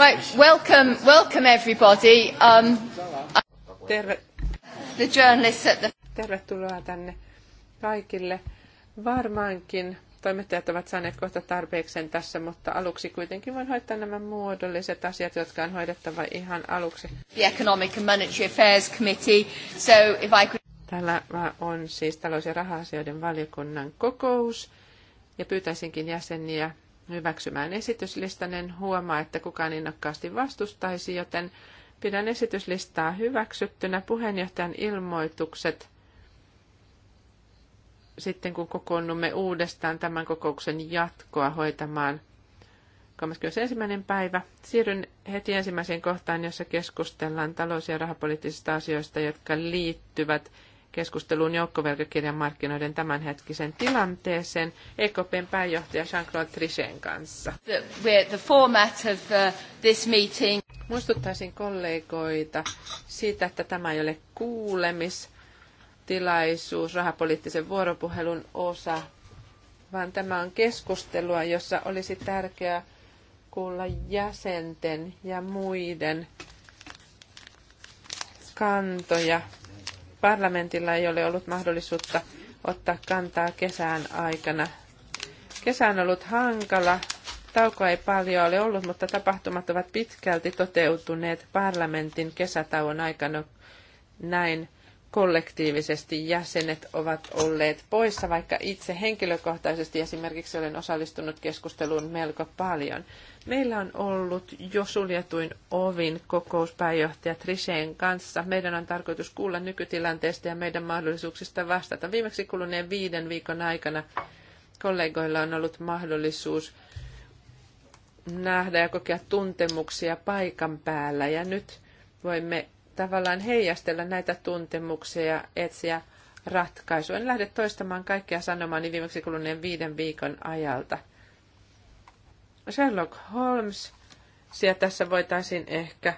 Right, welcome, welcome everybody. Um, Terve. The journalists at the... Tervetuloa tänne kaikille. Varmaankin toimittajat ovat saaneet kohta tarpeeksen tässä, mutta aluksi kuitenkin voin hoitaa nämä muodolliset asiat, jotka on hoidettava ihan aluksi. The Economic and Monetary Affairs Committee. So if I could... Täällä on siis talous- ja raha-asioiden valiokunnan kokous ja pyytäisinkin jäseniä hyväksymään esityslistan. En huomaa, että kukaan innokkaasti vastustaisi, joten pidän esityslistaa hyväksyttynä. Puheenjohtajan ilmoitukset sitten, kun kokoonnumme uudestaan tämän kokouksen jatkoa hoitamaan 31. päivä. Siirryn heti ensimmäiseen kohtaan, jossa keskustellaan talous- ja rahapoliittisista asioista, jotka liittyvät keskusteluun joukkovelkakirjan markkinoiden tämänhetkisen tilanteeseen EKPn pääjohtaja Jean-Claude Trichen kanssa. The, the uh, this meeting. Muistuttaisin kollegoita siitä, että tämä ei ole kuulemistilaisuus rahapoliittisen vuoropuhelun osa, vaan tämä on keskustelua, jossa olisi tärkeää kuulla jäsenten ja muiden kantoja Parlamentilla ei ole ollut mahdollisuutta ottaa kantaa kesän aikana. Kesä on ollut hankala, taukoa ei paljon ole ollut, mutta tapahtumat ovat pitkälti toteutuneet parlamentin kesätauon aikana. Näin kollektiivisesti jäsenet ovat olleet poissa, vaikka itse henkilökohtaisesti esimerkiksi olen osallistunut keskusteluun melko paljon. Meillä on ollut jo suljetuin ovin kokous pääjohtaja Trisheen kanssa. Meidän on tarkoitus kuulla nykytilanteesta ja meidän mahdollisuuksista vastata. Viimeksi kuluneen viiden viikon aikana kollegoilla on ollut mahdollisuus nähdä ja kokea tuntemuksia paikan päällä. Ja nyt voimme tavallaan heijastella näitä tuntemuksia ja etsiä ratkaisua. En lähde toistamaan kaikkea sanomaani niin viimeksi kuluneen viiden viikon ajalta – Sherlock Holmes, siellä tässä voitaisiin ehkä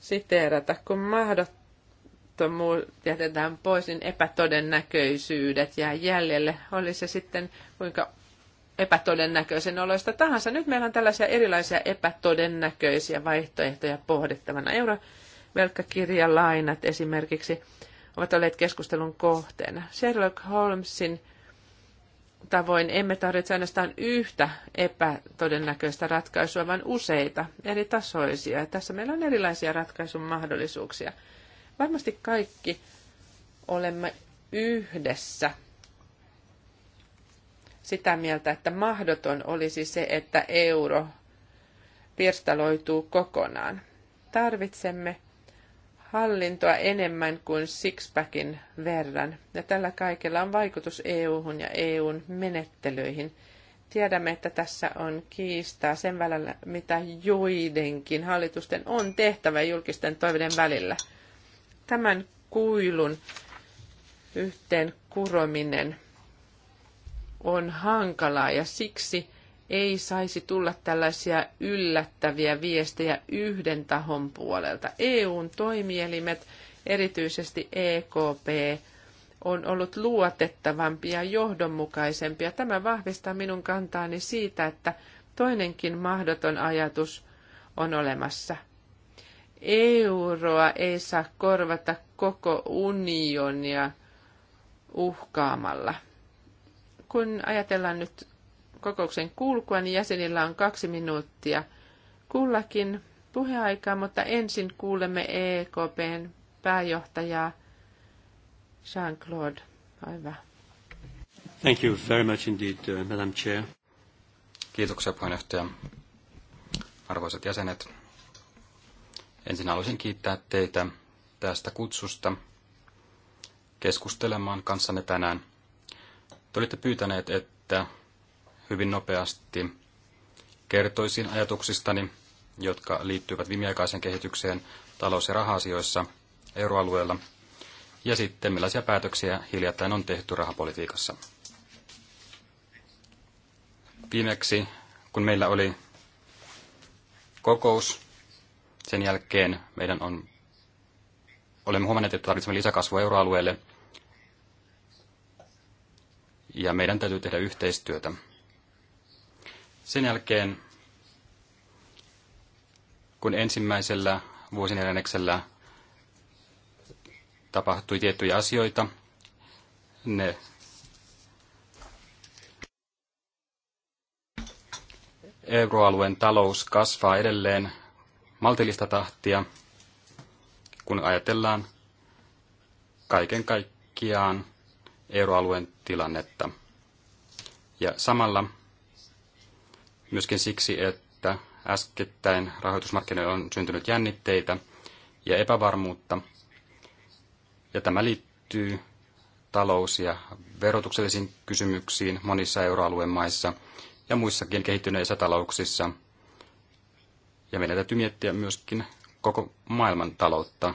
siteerata, kun mahdottomuus jätetään pois, niin epätodennäköisyydet jää jäljelle. Oli se sitten kuinka epätodennäköisen oloista tahansa. Nyt meillä on tällaisia erilaisia epätodennäköisiä vaihtoehtoja pohdittavana. Eurovelkkakirjalainat esimerkiksi ovat olleet keskustelun kohteena. Sherlock Holmesin tavoin emme tarvitse ainoastaan yhtä epätodennäköistä ratkaisua, vaan useita eri tasoisia. Tässä meillä on erilaisia ratkaisun mahdollisuuksia. Varmasti kaikki olemme yhdessä sitä mieltä, että mahdoton olisi se, että euro pirstaloituu kokonaan. Tarvitsemme hallintoa enemmän kuin Sixpackin verran, ja tällä kaikella on vaikutus EU-hun ja EUn menettelyihin. Tiedämme, että tässä on kiistaa sen välillä, mitä joidenkin hallitusten on tehtävä julkisten toiveiden välillä. Tämän kuilun yhteen kurominen on hankalaa ja siksi ei saisi tulla tällaisia yllättäviä viestejä yhden tahon puolelta. EUn toimielimet, erityisesti EKP, on ollut luotettavampia ja johdonmukaisempia. Tämä vahvistaa minun kantaani siitä, että toinenkin mahdoton ajatus on olemassa. Euroa ei saa korvata koko unionia uhkaamalla. Kun ajatellaan nyt kokouksen kulkua, niin jäsenillä on kaksi minuuttia kullakin puheaikaa, mutta ensin kuulemme EKPn pääjohtajaa Jean-Claude. Hyvä. Thank you very much indeed, uh, Madam Chair. Kiitoksia puheenjohtaja. Arvoisat jäsenet, ensin haluaisin kiittää teitä tästä kutsusta keskustelemaan kanssanne tänään. Te olitte pyytäneet, että hyvin nopeasti kertoisin ajatuksistani, jotka liittyvät viimeaikaiseen kehitykseen talous- ja raha-asioissa euroalueella, ja sitten millaisia päätöksiä hiljattain on tehty rahapolitiikassa. Viimeksi, kun meillä oli kokous, sen jälkeen meidän on, olemme huomanneet, että tarvitsemme lisäkasvua euroalueelle, ja meidän täytyy tehdä yhteistyötä sen jälkeen, kun ensimmäisellä vuosineljänneksellä tapahtui tiettyjä asioita, ne euroalueen talous kasvaa edelleen maltillista tahtia, kun ajatellaan kaiken kaikkiaan euroalueen tilannetta. Ja samalla myöskin siksi, että äskettäin rahoitusmarkkinoilla on syntynyt jännitteitä ja epävarmuutta. Ja tämä liittyy talous- ja verotuksellisiin kysymyksiin monissa euroalueen maissa ja muissakin kehittyneissä talouksissa. Ja meidän täytyy miettiä myöskin koko maailman taloutta.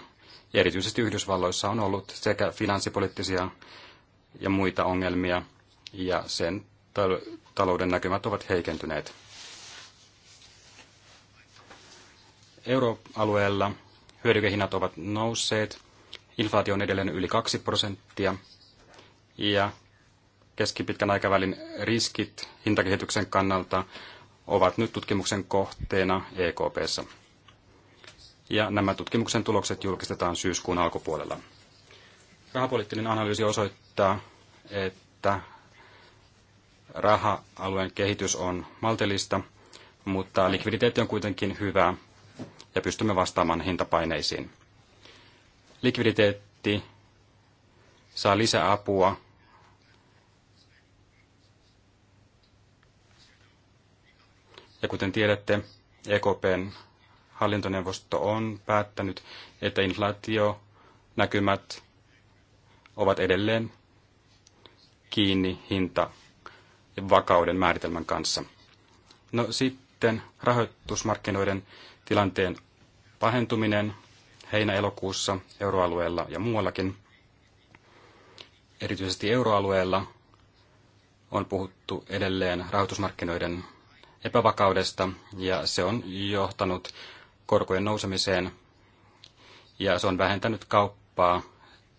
Ja erityisesti Yhdysvalloissa on ollut sekä finanssipoliittisia ja muita ongelmia, ja sen talouden näkymät ovat heikentyneet. Euroalueella hyödykehinnat ovat nousseet, inflaatio on edelleen yli 2 prosenttia ja keskipitkän aikavälin riskit hintakehityksen kannalta ovat nyt tutkimuksen kohteena EKPssä. Ja nämä tutkimuksen tulokset julkistetaan syyskuun alkupuolella. Rahapoliittinen analyysi osoittaa, että raha-alueen kehitys on maltillista, mutta likviditeetti on kuitenkin hyvä ja pystymme vastaamaan hintapaineisiin. Likviditeetti saa lisäapua ja kuten tiedätte, EKPn hallintoneuvosto on päättänyt, että inflaatio näkymät ovat edelleen kiinni hinta vakauden määritelmän kanssa. No sitten rahoitusmarkkinoiden tilanteen pahentuminen heinä-elokuussa euroalueella ja muuallakin. Erityisesti euroalueella on puhuttu edelleen rahoitusmarkkinoiden epävakaudesta ja se on johtanut korkojen nousemiseen ja se on vähentänyt kauppaa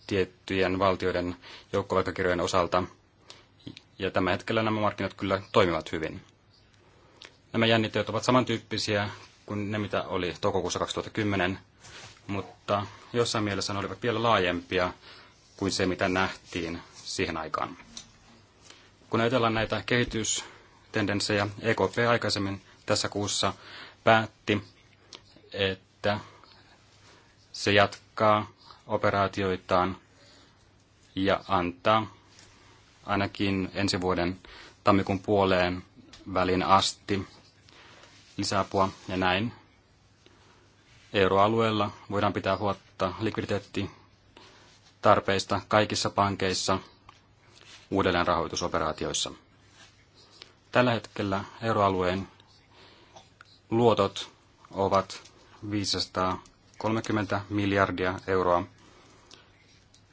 tiettyjen valtioiden joukkovelkakirjojen osalta – ja tämä hetkellä nämä markkinat kyllä toimivat hyvin. Nämä jännitteet ovat samantyyppisiä kuin ne, mitä oli toukokuussa 2010, mutta jossain mielessä ne olivat vielä laajempia kuin se, mitä nähtiin siihen aikaan. Kun ajatellaan näitä kehitystendenssejä, EKP aikaisemmin tässä kuussa päätti, että se jatkaa operaatioitaan ja antaa ainakin ensi vuoden tammikuun puoleen välin asti lisäapua ja näin. Euroalueella voidaan pitää huolta likviditeettitarpeista kaikissa pankeissa uudelleenrahoitusoperaatioissa. Tällä hetkellä euroalueen luotot ovat 530 miljardia euroa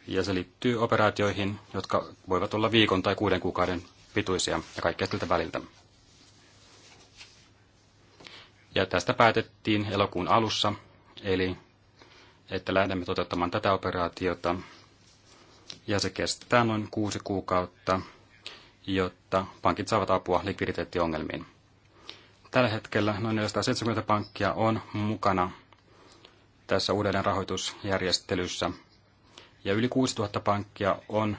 ja se liittyy operaatioihin, jotka voivat olla viikon tai kuuden kuukauden pituisia ja kaikkea tältä väliltä. Ja tästä päätettiin elokuun alussa, eli että lähdemme toteuttamaan tätä operaatiota. Ja se kestää noin kuusi kuukautta, jotta pankit saavat apua likviditeettiongelmiin. Tällä hetkellä noin 470 pankkia on mukana tässä uuden rahoitusjärjestelyssä – ja yli 6000 pankkia on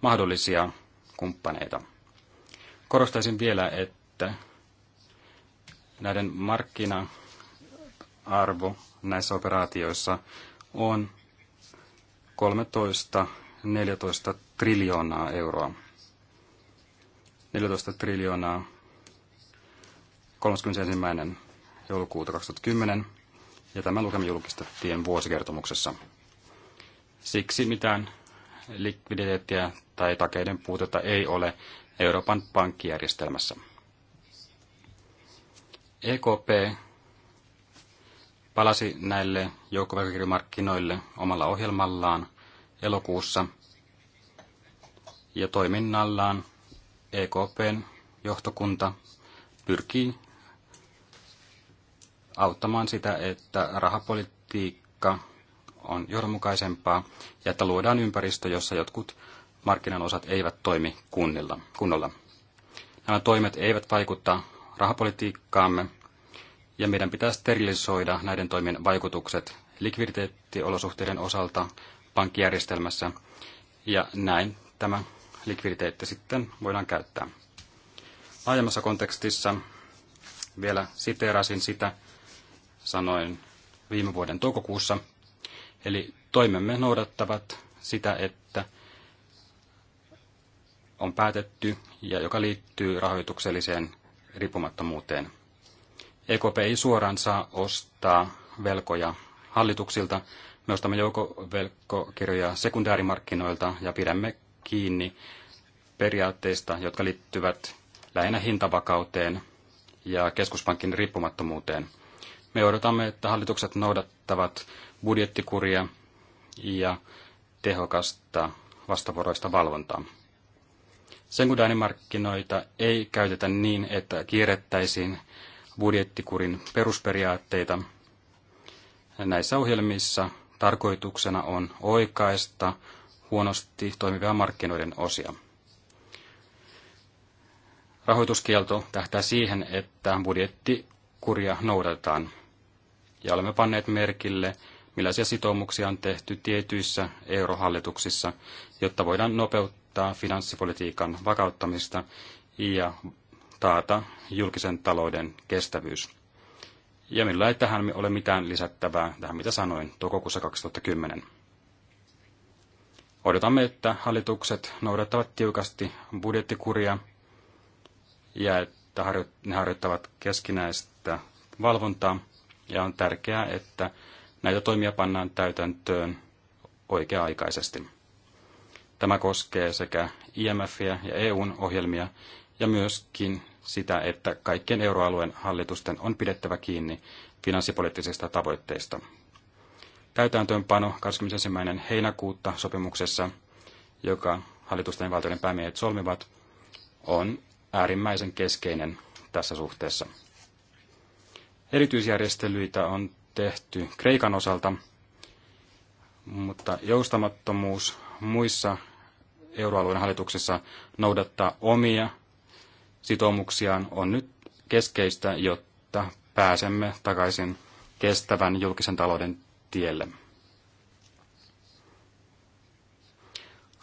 mahdollisia kumppaneita. Korostaisin vielä, että näiden markkina-arvo näissä operaatioissa on 13-14 triljoonaa euroa. 14 triljoonaa 31. joulukuuta 2010, ja tämä lukema julkistettiin vuosikertomuksessa. Siksi mitään likviditeettiä tai takeiden puutetta ei ole Euroopan pankkijärjestelmässä. EKP palasi näille joukkovelkakirjamarkkinoille omalla ohjelmallaan elokuussa ja toiminnallaan EKPn johtokunta pyrkii auttamaan sitä, että rahapolitiikka on johdonmukaisempaa ja että luodaan ympäristö, jossa jotkut markkinan osat eivät toimi kunnilla, kunnolla. Nämä toimet eivät vaikuta rahapolitiikkaamme ja meidän pitää sterilisoida näiden toimien vaikutukset likviditeettiolosuhteiden osalta pankkijärjestelmässä ja näin tämä likviditeetti sitten voidaan käyttää. Laajemmassa kontekstissa vielä siteerasin sitä, sanoin viime vuoden toukokuussa – Eli toimemme noudattavat sitä, että on päätetty ja joka liittyy rahoitukselliseen riippumattomuuteen. EKP ei suoraan saa ostaa velkoja hallituksilta. Me ostamme joukovelkokirjoja sekundäärimarkkinoilta ja pidämme kiinni periaatteista, jotka liittyvät lähinnä hintavakauteen ja keskuspankin riippumattomuuteen. Me odotamme, että hallitukset noudattavat budjettikuria ja tehokasta vastavuoroista valvontaa. markkinoita ei käytetä niin, että kierrettäisiin budjettikurin perusperiaatteita. Näissä ohjelmissa tarkoituksena on oikaista huonosti toimivia markkinoiden osia. Rahoituskielto tähtää siihen, että budjettikuria noudatetaan. Ja olemme panneet merkille millaisia sitoumuksia on tehty tietyissä eurohallituksissa, jotta voidaan nopeuttaa finanssipolitiikan vakauttamista ja taata julkisen talouden kestävyys. Ja minulla ei tähän ole mitään lisättävää tähän, mitä sanoin toukokuussa 2010. Odotamme, että hallitukset noudattavat tiukasti budjettikuria ja että ne harjoittavat keskinäistä valvontaa. Ja on tärkeää, että Näitä toimia pannaan täytäntöön oikea-aikaisesti. Tämä koskee sekä IMFiä ja EUn ohjelmia ja myöskin sitä, että kaikkien euroalueen hallitusten on pidettävä kiinni finanssipoliittisista tavoitteista. Täytäntöönpano 21. heinäkuuta sopimuksessa, joka hallitusten ja valtioiden päämiehet solmivat, on äärimmäisen keskeinen tässä suhteessa. Erityisjärjestelyitä on tehty Kreikan osalta, mutta joustamattomuus muissa euroalueen hallituksissa noudattaa omia sitoumuksiaan on nyt keskeistä, jotta pääsemme takaisin kestävän julkisen talouden tielle.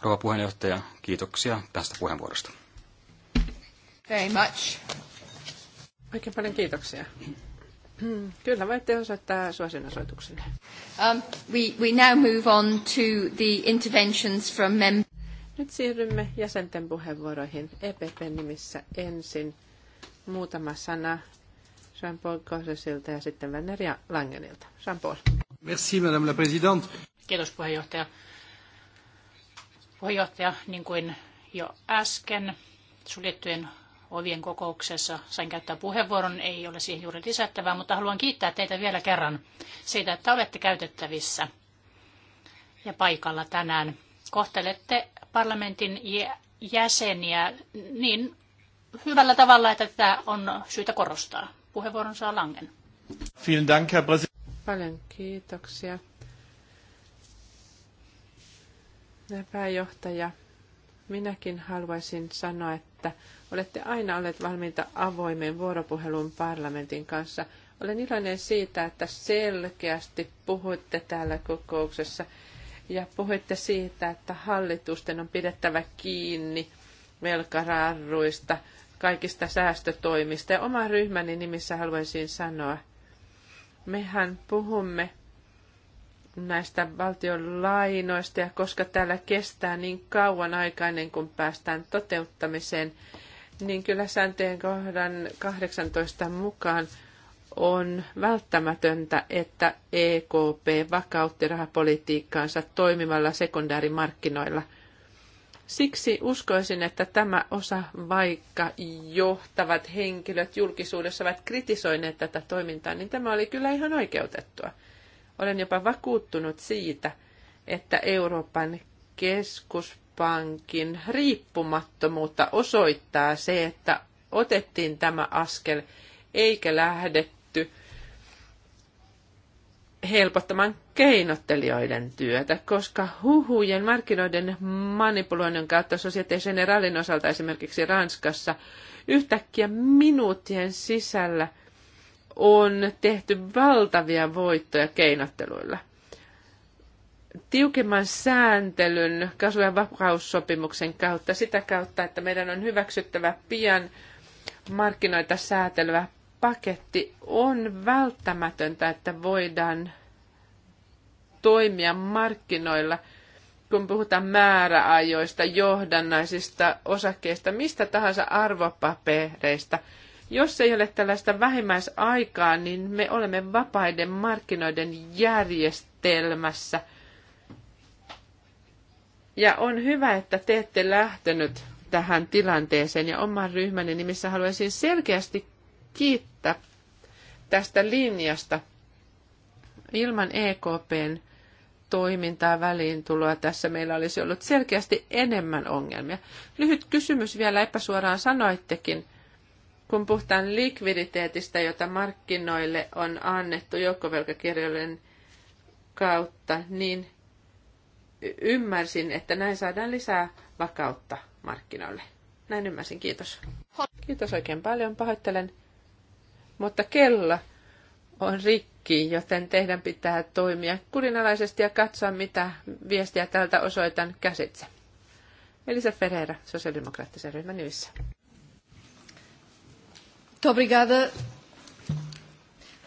Rouva puheenjohtaja, kiitoksia tästä puheenvuorosta. Very much. Oikein paljon kiitoksia. Hmm. Kyllä, voitte osoittaa suosionosoituksenne. Um, we, we now move on to the interventions from mem- Nyt siirrymme jäsenten puheenvuoroihin EPPn nimissä ensin. Muutama sana Jean-Paul Gossesilta ja sitten Venneria Langenilta. Jean-Paul. Merci, Madame la Présidente. Kiitos puheenjohtaja. Puheenjohtaja, niin kuin jo äsken suljettujen ovien kokouksessa sain käyttää puheenvuoron, ei ole siihen juuri lisättävää, mutta haluan kiittää teitä vielä kerran siitä, että olette käytettävissä ja paikalla tänään. Kohtelette parlamentin jäseniä niin hyvällä tavalla, että tätä on syytä korostaa. Puheenvuoron saa Langen. Dank, Herr Paljon kiitoksia. Pääjohtaja, minäkin haluaisin sanoa, että Olette aina olleet valmiita avoimeen vuoropuhelun parlamentin kanssa. Olen iloinen siitä, että selkeästi puhuitte täällä kokouksessa ja puhuitte siitä, että hallitusten on pidettävä kiinni velkararruista, kaikista säästötoimista. Ja oma ryhmäni nimissä haluaisin sanoa, mehän puhumme näistä valtion lainoista ja koska täällä kestää niin kauan aikainen, kun päästään toteuttamiseen, niin kyllä sääntöjen kohdan 18 mukaan on välttämätöntä, että EKP vakautti rahapolitiikkaansa toimimalla sekundäärimarkkinoilla. Siksi uskoisin, että tämä osa, vaikka johtavat henkilöt julkisuudessa ovat kritisoineet tätä toimintaa, niin tämä oli kyllä ihan oikeutettua. Olen jopa vakuuttunut siitä, että Euroopan keskuspankin riippumattomuutta osoittaa se, että otettiin tämä askel eikä lähdetty helpottamaan keinottelijoiden työtä, koska huhujen markkinoiden manipuloinnin kautta Societe Generalin osalta esimerkiksi Ranskassa yhtäkkiä minuuttien sisällä on tehty valtavia voittoja keinotteluilla – tiukemman sääntelyn kasvu- ja vakaussopimuksen kautta, sitä kautta, että meidän on hyväksyttävä pian markkinoita säätelevä paketti, on välttämätöntä, että voidaan toimia markkinoilla, kun puhutaan määräajoista, johdannaisista, osakkeista, mistä tahansa arvopapereista. Jos ei ole tällaista vähimmäisaikaa, niin me olemme vapaiden markkinoiden järjestelmässä – ja on hyvä, että te ette lähtenyt tähän tilanteeseen ja oman ryhmänne nimissä haluaisin selkeästi kiittää tästä linjasta. Ilman EKPn toimintaa väliintuloa tässä meillä olisi ollut selkeästi enemmän ongelmia. Lyhyt kysymys vielä epäsuoraan sanoittekin, kun puhutaan likviditeetistä, jota markkinoille on annettu joukkovelkakirjojen kautta, niin ymmärsin, että näin saadaan lisää vakautta markkinoille. Näin ymmärsin, kiitos. Kiitos oikein paljon, pahoittelen. Mutta kello on rikki, joten teidän pitää toimia kurinalaisesti ja katsoa, mitä viestiä tältä osoitan käsitse. Elisa Ferreira, sosiaalidemokraattisen ryhmän nimissä. Muito obrigada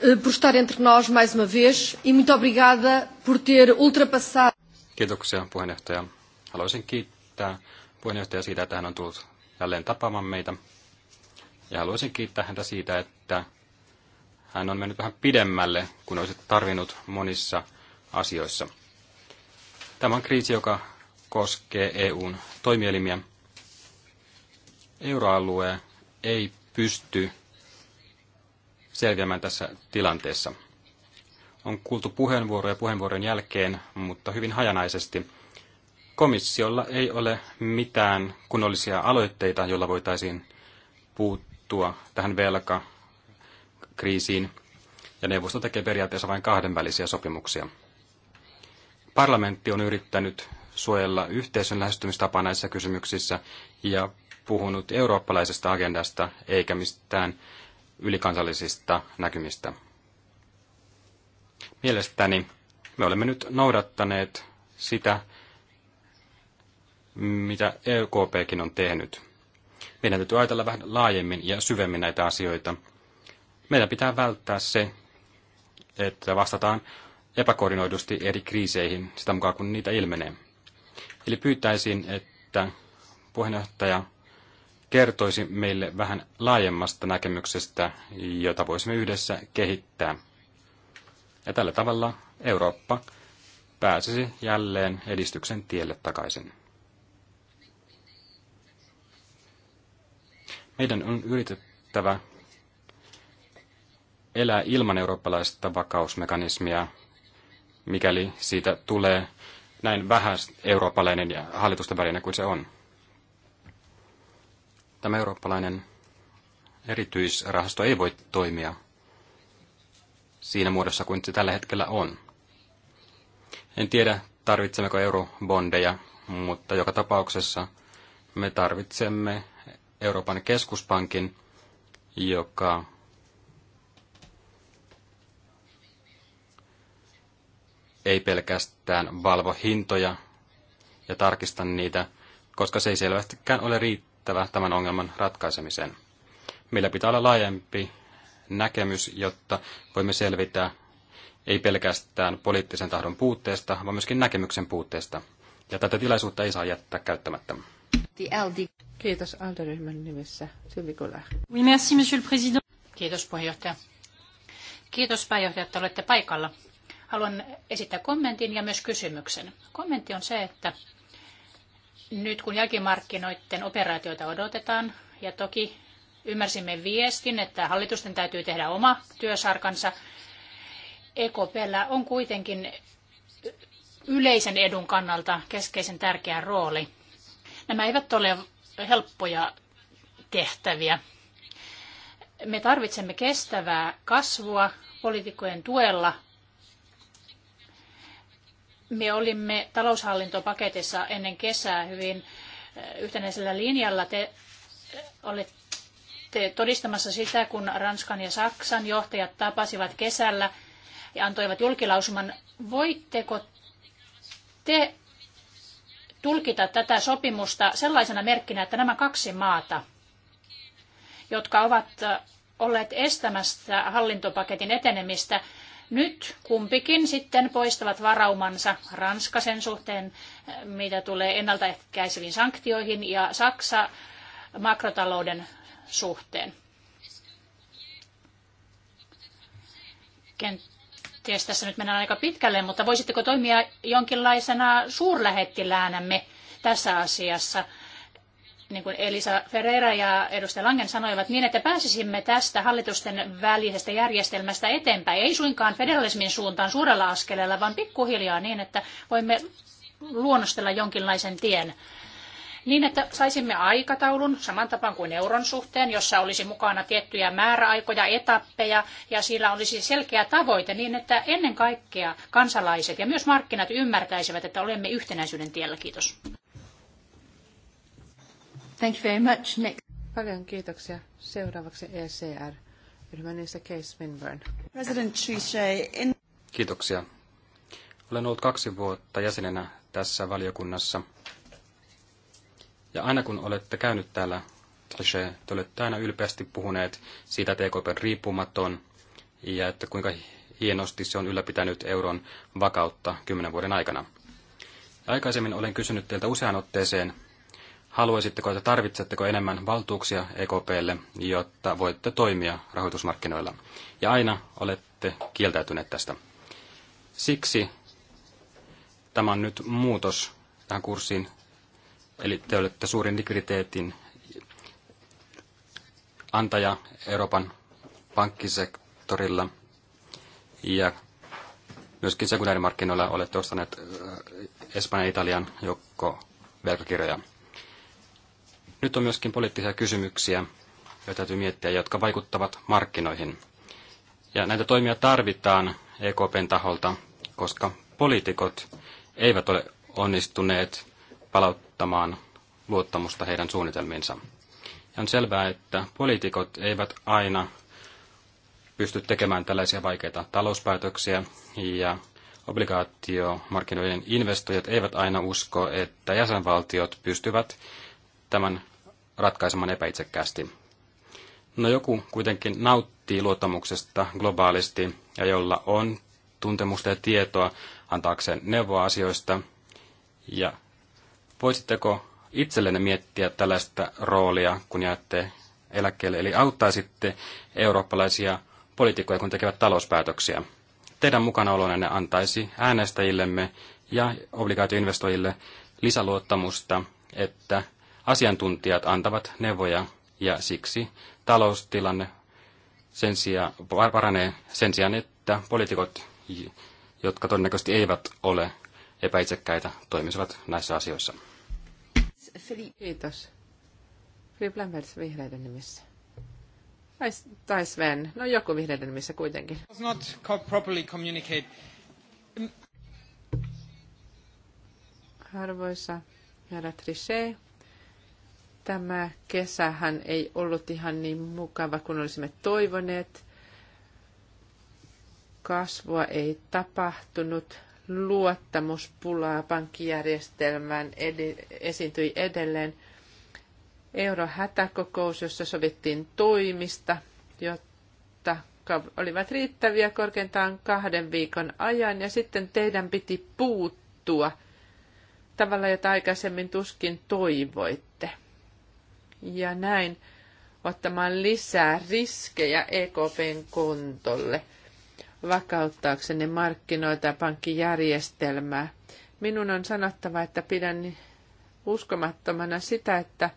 eh, por estar entre nós mais uma vez e muito obrigada por ter ultrapassado. Kiitoksia puheenjohtaja. Haluaisin kiittää puheenjohtaja siitä, että hän on tullut jälleen tapaamaan meitä. Ja haluaisin kiittää häntä siitä, että hän on mennyt vähän pidemmälle kuin olisi tarvinnut monissa asioissa. Tämä on kriisi, joka koskee EUn toimielimiä. Euroalue ei pysty selviämään tässä tilanteessa. On kuultu puheenvuoroja puheenvuoron jälkeen, mutta hyvin hajanaisesti. Komissiolla ei ole mitään kunnollisia aloitteita, joilla voitaisiin puuttua tähän velkakriisiin, ja neuvosto tekee periaatteessa vain kahdenvälisiä sopimuksia. Parlamentti on yrittänyt suojella yhteisön lähestymistapa näissä kysymyksissä ja puhunut eurooppalaisesta agendasta eikä mistään ylikansallisista näkymistä. Mielestäni me olemme nyt noudattaneet sitä, mitä EKPkin on tehnyt. Meidän täytyy ajatella vähän laajemmin ja syvemmin näitä asioita. Meidän pitää välttää se, että vastataan epäkoordinoidusti eri kriiseihin sitä mukaan, kun niitä ilmenee. Eli pyytäisin, että puheenjohtaja kertoisi meille vähän laajemmasta näkemyksestä, jota voisimme yhdessä kehittää. Ja tällä tavalla Eurooppa pääsisi jälleen edistyksen tielle takaisin. Meidän on yritettävä elää ilman eurooppalaista vakausmekanismia, mikäli siitä tulee näin vähän eurooppalainen ja hallitusten väline kuin se on. Tämä eurooppalainen erityisrahasto ei voi toimia siinä muodossa kuin se tällä hetkellä on. En tiedä, tarvitsemmeko eurobondeja, mutta joka tapauksessa me tarvitsemme Euroopan keskuspankin, joka ei pelkästään valvo hintoja ja tarkista niitä, koska se ei selvästikään ole riittävä tämän ongelman ratkaisemiseen. Meillä pitää olla laajempi näkemys, jotta voimme selvitä ei pelkästään poliittisen tahdon puutteesta, vaan myöskin näkemyksen puutteesta. Ja tätä tilaisuutta ei saa jättää käyttämättä. Kiitos Alderyhmän nimessä. Sylvi Oui, merci, monsieur le président. Kiitos puheenjohtaja. Kiitos pääjohtaja, että olette paikalla. Haluan esittää kommentin ja myös kysymyksen. Kommentti on se, että nyt kun jälkimarkkinoiden operaatioita odotetaan, ja toki Ymmärsimme viestin, että hallitusten täytyy tehdä oma työsarkansa. EKPllä on kuitenkin yleisen edun kannalta keskeisen tärkeä rooli. Nämä eivät ole helppoja tehtäviä. Me tarvitsemme kestävää kasvua poliitikkojen tuella. Me olimme taloushallintopaketissa ennen kesää hyvin eh, yhtenäisellä linjalla. Te olette todistamassa sitä, kun Ranskan ja Saksan johtajat tapasivat kesällä ja antoivat julkilausuman. Voitteko te tulkita tätä sopimusta sellaisena merkkinä, että nämä kaksi maata, jotka ovat äh, olleet estämästä hallintopaketin etenemistä, nyt kumpikin sitten poistavat varaumansa Ranska sen suhteen, äh, mitä tulee ennaltaehkäiseviin sanktioihin, ja Saksa makrotalouden suhteen. Kenties tässä nyt mennään aika pitkälle, mutta voisitteko toimia jonkinlaisena suurlähettiläänämme tässä asiassa? niin kuin Elisa Ferreira ja edustaja Langen sanoivat, niin että pääsisimme tästä hallitusten välisestä järjestelmästä eteenpäin, ei suinkaan federalismin suuntaan suurella askeleella, vaan pikkuhiljaa niin, että voimme luonnostella jonkinlaisen tien niin että saisimme aikataulun saman tapaan kuin euron suhteen, jossa olisi mukana tiettyjä määräaikoja, etappeja ja sillä olisi selkeä tavoite niin, että ennen kaikkea kansalaiset ja myös markkinat ymmärtäisivät, että olemme yhtenäisyyden tiellä. Kiitos. Thank you very much, Nick. Paljon kiitoksia. Seuraavaksi ECR. Ryhmänistä Case Winburn. President in... Kiitoksia. Olen ollut kaksi vuotta jäsenenä tässä valiokunnassa – ja aina kun olette käynyt täällä, Trichet, te olette aina ylpeästi puhuneet siitä, että EKP on riippumaton ja että kuinka hienosti se on ylläpitänyt euron vakautta kymmenen vuoden aikana. Aikaisemmin olen kysynyt teiltä useaan otteeseen, haluaisitteko, että tarvitsetteko enemmän valtuuksia EKPlle, jotta voitte toimia rahoitusmarkkinoilla. Ja aina olette kieltäytyneet tästä. Siksi tämä on nyt muutos tähän kurssiin Eli te olette suurin likviditeetin antaja Euroopan pankkisektorilla ja myöskin sekundäärimarkkinoilla olette ostaneet äh, Espanjan ja Italian joukko velkakirjoja. Nyt on myöskin poliittisia kysymyksiä, joita täytyy miettiä, jotka vaikuttavat markkinoihin. Ja näitä toimia tarvitaan EKPn taholta, koska poliitikot eivät ole onnistuneet palauttamaan osoittamaan luottamusta heidän suunnitelmiinsa. Ja on selvää, että poliitikot eivät aina pysty tekemään tällaisia vaikeita talouspäätöksiä ja obligaatiomarkkinoiden investoijat eivät aina usko, että jäsenvaltiot pystyvät tämän ratkaisemaan epäitsekkäästi. No joku kuitenkin nauttii luottamuksesta globaalisti ja jolla on tuntemusta ja tietoa antaakseen neuvoa asioista ja Voisitteko itsellenne miettiä tällaista roolia, kun jäätte eläkkeelle, eli auttaisitte eurooppalaisia poliitikkoja, kun tekevät talouspäätöksiä? Teidän mukanaolonne antaisi äänestäjillemme ja obligaatioinvestoijille lisäluottamusta, että asiantuntijat antavat neuvoja ja siksi taloustilanne sen sijaan, paranee sen sijaan, että poliitikot, jotka todennäköisesti eivät ole epäitsekkäitä, toimisivat näissä asioissa. Philippe. Kiitos. Philip Lamberts vihreiden nimissä. Tai, tai Sven, no joku vihreiden nimissä kuitenkin. not properly communicate. Mm. Arvoisa herra Trichet, tämä kesähän ei ollut ihan niin mukava kuin olisimme toivoneet. Kasvua ei tapahtunut, luottamuspulaa pankkijärjestelmään edi- esiintyi edelleen. Eurohätäkokous, jossa sovittiin toimista, jotta olivat riittäviä korkeintaan kahden viikon ajan, ja sitten teidän piti puuttua tavalla, jota aikaisemmin tuskin toivoitte. Ja näin ottamaan lisää riskejä EKPn kontolle – vakauttaaksenne markkinoita ja pankkijärjestelmää. Minun on sanottava, että pidän uskomattomana sitä, että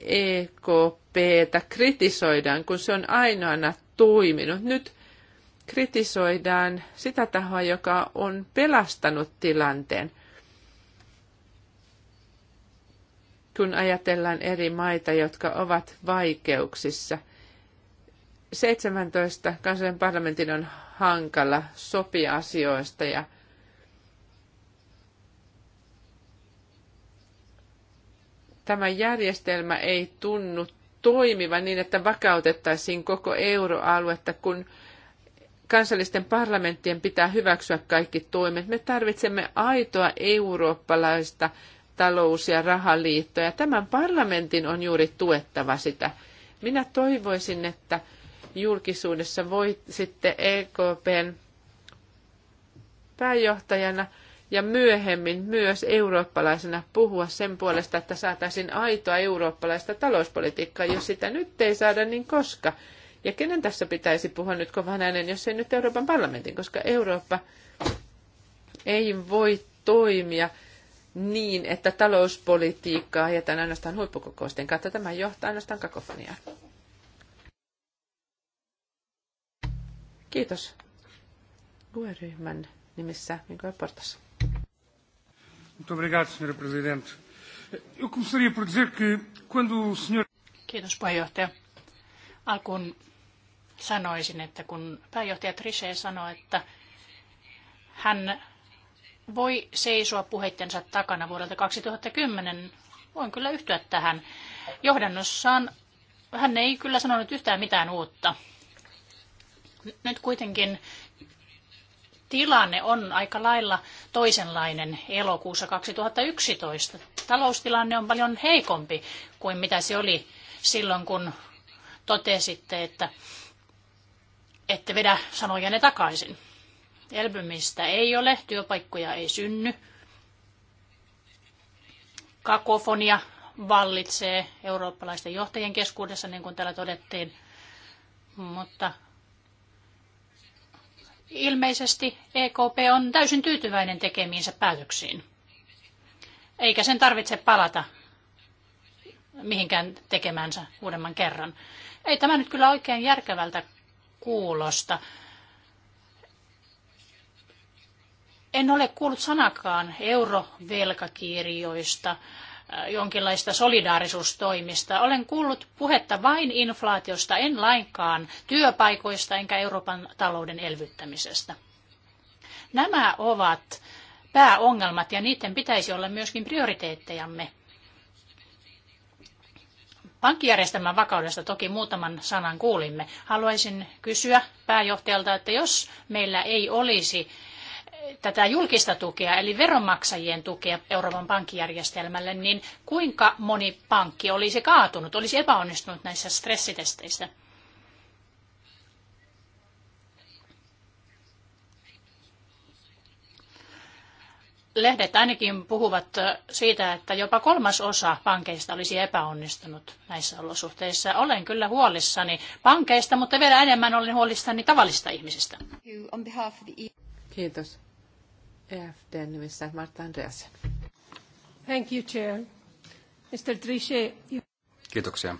EKPtä kritisoidaan, kun se on ainoana toiminut. Nyt kritisoidaan sitä tahoa, joka on pelastanut tilanteen. Kun ajatellaan eri maita, jotka ovat vaikeuksissa. 17 kansallinen parlamentin on hankala sopia asioista ja tämä järjestelmä ei tunnu toimiva niin, että vakautettaisiin koko euroaluetta, kun kansallisten parlamenttien pitää hyväksyä kaikki toimet. Me tarvitsemme aitoa eurooppalaista talous- ja rahaliittoa, ja tämän parlamentin on juuri tuettava sitä. Minä toivoisin, että julkisuudessa voi sitten EKPn pääjohtajana ja myöhemmin myös eurooppalaisena puhua sen puolesta, että saataisiin aitoa eurooppalaista talouspolitiikkaa. Jos sitä nyt ei saada, niin koska? Ja kenen tässä pitäisi puhua nyt kovan äänen, jos ei nyt Euroopan parlamentin, koska Eurooppa ei voi toimia niin, että talouspolitiikkaa ajetaan ainoastaan huippukokousten kautta. Tämä johtaa ainoastaan kakofoniaan. Kiitos. Lue-ryhmän nimissä Mikael Portas. Kiitos puheenjohtaja. Alkuun sanoisin, että kun pääjohtaja Trichet sanoi, että hän voi seisoa puheittensa takana vuodelta 2010, voin kyllä yhtyä tähän. Johdannossaan hän ei kyllä sanonut yhtään mitään uutta. Nyt kuitenkin tilanne on aika lailla toisenlainen elokuussa 2011. Taloustilanne on paljon heikompi kuin mitä se oli silloin, kun totesitte, että ette vedä sanojanne takaisin. Elpymistä ei ole, työpaikkoja ei synny. Kakofonia vallitsee eurooppalaisten johtajien keskuudessa, niin kuin täällä todettiin. Mutta ilmeisesti EKP on täysin tyytyväinen tekemiinsä päätöksiin. Eikä sen tarvitse palata mihinkään tekemänsä uudemman kerran. Ei tämä nyt kyllä oikein järkevältä kuulosta. En ole kuullut sanakaan eurovelkakirjoista Äh, jonkinlaista solidaarisuustoimista. Olen kuullut puhetta vain inflaatiosta, en lainkaan työpaikoista enkä Euroopan talouden elvyttämisestä. Nämä ovat pääongelmat ja niiden pitäisi olla myöskin prioriteettejamme. Pankkijärjestelmän vakaudesta toki muutaman sanan kuulimme. Haluaisin kysyä pääjohtajalta, että jos meillä ei olisi tätä julkista tukea, eli veronmaksajien tukea Euroopan pankkijärjestelmälle, niin kuinka moni pankki olisi kaatunut, olisi epäonnistunut näissä stressitesteissä? Lehdet ainakin puhuvat siitä, että jopa kolmas osa pankeista olisi epäonnistunut näissä olosuhteissa. Olen kyllä huolissani pankeista, mutta vielä enemmän olen huolissani tavallista ihmisistä. E- Kiitos. E Thank you, Chair. Mr. Trichet, Kiitoksia.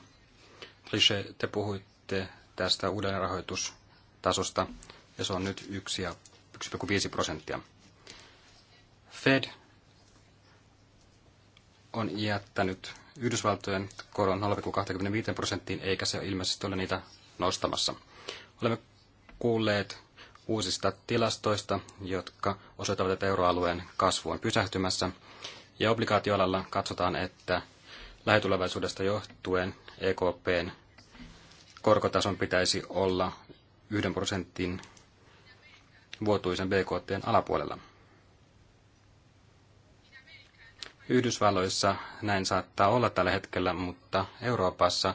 Trichet, te puhuitte tästä uudelleenrahoitustasosta, ja se on nyt 1,5 prosenttia. Fed on jättänyt Yhdysvaltojen koron 0,25 prosenttiin, eikä se ilmeisesti ole niitä nostamassa. Olemme kuulleet uusista tilastoista, jotka osoittavat, että euroalueen kasvu on pysähtymässä. Ja obligaatioalalla katsotaan, että lähitulevaisuudesta johtuen EKPn korkotason pitäisi olla yhden prosentin vuotuisen BKTn alapuolella. Yhdysvalloissa näin saattaa olla tällä hetkellä, mutta Euroopassa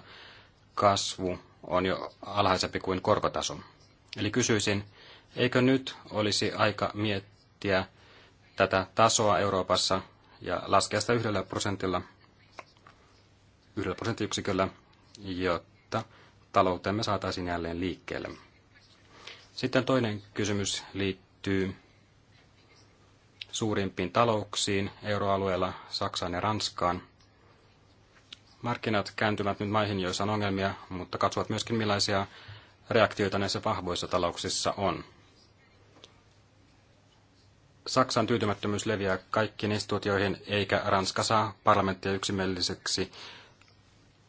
kasvu on jo alhaisempi kuin korkotaso. Eli kysyisin, Eikö nyt olisi aika miettiä tätä tasoa Euroopassa ja laskea sitä yhdellä prosentilla, yhdellä prosenttiyksiköllä, jotta taloutemme saataisiin jälleen liikkeelle? Sitten toinen kysymys liittyy suurimpiin talouksiin euroalueella, Saksaan ja Ranskaan. Markkinat kääntyvät nyt maihin, joissa on ongelmia, mutta katsovat myöskin millaisia reaktioita näissä vahvoissa talouksissa on. Saksan tyytymättömyys leviää kaikkiin instituutioihin, eikä Ranska saa parlamenttia yksimieliseksi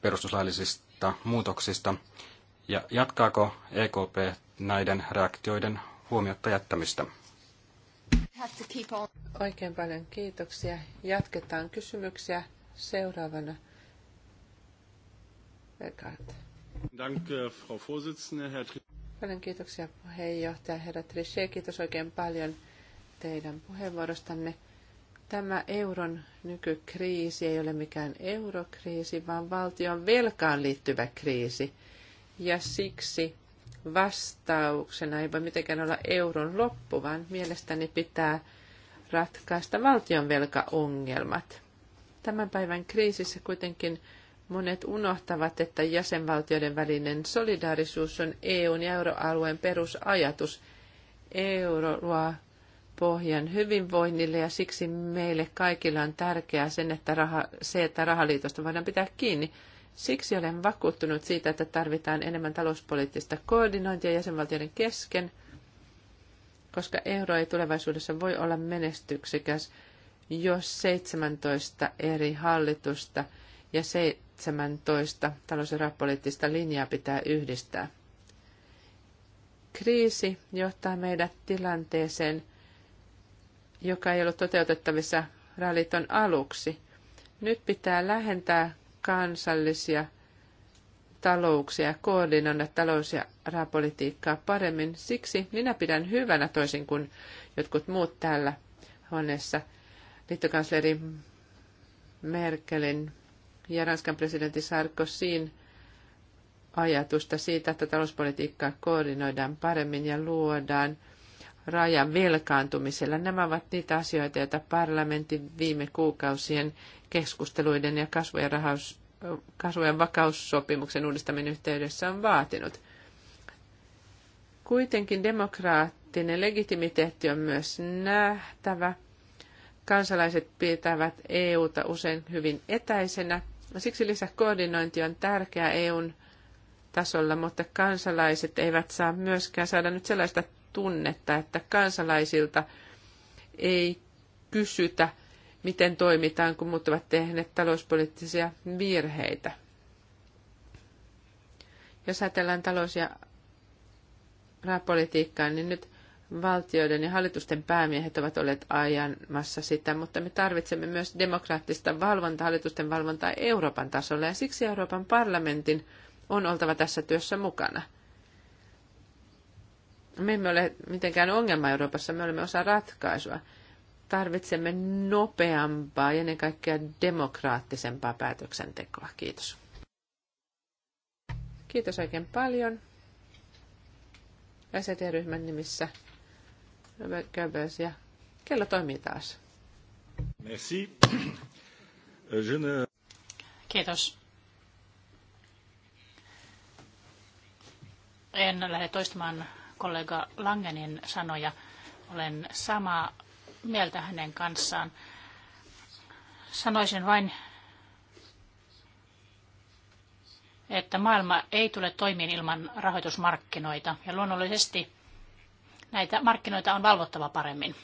perustuslaillisista muutoksista. Ja jatkaako EKP näiden reaktioiden huomiotta jättämistä? Oikein paljon kiitoksia. Jatketaan kysymyksiä seuraavana. Eh, paljon kiitoksia puheenjohtaja herra Trichet. Kiitos oikein paljon teidän puheenvuorostanne. Tämä euron nykykriisi ei ole mikään eurokriisi, vaan valtion velkaan liittyvä kriisi. Ja siksi vastauksena ei voi mitenkään olla euron loppu, vaan mielestäni pitää ratkaista valtion velkaongelmat. Tämän päivän kriisissä kuitenkin monet unohtavat, että jäsenvaltioiden välinen solidaarisuus on EUn ja euroalueen perusajatus. Euro luo pohjan hyvinvoinnille ja siksi meille kaikille on tärkeää sen, että raha, se, että rahaliitosta voidaan pitää kiinni. Siksi olen vakuuttunut siitä, että tarvitaan enemmän talouspoliittista koordinointia jäsenvaltioiden kesken, koska euro ei tulevaisuudessa voi olla menestyksekäs, jos 17 eri hallitusta ja 17 talous- ja rahapoliittista linjaa pitää yhdistää. Kriisi johtaa meidät tilanteeseen, joka ei ollut toteutettavissa rahaliiton aluksi. Nyt pitää lähentää kansallisia talouksia, koordinoida talous- ja rahapolitiikkaa paremmin. Siksi minä pidän hyvänä, toisin kuin jotkut muut täällä huoneessa, liittokansleri Merkelin ja Ranskan presidentti Sarkozyn ajatusta siitä, että talouspolitiikkaa koordinoidaan paremmin ja luodaan – rajan velkaantumisella. Nämä ovat niitä asioita, joita parlamentin viime kuukausien keskusteluiden ja kasvojen, rahaus, kasvojen vakaussopimuksen uudistaminen yhteydessä on vaatinut. Kuitenkin demokraattinen legitimiteetti on myös nähtävä. Kansalaiset pitävät EUta usein hyvin etäisenä. Siksi lisäkoordinointi on tärkeää EUn tasolla, mutta kansalaiset eivät saa myöskään saada nyt sellaista tunnetta, että kansalaisilta ei kysytä, miten toimitaan, kun muut ovat tehneet talouspoliittisia virheitä. Jos ajatellaan talous- ja rahapolitiikkaa, niin nyt valtioiden ja hallitusten päämiehet ovat olleet ajamassa sitä, mutta me tarvitsemme myös demokraattista valvontaa, hallitusten valvontaa Euroopan tasolla, ja siksi Euroopan parlamentin on oltava tässä työssä mukana – me emme ole mitenkään ongelma Euroopassa, me olemme osa ratkaisua. Tarvitsemme nopeampaa ja ennen kaikkea demokraattisempaa päätöksentekoa. Kiitos. Kiitos oikein paljon. SET-ryhmän nimissä ja kello toimii taas. Merci. ne... Kiitos. En lähde toistamaan kollega Langenin sanoja. Olen samaa mieltä hänen kanssaan. Sanoisin vain, että maailma ei tule toimiin ilman rahoitusmarkkinoita ja luonnollisesti näitä markkinoita on valvottava paremmin.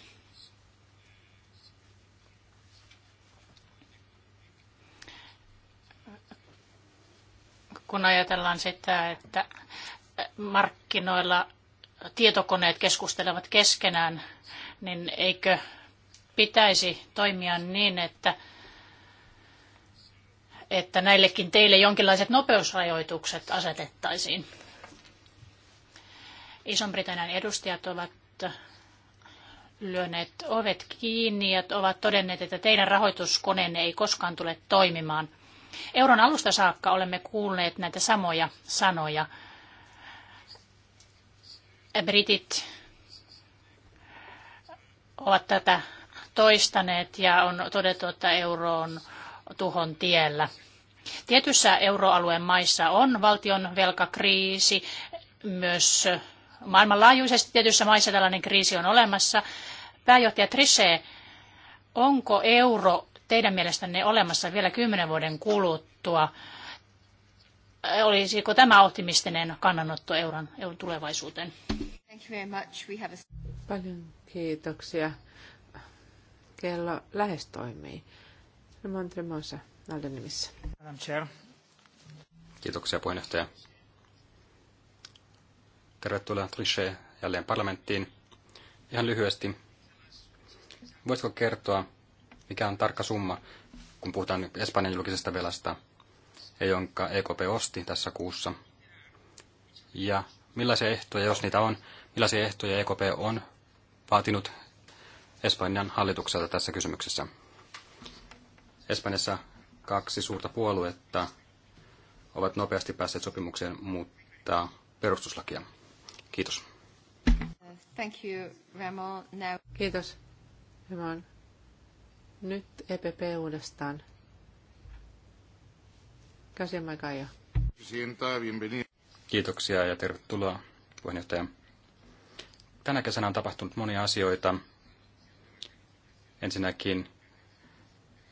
kun ajatellaan sitä, että markkinoilla tietokoneet keskustelevat keskenään, niin eikö pitäisi toimia niin, että, että näillekin teille jonkinlaiset nopeusrajoitukset asetettaisiin? iso britannian edustajat ovat lyöneet ovet kiinni ja ovat todenneet, että teidän rahoituskoneenne ei koskaan tule toimimaan. Euron alusta saakka olemme kuulleet näitä samoja sanoja. Britit ovat tätä toistaneet ja on todettu, että euro on tuhon tiellä. Tietyissä euroalueen maissa on valtion velkakriisi, myös maailmanlaajuisesti tietyissä maissa tällainen kriisi on olemassa. Pääjohtaja Trichet, onko euro teidän mielestänne olemassa vielä kymmenen vuoden kuluttua? olisiko tämä optimistinen kannanotto euron, euron tulevaisuuteen? Thank you very much. We have a... Paljon kiitoksia. Kello lähes toimii. Ramon Tremosa, Alden nimissä. Kiitoksia puheenjohtaja. Tervetuloa Trichet jälleen parlamenttiin. Ihan lyhyesti, Voisiko kertoa, mikä on tarkka summa, kun puhutaan Espanjan julkisesta velasta – ja jonka EKP osti tässä kuussa. Ja millaisia ehtoja, jos niitä on, millaisia ehtoja EKP on vaatinut Espanjan hallitukselta tässä kysymyksessä. Espanjassa kaksi suurta puoluetta ovat nopeasti päässeet sopimukseen muuttaa perustuslakia. Kiitos. Thank you, Ramon. Now... Kiitos, Ramon. Nyt EPP uudestaan. Kiitoksia ja tervetuloa puheenjohtaja. Tänä kesänä on tapahtunut monia asioita. Ensinnäkin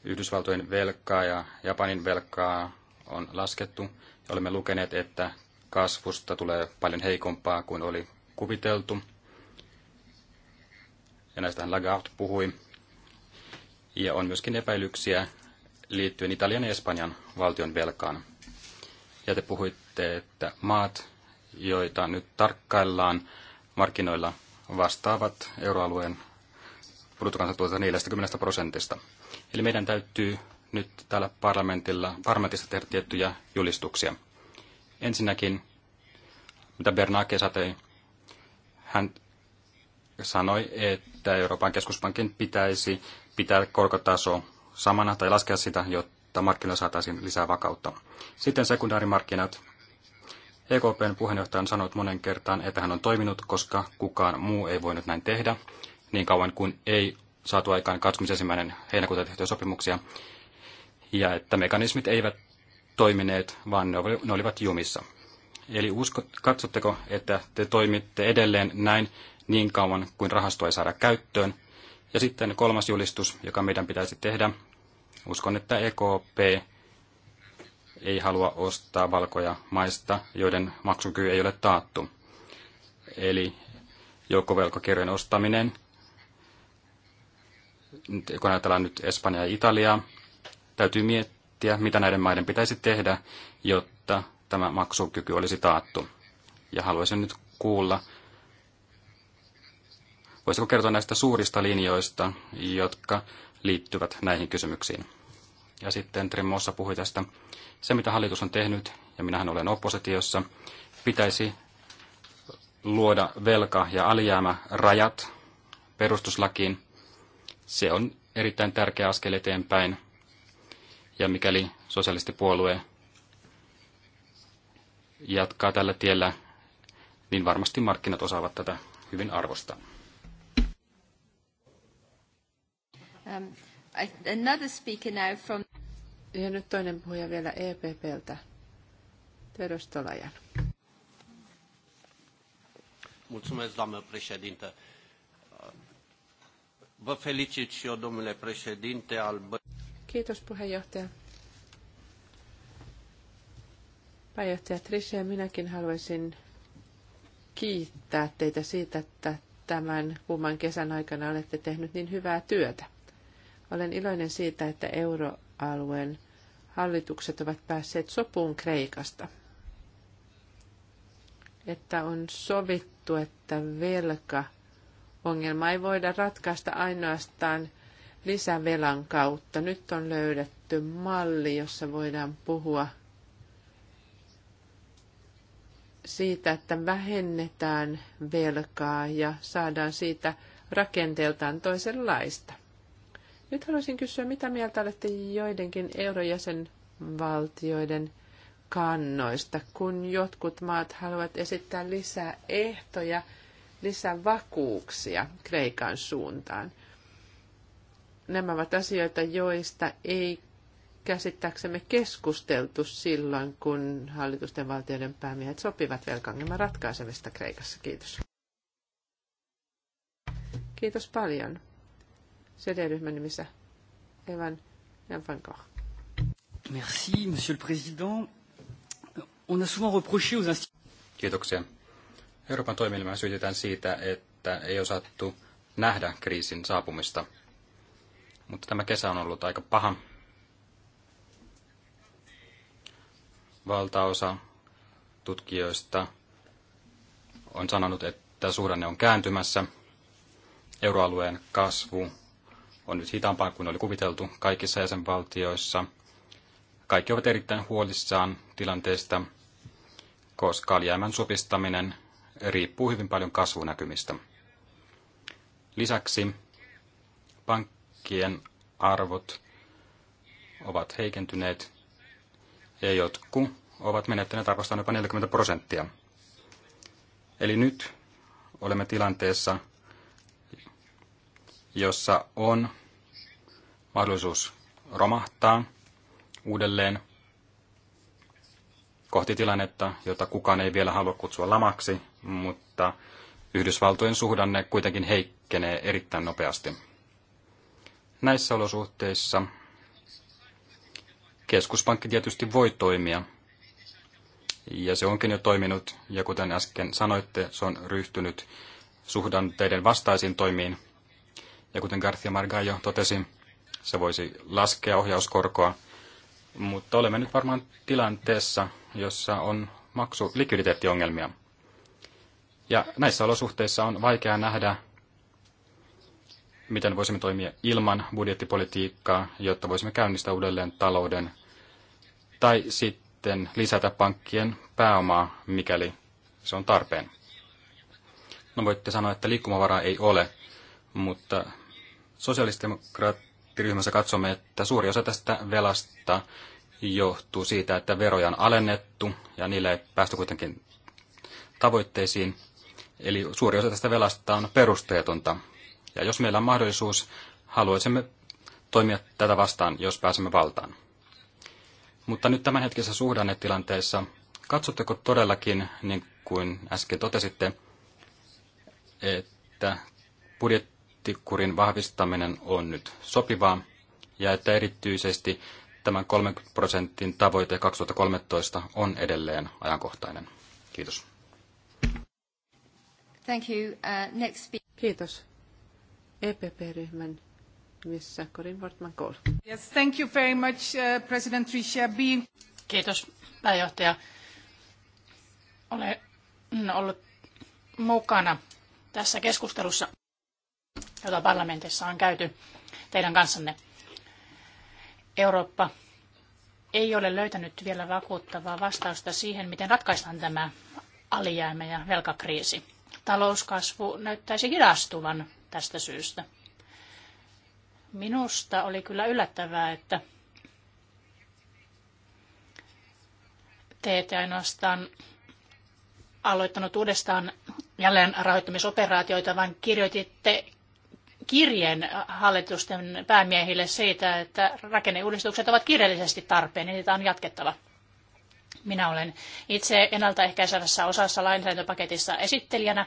Yhdysvaltojen velkaa ja Japanin velkaa on laskettu. olemme lukeneet, että kasvusta tulee paljon heikompaa kuin oli kuviteltu. Ja näistähän Lagarde puhui. Ja on myöskin epäilyksiä liittyen Italian ja Espanjan valtion velkaan. Ja te puhuitte, että maat, joita nyt tarkkaillaan markkinoilla, vastaavat euroalueen bruttokansantuotetta 40 prosentista. Eli meidän täytyy nyt täällä parlamentilla, parlamentissa tehdä tiettyjä julistuksia. Ensinnäkin, mitä Bernanke satei, hän sanoi, että Euroopan keskuspankin pitäisi pitää korkotaso samana tai laskea sitä, jotta markkinoilla saataisiin lisää vakautta. Sitten sekundaarimarkkinat. EKPn puheenjohtaja on sanonut monen kertaan, että hän on toiminut, koska kukaan muu ei voinut näin tehdä, niin kauan kuin ei saatu aikaan 21. heinäkuuta tehtyjä sopimuksia, ja että mekanismit eivät toimineet, vaan ne olivat jumissa. Eli usko, katsotteko, että te toimitte edelleen näin niin kauan kuin rahasto ei saada käyttöön? Ja sitten kolmas julistus, joka meidän pitäisi tehdä, Uskon, että EKP ei halua ostaa valkoja maista, joiden maksukyky ei ole taattu. Eli joukkovelkakirjojen ostaminen, kun ajatellaan nyt Espanjaa ja Italiaa, täytyy miettiä, mitä näiden maiden pitäisi tehdä, jotta tämä maksukyky olisi taattu. Ja haluaisin nyt kuulla, voisiko kertoa näistä suurista linjoista, jotka liittyvät näihin kysymyksiin. Ja sitten Tremossa puhui tästä. Se, mitä hallitus on tehnyt, ja minähän olen oppositiossa, pitäisi luoda velka- ja alijäämärajat perustuslakiin. Se on erittäin tärkeä askel eteenpäin. Ja mikäli sosialistipuolue jatkaa tällä tiellä, niin varmasti markkinat osaavat tätä hyvin arvostaa. Um, another speaker now from... Ja nyt toinen puhuja vielä EPPltä, Teros Tolajan. Mulțumesc, doamnă președintă. Vă felicit și eu, domnule președinte, al Kiitos, puheenjohtaja. Pääjohtaja Trisha, minäkin haluaisin kiittää teitä siitä, että tämän kuuman kesän aikana olette tehnyt niin hyvää työtä. Olen iloinen siitä, että euroalueen hallitukset ovat päässeet sopuun Kreikasta. Että on sovittu, että velka ongelma ei voida ratkaista ainoastaan lisävelan kautta. Nyt on löydetty malli, jossa voidaan puhua siitä, että vähennetään velkaa ja saadaan siitä rakenteeltaan toisenlaista. Nyt haluaisin kysyä, mitä mieltä olette joidenkin eurojäsenvaltioiden kannoista, kun jotkut maat haluavat esittää lisää ehtoja, lisää vakuuksia Kreikan suuntaan. Nämä ovat asioita, joista ei käsittääksemme keskusteltu silloin, kun hallitusten valtioiden päämiehet sopivat velkaongelman ratkaisemista Kreikassa. Kiitos. Kiitos paljon. CD-ryhmän nimissä Evan Janfanko. Merci, monsieur le président. On a souvent reproché aux Kiitoksia. Euroopan toimielimää syytetään siitä, että ei osattu nähdä kriisin saapumista. Mutta tämä kesä on ollut aika paha. Valtaosa tutkijoista on sanonut, että suhdanne on kääntymässä. Euroalueen kasvu on nyt hitaampaa kuin oli kuviteltu kaikissa jäsenvaltioissa. Kaikki ovat erittäin huolissaan tilanteesta, koska alijäämän supistaminen riippuu hyvin paljon kasvunäkymistä. Lisäksi pankkien arvot ovat heikentyneet ja jotkut ovat menettäneet arvostaan jopa 40 prosenttia. Eli nyt olemme tilanteessa, jossa on mahdollisuus romahtaa uudelleen kohti tilannetta, jota kukaan ei vielä halua kutsua lamaksi, mutta Yhdysvaltojen suhdanne kuitenkin heikkenee erittäin nopeasti. Näissä olosuhteissa keskuspankki tietysti voi toimia, ja se onkin jo toiminut, ja kuten äsken sanoitte, se on ryhtynyt suhdanteiden vastaisiin toimiin. Ja kuten Garcia Margallo totesi, se voisi laskea ohjauskorkoa, mutta olemme nyt varmaan tilanteessa, jossa on maksu likviditeettiongelmia. Ja näissä olosuhteissa on vaikea nähdä, miten voisimme toimia ilman budjettipolitiikkaa, jotta voisimme käynnistää uudelleen talouden, tai sitten lisätä pankkien pääomaa, mikäli se on tarpeen. No voitte sanoa, että liikkumavaraa ei ole, mutta sosiaalidemokraatit ryhmässä katsomme, että suuri osa tästä velasta johtuu siitä, että veroja on alennettu ja niille ei päästy kuitenkin tavoitteisiin. Eli suuri osa tästä velasta on perusteetonta. Ja jos meillä on mahdollisuus, haluaisimme toimia tätä vastaan, jos pääsemme valtaan. Mutta nyt tämänhetkisessä suhdannetilanteessa, katsotteko todellakin, niin kuin äsken totesitte, että budjet, budjettikurin vahvistaminen on nyt sopivaa ja että erityisesti tämän 30 prosentin tavoite 2013 on edelleen ajankohtainen. Kiitos. Thank you. Uh, next Kiitos. EPP-ryhmän missä Corin Wortman Kohl. Yes, thank you very much, uh, President Tricia B. Kiitos, pääjohtaja. Olen ollut mukana tässä keskustelussa jota parlamentissa on käyty teidän kanssanne. Eurooppa ei ole löytänyt vielä vakuuttavaa vastausta siihen, miten ratkaistaan tämä alijäämä ja velkakriisi. Talouskasvu näyttäisi hidastuvan tästä syystä. Minusta oli kyllä yllättävää, että te ette ainoastaan aloittanut uudestaan jälleen rahoittamisoperaatioita, vaan kirjoititte kirjeen hallitusten päämiehille siitä, että rakenneuudistukset ovat kirjallisesti tarpeen ja niin niitä on jatkettava. Minä olen itse ennaltaehkäisevässä osassa lainsäädäntöpaketissa esittelijänä.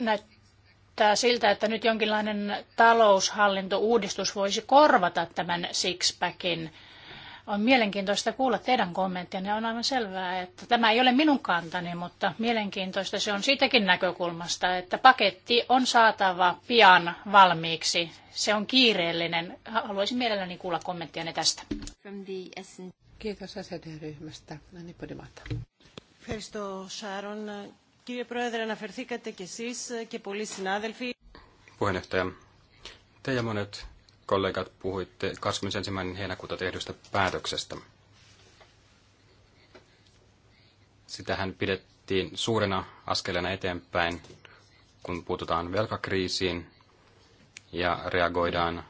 Näyttää siltä, että nyt jonkinlainen taloushallintouudistus voisi korvata tämän six-packin on mielenkiintoista kuulla teidän ne On aivan selvää, että tämä ei ole minun kantani, mutta mielenkiintoista se on siitäkin näkökulmasta, että paketti on saatava pian valmiiksi. Se on kiireellinen. Haluaisin mielelläni kuulla kommenttianne tästä. Kiitos SED-ryhmästä. Anni no niin, Podimata. Sharon. Puheenjohtaja, te ja monet kollegat, puhuitte 21. heinäkuuta tehdystä päätöksestä. Sitähän pidettiin suurena askeleena eteenpäin, kun puututaan velkakriisiin ja reagoidaan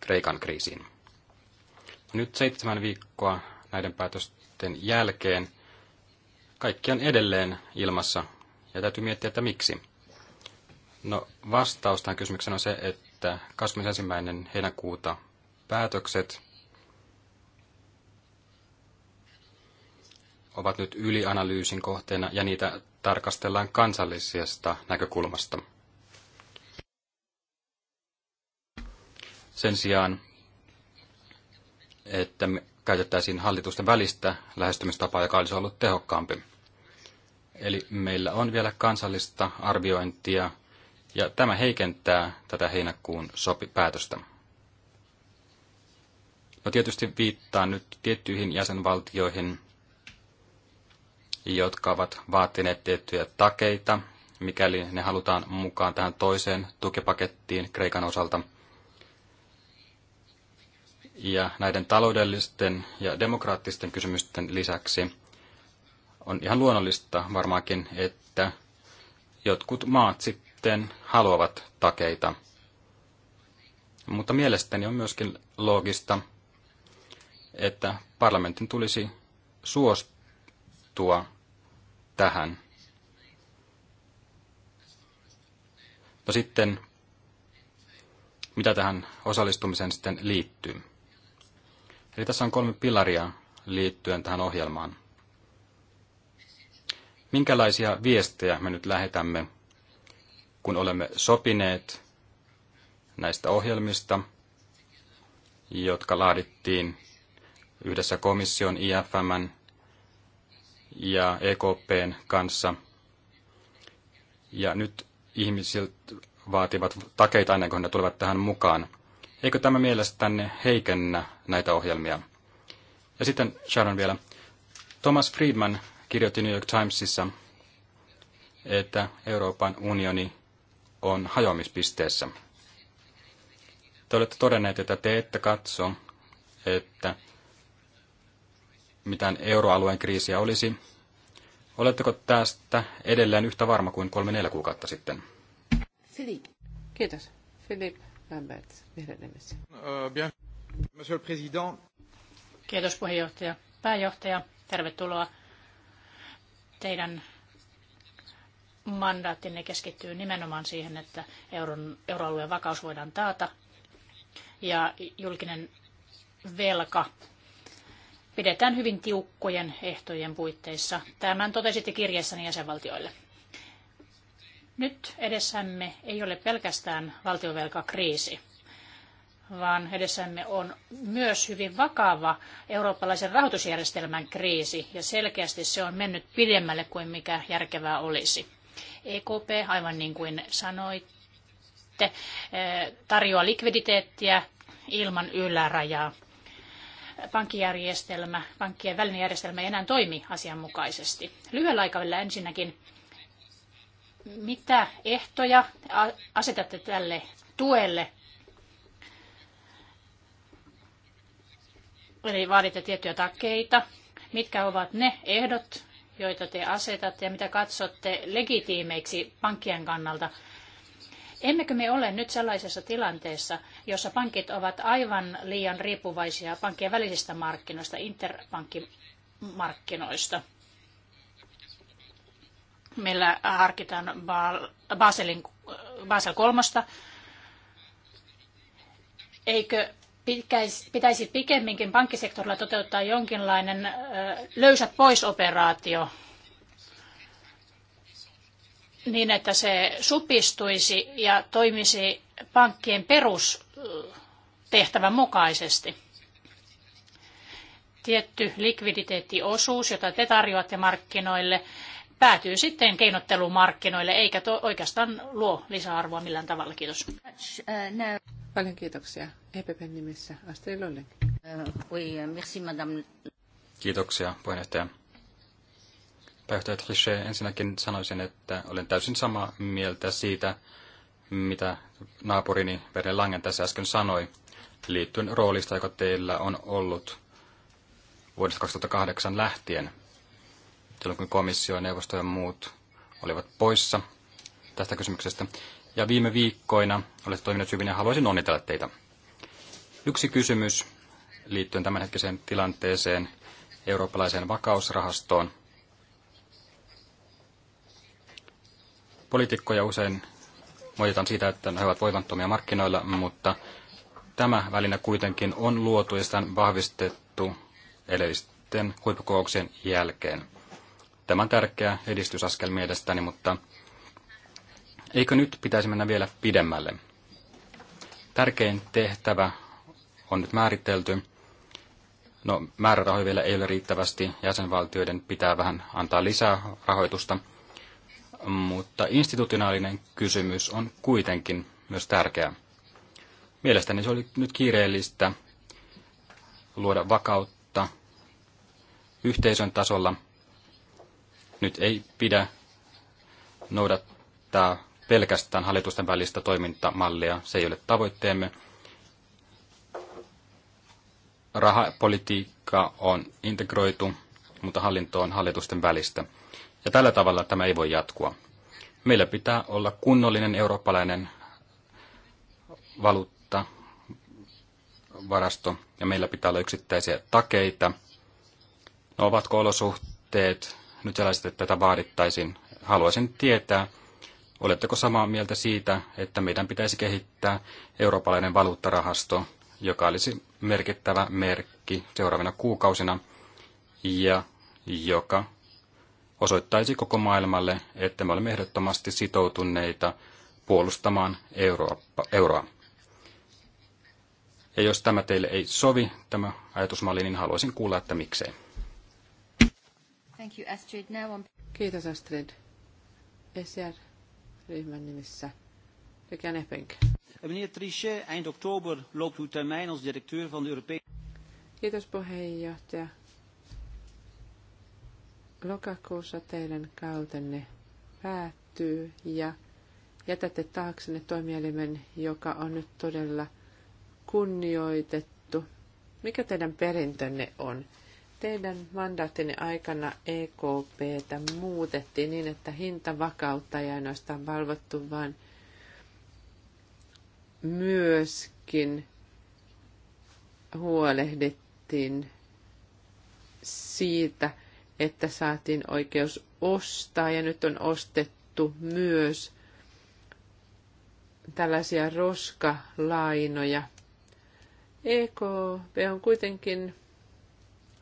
Kreikan kriisiin. Nyt seitsemän viikkoa näiden päätösten jälkeen kaikki on edelleen ilmassa ja täytyy miettiä, että miksi. No vastaus tähän kysymykseen on se, että että 21. heinäkuuta päätökset ovat nyt ylianalyysin kohteena ja niitä tarkastellaan kansallisesta näkökulmasta. Sen sijaan, että me käytettäisiin hallitusten välistä lähestymistapaa, joka olisi ollut tehokkaampi. Eli meillä on vielä kansallista arviointia ja tämä heikentää tätä heinäkuun sopi- päätöstä. No tietysti viittaa nyt tiettyihin jäsenvaltioihin, jotka ovat vaatineet tiettyjä takeita, mikäli ne halutaan mukaan tähän toiseen tukipakettiin Kreikan osalta. Ja näiden taloudellisten ja demokraattisten kysymysten lisäksi on ihan luonnollista varmaankin, että jotkut maat sitten sitten haluavat takeita. Mutta mielestäni on myöskin loogista, että parlamentin tulisi suostua tähän. No sitten, mitä tähän osallistumiseen sitten liittyy? Eli tässä on kolme pilaria liittyen tähän ohjelmaan. Minkälaisia viestejä me nyt lähetämme kun olemme sopineet näistä ohjelmista, jotka laadittiin yhdessä komission, IFM ja EKPn kanssa. Ja nyt ihmisiltä vaativat takeita ennen kuin ne tulevat tähän mukaan. Eikö tämä mielestänne heikennä näitä ohjelmia? Ja sitten Sharon vielä. Thomas Friedman kirjoitti New York Timesissa, että Euroopan unioni on hajoamispisteessä. Te olette todenneet, että te ette katso, että mitään euroalueen kriisiä olisi. Oletteko tästä edelleen yhtä varma kuin kolme neljä kuukautta sitten? Philippe. Kiitos. Philippe Lambert, vihreän euh, bien. Monsieur le Président. Kiitos puheenjohtaja. Pääjohtaja, tervetuloa teidän mandaattinne keskittyy nimenomaan siihen, että euron, euroalueen vakaus voidaan taata ja julkinen velka pidetään hyvin tiukkojen ehtojen puitteissa. Tämän totesitte kirjeessäni jäsenvaltioille. Nyt edessämme ei ole pelkästään valtiovelkakriisi, vaan edessämme on myös hyvin vakava eurooppalaisen rahoitusjärjestelmän kriisi, ja selkeästi se on mennyt pidemmälle kuin mikä järkevää olisi. EKP, aivan niin kuin sanoitte, tarjoaa likviditeettiä ilman ylärajaa. Pankkijärjestelmä, pankkien välinen järjestelmä ei enää toimi asianmukaisesti. Lyhyellä aikavälillä ensinnäkin, mitä ehtoja asetatte tälle tuelle Eli vaaditte tiettyjä takeita. Mitkä ovat ne ehdot, joita te asetatte ja mitä katsotte legitiimeiksi pankkien kannalta. Emmekö me ole nyt sellaisessa tilanteessa, jossa pankit ovat aivan liian riippuvaisia pankkien välisistä markkinoista, interpankkimarkkinoista? Meillä harkitaan Baselin, Basel kolmosta. Eikö pitäisi pikemminkin pankkisektorilla toteuttaa jonkinlainen löysät pois operaatio niin, että se supistuisi ja toimisi pankkien perustehtävän mukaisesti. Tietty likviditeettiosuus, jota te tarjoatte markkinoille, päätyy sitten keinottelumarkkinoille, eikä to oikeastaan luo lisäarvoa millään tavalla. Kiitos. Paljon kiitoksia. EPPn nimissä Astrid Lolle. Euh, kiitoksia, puheenjohtaja. Päivittäjä Trichet, ensinnäkin sanoisin, että olen täysin samaa mieltä siitä, mitä naapurini Verne Langen tässä äsken sanoi, liittyen roolista, joka teillä on ollut vuodesta 2008 lähtien silloin kun komissio, neuvosto ja muut olivat poissa tästä kysymyksestä. Ja viime viikkoina olette toiminut hyvin ja haluaisin onnitella teitä. Yksi kysymys liittyen tämänhetkiseen tilanteeseen, eurooppalaiseen vakausrahastoon. Poliitikkoja usein moititaan siitä, että ne ovat voimattomia markkinoilla, mutta tämä väline kuitenkin on luotu ja sitä on vahvistettu edellisten huippukokouksien jälkeen. Tämä on tärkeä edistysaskel mielestäni, mutta eikö nyt pitäisi mennä vielä pidemmälle? Tärkein tehtävä on nyt määritelty. No, määrärahoja vielä ei ole riittävästi. Jäsenvaltioiden pitää vähän antaa lisää rahoitusta. Mutta institutionaalinen kysymys on kuitenkin myös tärkeä. Mielestäni se oli nyt kiireellistä luoda vakautta yhteisön tasolla – nyt ei pidä noudattaa pelkästään hallitusten välistä toimintamallia. Se ei ole tavoitteemme. Rahapolitiikka on integroitu, mutta hallinto on hallitusten välistä. Ja tällä tavalla tämä ei voi jatkua. Meillä pitää olla kunnollinen eurooppalainen valuutta, varasto, ja meillä pitää olla yksittäisiä takeita. No, ovatko olosuhteet nyt sellaiset, että tätä vaadittaisiin. Haluaisin tietää, oletteko samaa mieltä siitä, että meidän pitäisi kehittää eurooppalainen valuuttarahasto, joka olisi merkittävä merkki seuraavina kuukausina ja joka osoittaisi koko maailmalle, että me olemme ehdottomasti sitoutuneita puolustamaan Eurooppa, euroa. Ja jos tämä teille ei sovi, tämä ajatusmalli, niin haluaisin kuulla, että miksei. Thank you, Astrid. Now on... Kiitos Astrid. ECR-ryhmän nimissä. Rikän Eppink. Meneer Trichet, eind oktober loopt uw termijn als directeur van de Europese... Kiitos puheenjohtaja. Lokakuussa teidän kautenne päättyy ja jätätte taaksenne toimielimen, joka on nyt todella kunnioitettu. Mikä teidän perintönne on? Teidän mandaattinne aikana EKPtä muutettiin niin, että vakautta ei ainoastaan valvottu, vaan myöskin huolehdittiin siitä, että saatiin oikeus ostaa ja nyt on ostettu myös tällaisia roskalainoja. EKP on kuitenkin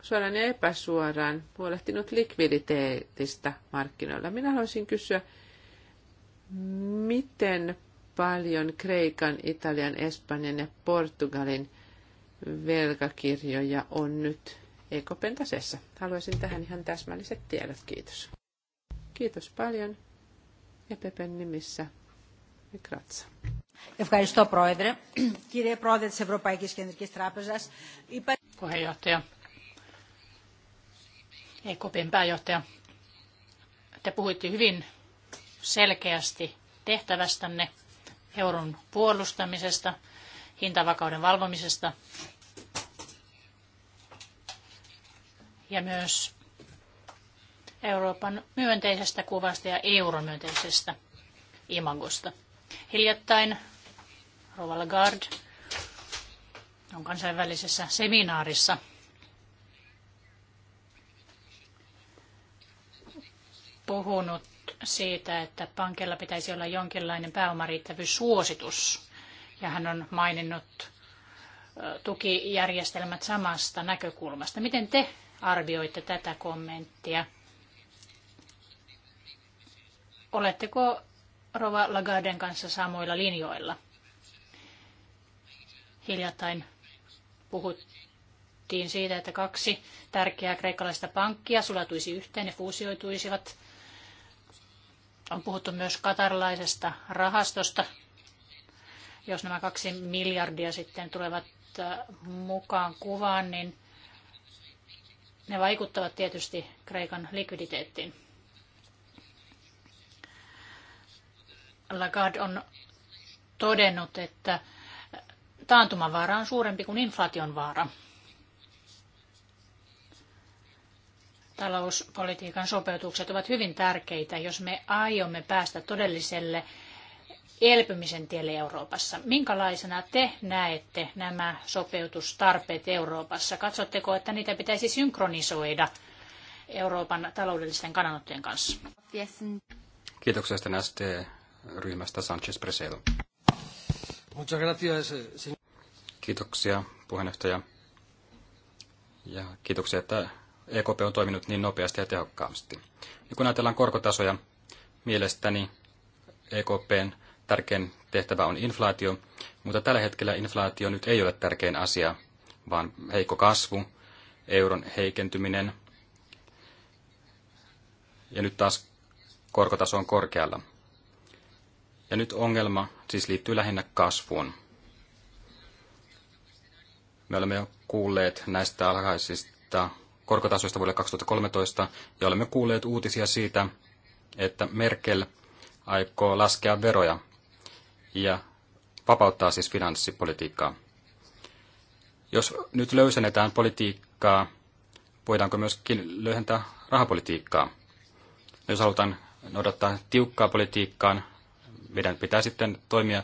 suoraan ja epäsuoraan huolehtinut likviditeetistä markkinoilla. Minä haluaisin kysyä, miten paljon Kreikan, Italian, Espanjan ja Portugalin velkakirjoja on nyt EKPn tasessa. Haluaisin tähän ihan täsmälliset tiedot. Kiitos. Kiitos paljon. Ja e Pepen nimissä Kratsa. Ευχαριστώ, Πρόεδρε. Κύριε Πρόεδρε της Ευρωπαϊκής Κεντρικής Τράπεζας, Puheenjohtaja, EKPn pääjohtaja. Te puhuitte hyvin selkeästi tehtävästänne, euron puolustamisesta, hintavakauden valvomisesta ja myös Euroopan myönteisestä kuvasta ja euromyönteisestä imagosta. Hiljattain Rova Lagarde on kansainvälisessä seminaarissa puhunut siitä, että pankilla pitäisi olla jonkinlainen pääomariittävyyssuositus. Ja hän on maininnut tukijärjestelmät samasta näkökulmasta. Miten te arvioitte tätä kommenttia? Oletteko Rova Lagarden kanssa samoilla linjoilla? Hiljattain puhuttiin siitä, että kaksi tärkeää kreikkalaista pankkia sulatuisi yhteen ja fuusioituisivat. On puhuttu myös katarlaisesta rahastosta. Jos nämä kaksi miljardia sitten tulevat äh, mukaan kuvaan, niin ne vaikuttavat tietysti Kreikan likviditeettiin. Lagarde on todennut, että taantuman vaara on suurempi kuin inflaation vaara. talouspolitiikan sopeutukset ovat hyvin tärkeitä, jos me aiomme päästä todelliselle elpymisen tielle Euroopassa. Minkälaisena te näette nämä sopeutustarpeet Euroopassa? Katsotteko, että niitä pitäisi synkronisoida Euroopan taloudellisten kannanottojen kanssa? Kiitoksia ST-ryhmästä Sanchez Preselo. Kiitoksia puheenjohtaja. Ja kiitoksia, että EKP on toiminut niin nopeasti ja tehokkaasti. Ja kun ajatellaan korkotasoja, mielestäni EKPn tärkein tehtävä on inflaatio, mutta tällä hetkellä inflaatio nyt ei ole tärkein asia, vaan heikko kasvu, euron heikentyminen ja nyt taas korkotaso on korkealla. Ja nyt ongelma siis liittyy lähinnä kasvuun. Me olemme jo kuulleet näistä alhaisista korkotasoista vuodelle 2013, ja olemme kuulleet uutisia siitä, että Merkel aikoo laskea veroja ja vapauttaa siis finanssipolitiikkaa. Jos nyt löysennetään politiikkaa, voidaanko myöskin löyhentää rahapolitiikkaa? Jos halutaan noudattaa tiukkaa politiikkaa, meidän pitää sitten toimia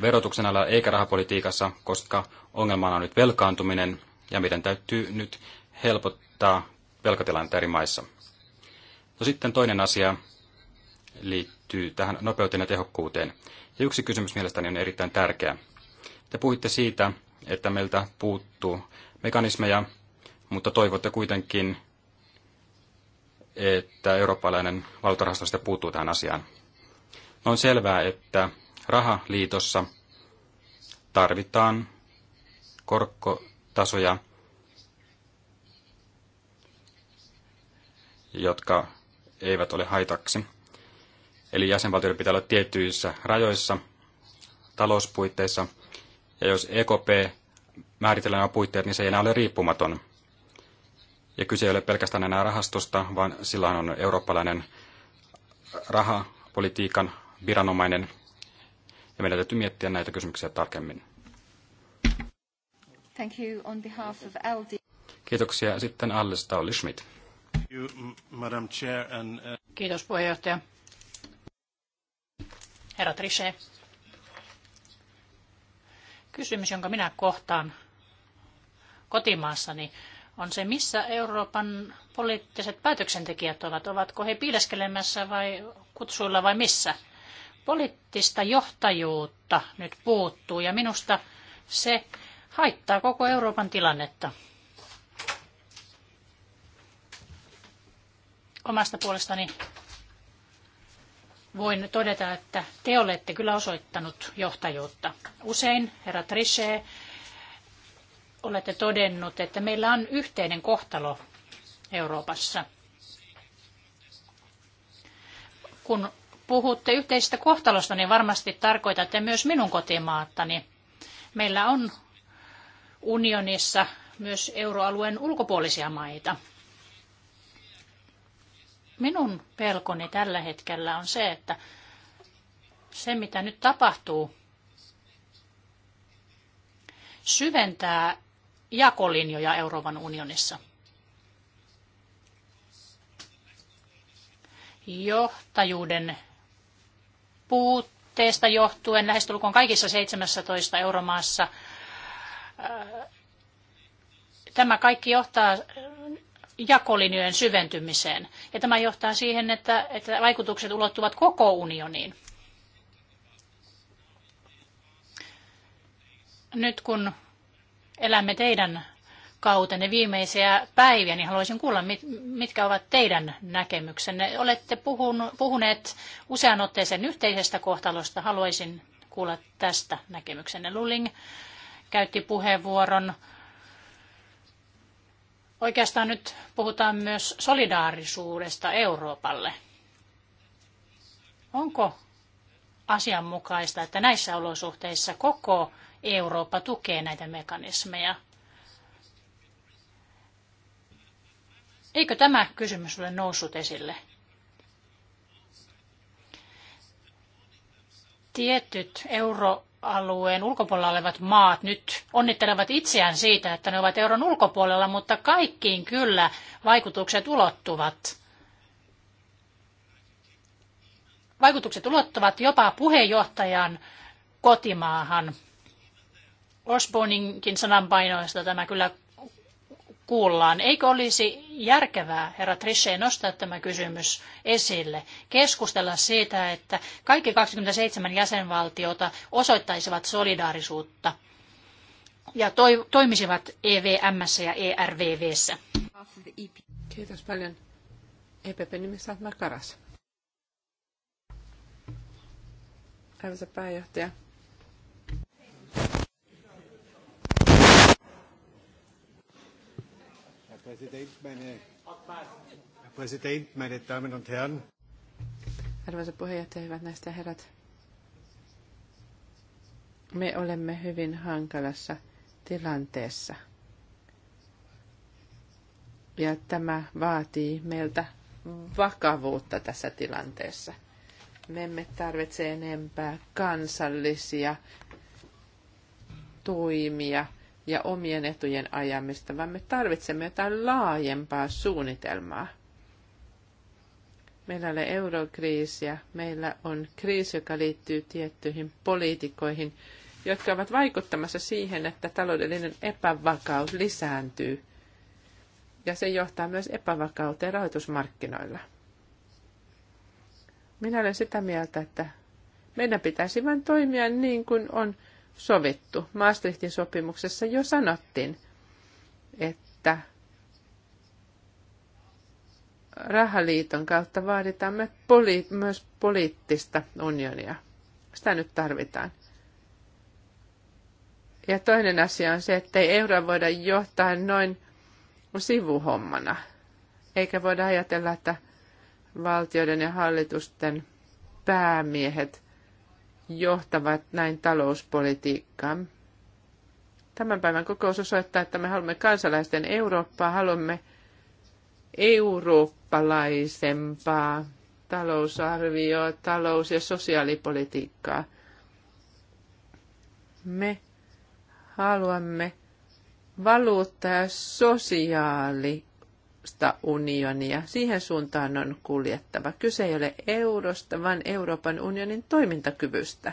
verotuksen alla eikä rahapolitiikassa, koska ongelmana on nyt velkaantuminen ja meidän täytyy nyt helpottaa vaikuttaa velkatilanteen eri maissa. No sitten toinen asia liittyy tähän nopeuteen ja tehokkuuteen. Ja yksi kysymys mielestäni on erittäin tärkeä. Te puhuitte siitä, että meiltä puuttuu mekanismeja, mutta toivotte kuitenkin, että eurooppalainen valuutarahasto sitä puuttuu tähän asiaan. No on selvää, että rahaliitossa tarvitaan korkotasoja, jotka eivät ole haitaksi. Eli jäsenvaltioiden pitää olla tiettyissä rajoissa, talouspuitteissa, ja jos EKP määritellään nämä puitteet, niin se ei enää ole riippumaton. Ja kyse ei ole pelkästään enää rahastosta, vaan sillä on eurooppalainen rahapolitiikan viranomainen, ja meidän täytyy miettiä näitä kysymyksiä tarkemmin. Thank you on behalf of Kiitoksia. Sitten Allesta oli Schmidt. Uh, Kiitos puheenjohtaja. Herra Trichet. Kysymys, jonka minä kohtaan kotimaassani, on se, missä Euroopan poliittiset päätöksentekijät ovat. Ovatko he piileskelemässä vai kutsuilla vai missä? Poliittista johtajuutta nyt puuttuu ja minusta se haittaa koko Euroopan tilannetta. omasta puolestani voin todeta, että te olette kyllä osoittanut johtajuutta. Usein, herra Trichet, olette todennut, että meillä on yhteinen kohtalo Euroopassa. Kun puhutte yhteisestä kohtalosta, niin varmasti tarkoitatte myös minun kotimaattani. Meillä on unionissa myös euroalueen ulkopuolisia maita – Minun pelkoni tällä hetkellä on se, että se mitä nyt tapahtuu, syventää jakolinjoja Euroopan unionissa. Johtajuuden puutteesta johtuen lähestulkoon kaikissa 17 euromaassa tämä kaikki johtaa jakolinjojen syventymiseen. Ja tämä johtaa siihen, että, että vaikutukset ulottuvat koko unioniin. Nyt kun elämme teidän kautenne viimeisiä päiviä, niin haluaisin kuulla, mitkä ovat teidän näkemyksenne. Olette puhunut, puhuneet usean otteeseen yhteisestä kohtalosta. Haluaisin kuulla tästä näkemyksenne. Luling käytti puheenvuoron Oikeastaan nyt puhutaan myös solidaarisuudesta Euroopalle. Onko asianmukaista, että näissä olosuhteissa koko Eurooppa tukee näitä mekanismeja? Eikö tämä kysymys ole noussut esille? Tietyt euro euroalueen ulkopuolella olevat maat nyt onnittelevat itseään siitä, että ne ovat euron ulkopuolella, mutta kaikkiin kyllä vaikutukset ulottuvat. Vaikutukset ulottuvat jopa puheenjohtajan kotimaahan. Osborninkin sananpainoista tämä kyllä kuullaan. Eikö olisi järkevää, herra Trichet, nostaa tämä kysymys esille, keskustella siitä, että kaikki 27 jäsenvaltiota osoittaisivat solidaarisuutta ja toi, toimisivat EVMssä ja ERVVssä? Kiitos paljon. EPP nimissä Makaras. Arvoisa pääjohtaja, Präsident, meine, Herr Präsident, meine Damen und Herren. Arvoisa puheenjohtaja, hyvät naiset ja herrat. Me olemme hyvin hankalassa tilanteessa. Ja tämä vaatii meiltä vakavuutta tässä tilanteessa. Me emme tarvitse enempää kansallisia toimia – ja omien etujen ajamista, vaan me tarvitsemme jotain laajempaa suunnitelmaa. Meillä on eurokriisiä, meillä on kriisi, joka liittyy tiettyihin poliitikoihin, jotka ovat vaikuttamassa siihen, että taloudellinen epävakaus lisääntyy. Ja se johtaa myös epävakauteen rahoitusmarkkinoilla. Minä olen sitä mieltä, että meidän pitäisi vain toimia niin kuin on sovittu. Maastrichtin sopimuksessa jo sanottiin, että rahaliiton kautta vaaditaan me poli- myös poliittista unionia. Sitä nyt tarvitaan. Ja toinen asia on se, että ei euroa voida johtaa noin sivuhommana. Eikä voida ajatella, että valtioiden ja hallitusten päämiehet – johtavat näin talouspolitiikkaan. Tämän päivän kokous osoittaa, että me haluamme kansalaisten Eurooppaa, haluamme eurooppalaisempaa talousarvioa, talous- ja sosiaalipolitiikkaa. Me haluamme valuutta- ja sosiaali Euroopasta unionia. Siihen suuntaan on kuljettava. Kyse ei ole eurosta, vaan Euroopan unionin toimintakyvystä.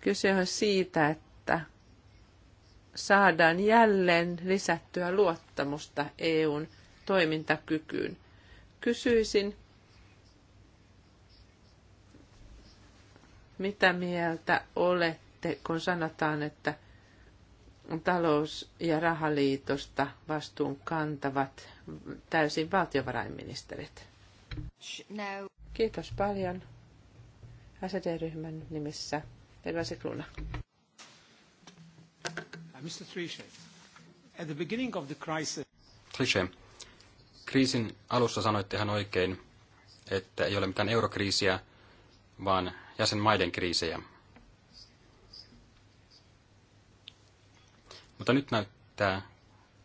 Kyse on siitä, että saadaan jälleen lisättyä luottamusta EUn toimintakykyyn. Kysyisin, mitä mieltä olette, kun sanotaan, että – talous- ja rahaliitosta vastuun kantavat täysin valtiovarainministerit. No. Kiitos paljon. sd ryhmän nimissä Edvard Sekluna. Uh, Mr. Trichet, at the beginning of the crisis... Trichet, kriisin alussa sanoitte ihan oikein, että ei ole mitään eurokriisiä, vaan jäsenmaiden kriisejä. Mutta nyt näyttää,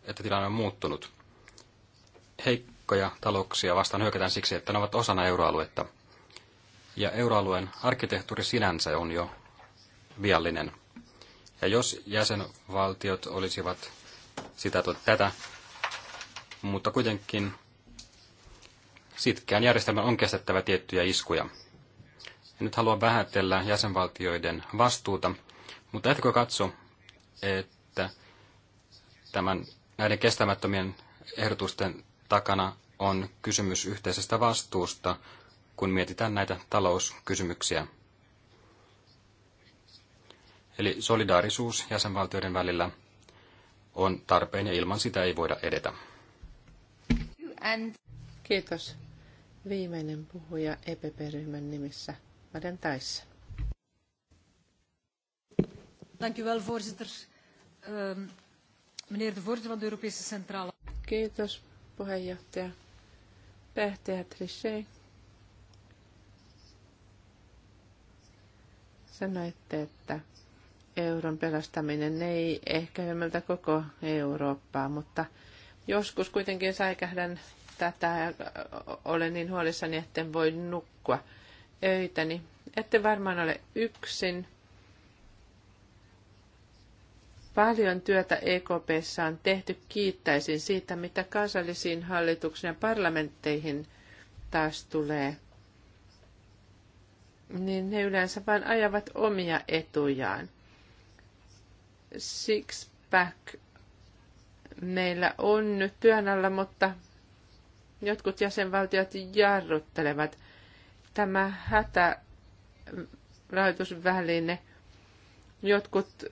että tilanne on muuttunut. Heikkoja talouksia vastaan hyökätään siksi, että ne ovat osana euroaluetta. Ja euroalueen arkkitehtuuri sinänsä on jo viallinen. Ja jos jäsenvaltiot olisivat sitä tätä, mutta kuitenkin sitkään järjestelmän on kestettävä tiettyjä iskuja. En nyt halua vähätellä jäsenvaltioiden vastuuta, mutta etkö katso, että tämän, näiden kestämättömien ehdotusten takana on kysymys yhteisestä vastuusta, kun mietitään näitä talouskysymyksiä. Eli solidaarisuus jäsenvaltioiden välillä on tarpeen ja ilman sitä ei voida edetä. Kiitos. Viimeinen puhuja EPP-ryhmän nimissä, Maden Taissa. Dank u wel, voorzitter. Ehm, Meneer de voorzitter van de Europese Centrale... Kiitos puheenjohtaja. Päättäjä Trichet. Sanoitte, että euron pelastaminen ei ehkä hymmeltä koko Eurooppaa, mutta joskus kuitenkin säikähdän tätä olen niin huolissani, etten voi nukkua öitäni. Ette varmaan ole yksin. Paljon työtä EKPssä on tehty. Kiittäisin siitä, mitä kansallisiin hallituksiin ja parlamentteihin taas tulee. Niin ne yleensä vain ajavat omia etujaan. Sixpack meillä on nyt työn alla, mutta jotkut jäsenvaltiot jarruttelevat. Tämä hätärahoitusväline, jotkut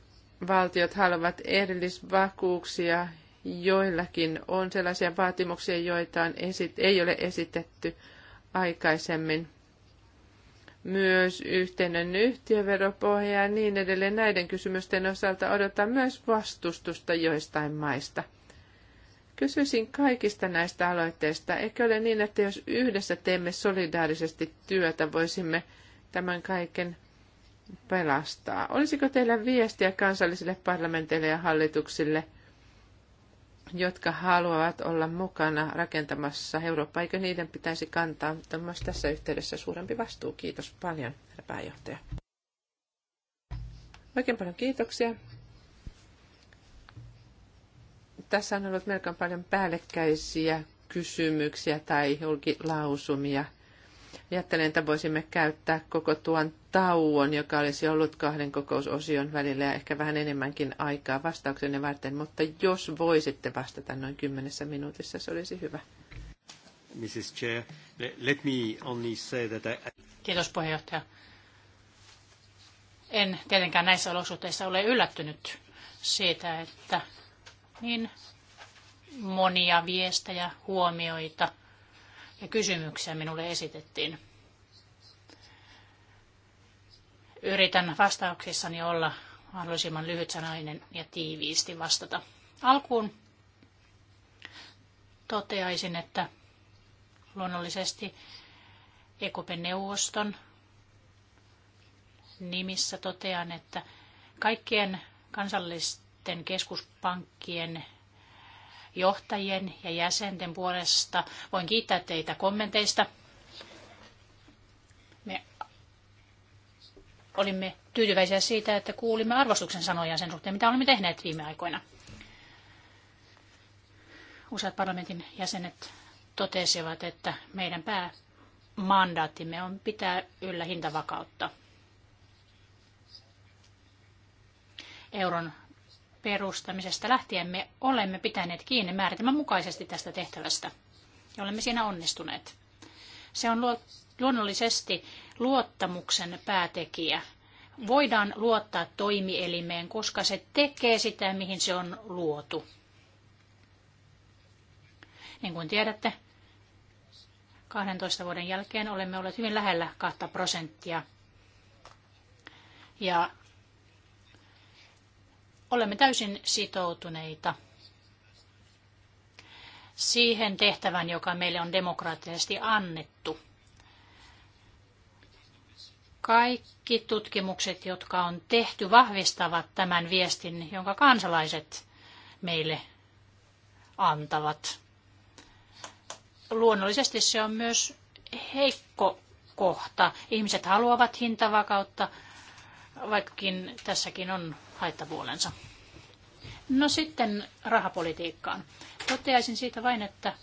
valtiot haluavat erillisvakuuksia, joillakin on sellaisia vaatimuksia, joita on esit- ei ole esitetty aikaisemmin. Myös yhteinen yhtiöveropohja ja niin edelleen näiden kysymysten osalta odotan myös vastustusta joistain maista. Kysyisin kaikista näistä aloitteista. Eikö ole niin, että jos yhdessä teemme solidaarisesti työtä, voisimme tämän kaiken pelastaa. Olisiko teillä viestiä kansallisille parlamenteille ja hallituksille, jotka haluavat olla mukana rakentamassa Eurooppaa? Eikö niiden pitäisi kantaa mutta myös tässä yhteydessä suurempi vastuu? Kiitos paljon, herra pääjohtaja. Oikein paljon kiitoksia. Tässä on ollut melko paljon päällekkäisiä kysymyksiä tai julkilausumia. Ajattelen, että voisimme käyttää koko tuon tauon, joka olisi ollut kahden kokousosion välillä ja ehkä vähän enemmänkin aikaa vastauksenne varten, mutta jos voisitte vastata noin kymmenessä minuutissa, se olisi hyvä. Mrs. Chair, let me only say that I... Kiitos puheenjohtaja. En tietenkään näissä olosuhteissa ole yllättynyt siitä, että niin monia viestejä, huomioita ja kysymyksiä minulle esitettiin. Yritän vastauksissani olla mahdollisimman lyhytsanainen ja tiiviisti vastata. Alkuun toteaisin, että luonnollisesti Ekopen neuvoston nimissä totean, että kaikkien kansallisten keskuspankkien johtajien ja jäsenten puolesta voin kiittää teitä kommenteista – olimme tyytyväisiä siitä, että kuulimme arvostuksen sanoja sen suhteen, mitä olemme tehneet viime aikoina. Useat parlamentin jäsenet totesivat, että meidän päämandaattimme on pitää yllä hintavakautta. Euron perustamisesta lähtien me olemme pitäneet kiinni määritelmän mukaisesti tästä tehtävästä ja olemme siinä onnistuneet. Se on luonnollisesti luottamuksen päätekijä. Voidaan luottaa toimielimeen, koska se tekee sitä, mihin se on luotu. Niin kuin tiedätte, 12 vuoden jälkeen olemme olleet hyvin lähellä 2 prosenttia. Ja olemme täysin sitoutuneita siihen tehtävään, joka meille on demokraattisesti annettu – kaikki tutkimukset, jotka on tehty, vahvistavat tämän viestin, jonka kansalaiset meille antavat. Luonnollisesti se on myös heikko kohta. Ihmiset haluavat hintavakautta, vaikkakin tässäkin on haittapuolensa. No sitten rahapolitiikkaan. Toteaisin siitä vain, että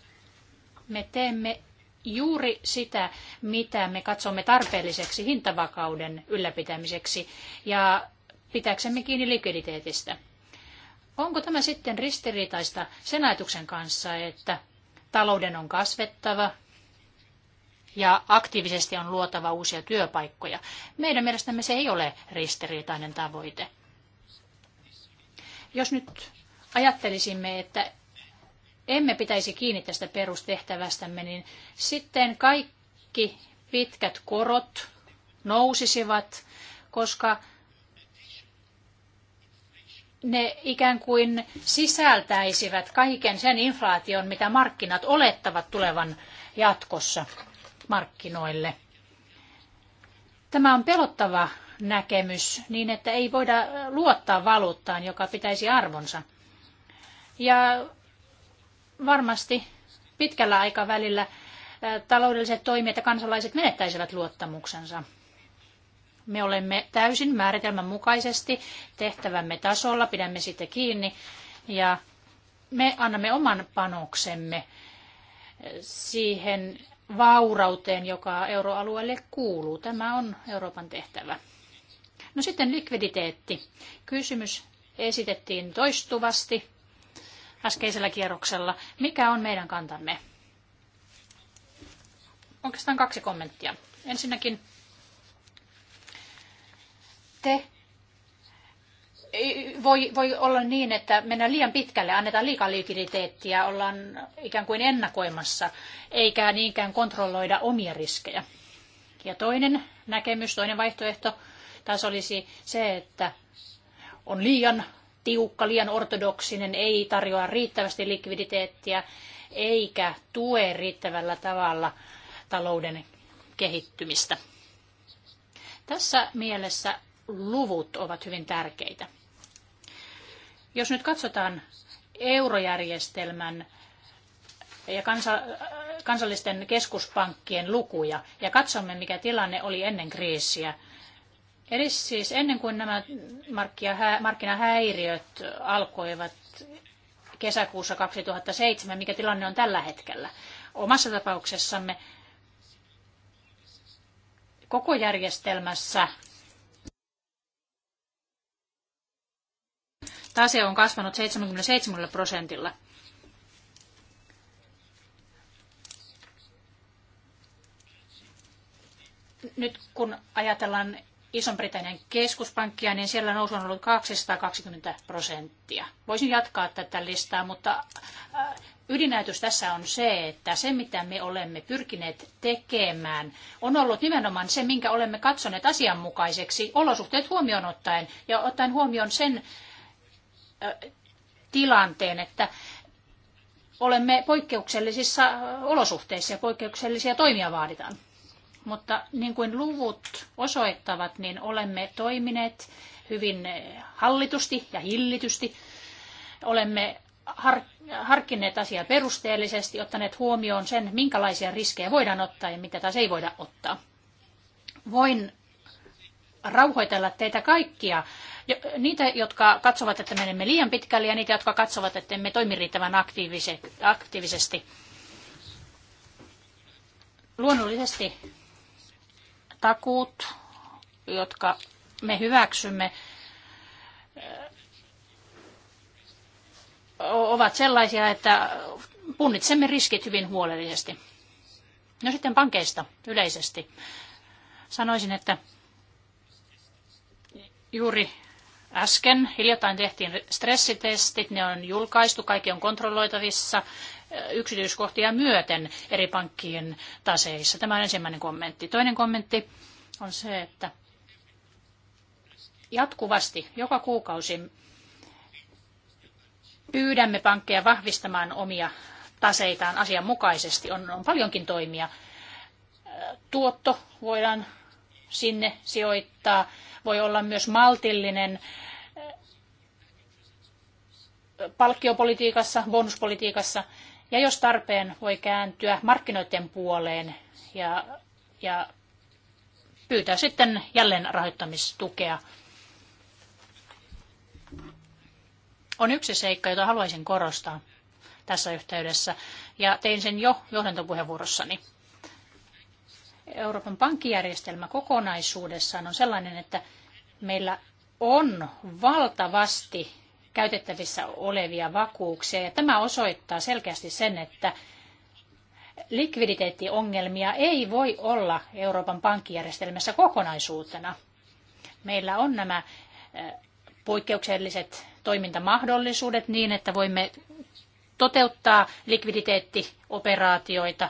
me teemme juuri sitä, mitä me katsomme tarpeelliseksi hintavakauden ylläpitämiseksi ja pitääksemme kiinni likviditeetistä. Onko tämä sitten ristiriitaista sen ajatuksen kanssa, että talouden on kasvettava ja aktiivisesti on luotava uusia työpaikkoja? Meidän mielestämme se ei ole ristiriitainen tavoite. Jos nyt ajattelisimme, että emme pitäisi kiinni tästä perustehtävästämme, niin sitten kaikki pitkät korot nousisivat, koska ne ikään kuin sisältäisivät kaiken sen inflaation, mitä markkinat olettavat tulevan jatkossa markkinoille. Tämä on pelottava näkemys niin, että ei voida luottaa valuuttaan, joka pitäisi arvonsa. Ja varmasti pitkällä aikavälillä taloudelliset toimijat ja kansalaiset menettäisivät luottamuksensa. Me olemme täysin määritelmän mukaisesti tehtävämme tasolla, pidämme siitä kiinni ja me annamme oman panoksemme siihen vaurauteen, joka euroalueelle kuuluu. Tämä on Euroopan tehtävä. No sitten likviditeetti. Kysymys esitettiin toistuvasti äskeisellä kierroksella. Mikä on meidän kantamme? Oikeastaan kaksi kommenttia. Ensinnäkin te voi, voi olla niin, että mennään liian pitkälle, annetaan liikaa likviditeettiä, ollaan ikään kuin ennakoimassa, eikä niinkään kontrolloida omia riskejä. Ja toinen näkemys, toinen vaihtoehto taas olisi se, että on liian tiukka, liian ortodoksinen, ei tarjoa riittävästi likviditeettiä eikä tue riittävällä tavalla talouden kehittymistä. Tässä mielessä luvut ovat hyvin tärkeitä. Jos nyt katsotaan eurojärjestelmän ja kansallisten keskuspankkien lukuja ja katsomme, mikä tilanne oli ennen kriisiä, Eli siis ennen kuin nämä markkinahäiriöt alkoivat kesäkuussa 2007, mikä tilanne on tällä hetkellä. Omassa tapauksessamme koko järjestelmässä tase on kasvanut 77 prosentilla. Nyt kun ajatellaan Ison-Britannian keskuspankkia, niin siellä nousu on ollut 220 prosenttia. Voisin jatkaa tätä listaa, mutta äh, ydinäytys tässä on se, että se mitä me olemme pyrkineet tekemään on ollut nimenomaan se, minkä olemme katsoneet asianmukaiseksi olosuhteet huomioon ottaen ja ottaen huomioon sen äh, tilanteen, että olemme poikkeuksellisissa äh, olosuhteissa ja poikkeuksellisia toimia vaaditaan. Mutta niin kuin luvut osoittavat, niin olemme toimineet hyvin hallitusti ja hillitysti. Olemme har- harkinneet asiaa perusteellisesti, ottaneet huomioon sen, minkälaisia riskejä voidaan ottaa ja mitä taas ei voida ottaa. Voin rauhoitella teitä kaikkia, niitä, jotka katsovat, että menemme liian pitkälle ja niitä, jotka katsovat, että emme toimi riittävän aktiivisesti. Luonnollisesti takuut, jotka me hyväksymme, ovat sellaisia, että punnitsemme riskit hyvin huolellisesti. No sitten pankeista yleisesti. Sanoisin, että juuri äsken hiljattain tehtiin stressitestit, ne on julkaistu, kaikki on kontrolloitavissa yksityiskohtia myöten eri pankkien taseissa. Tämä on ensimmäinen kommentti. Toinen kommentti on se, että jatkuvasti, joka kuukausi pyydämme pankkeja vahvistamaan omia taseitaan asianmukaisesti. On, on paljonkin toimia. Tuotto voidaan sinne sijoittaa. Voi olla myös maltillinen palkkiopolitiikassa, bonuspolitiikassa – ja jos tarpeen, voi kääntyä markkinoiden puoleen ja, ja pyytää sitten jälleen rahoittamistukea. On yksi seikka, jota haluaisin korostaa tässä yhteydessä, ja tein sen jo johdantopuheenvuorossani. Euroopan pankkijärjestelmä kokonaisuudessaan on sellainen, että meillä on valtavasti käytettävissä olevia vakuuksia. Ja tämä osoittaa selkeästi sen, että likviditeettiongelmia ei voi olla Euroopan pankkijärjestelmässä kokonaisuutena. Meillä on nämä eh, poikkeukselliset toimintamahdollisuudet niin, että voimme toteuttaa likviditeettioperaatioita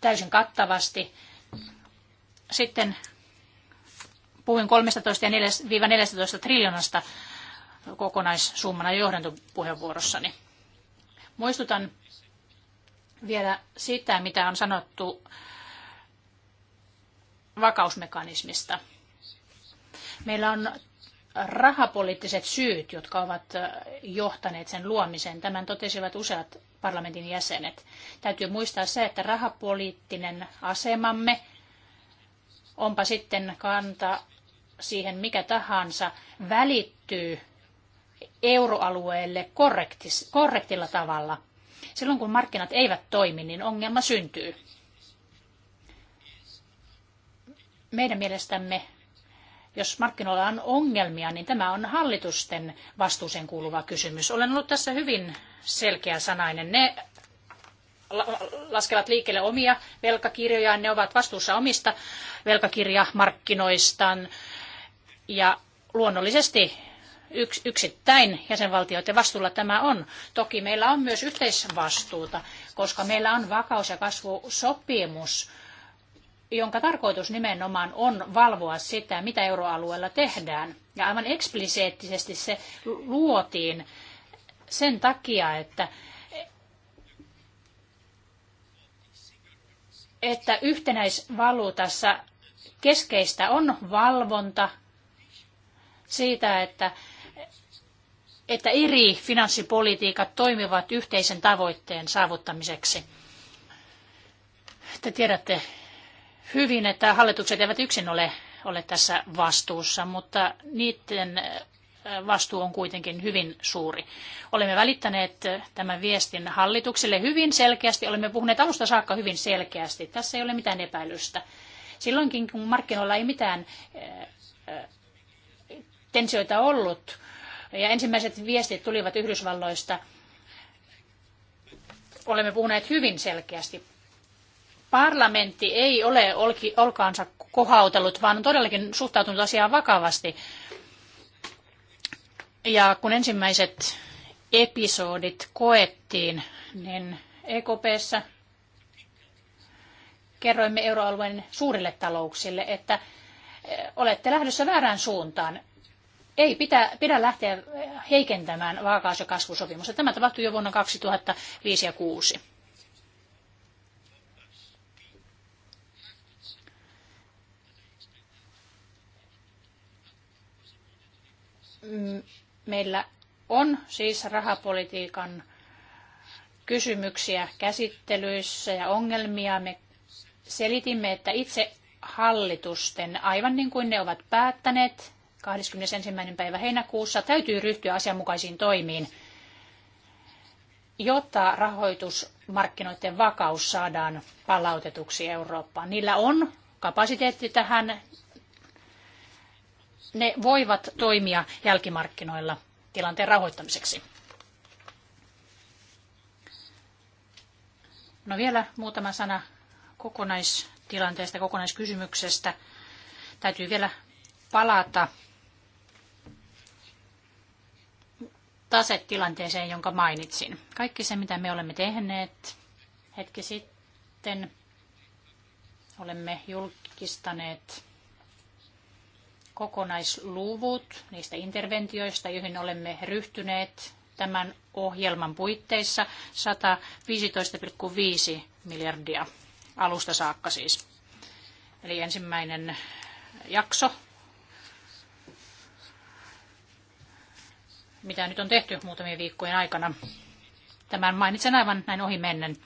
täysin kattavasti. Sitten puhuin 13 ja 14 triljoonasta kokonaissummana johdantopuheenvuorossani. Muistutan vielä sitä, mitä on sanottu vakausmekanismista. Meillä on rahapoliittiset syyt, jotka ovat johtaneet sen luomiseen. Tämän totesivat useat parlamentin jäsenet. Täytyy muistaa se, että rahapoliittinen asemamme, onpa sitten kanta siihen mikä tahansa, välittyy euroalueelle korrektis, korrektilla tavalla. Silloin kun markkinat eivät toimi, niin ongelma syntyy. Meidän mielestämme, jos markkinoilla on ongelmia, niin tämä on hallitusten vastuuseen kuuluva kysymys. Olen ollut tässä hyvin selkeä sanainen. Ne laskevat liikkeelle omia velkakirjojaan, ne ovat vastuussa omista velkakirjamarkkinoistaan. Ja luonnollisesti yks, yksittäin jäsenvaltioiden vastuulla tämä on. Toki meillä on myös yhteisvastuuta, koska meillä on vakaus- ja kasvusopimus, jonka tarkoitus nimenomaan on valvoa sitä, mitä euroalueella tehdään. Ja aivan ekspliseettisesti se luotiin sen takia, että että yhtenäisvaluutassa keskeistä on valvonta siitä, että että eri finanssipolitiikat toimivat yhteisen tavoitteen saavuttamiseksi. Te tiedätte hyvin, että hallitukset eivät yksin ole, ole tässä vastuussa, mutta niiden äh, vastuu on kuitenkin hyvin suuri. Olemme välittäneet tämän viestin hallitukselle hyvin selkeästi, olemme puhuneet alusta saakka hyvin selkeästi. Tässä ei ole mitään epäilystä. Silloinkin, kun markkinoilla ei mitään äh, äh, tensioita ollut, ja ensimmäiset viestit tulivat Yhdysvalloista. Olemme puhuneet hyvin selkeästi. Parlamentti ei ole olkaansa kohautellut, vaan on todellakin suhtautunut asiaan vakavasti. Ja kun ensimmäiset episodit koettiin, niin EKPssä kerroimme euroalueen suurille talouksille, että eh, olette lähdössä väärään suuntaan ei pitä, pidä lähteä heikentämään vakaus- ja kasvusopimusta. Tämä tapahtui jo vuonna 2005 ja 2006. Meillä on siis rahapolitiikan kysymyksiä käsittelyissä ja ongelmia. Me selitimme, että itse hallitusten, aivan niin kuin ne ovat päättäneet, 21. päivä heinäkuussa täytyy ryhtyä asianmukaisiin toimiin, jotta rahoitusmarkkinoiden vakaus saadaan palautetuksi Eurooppaan. Niillä on kapasiteetti tähän. Ne voivat toimia jälkimarkkinoilla tilanteen rahoittamiseksi. No vielä muutama sana kokonaistilanteesta, kokonaiskysymyksestä. Täytyy vielä palata tasetilanteeseen, jonka mainitsin. Kaikki se, mitä me olemme tehneet hetki sitten, olemme julkistaneet kokonaisluvut niistä interventioista, joihin olemme ryhtyneet tämän ohjelman puitteissa 115,5 miljardia alusta saakka siis. Eli ensimmäinen jakso mitä nyt on tehty muutamien viikkojen aikana. Tämän mainitsen aivan näin ohi mennen.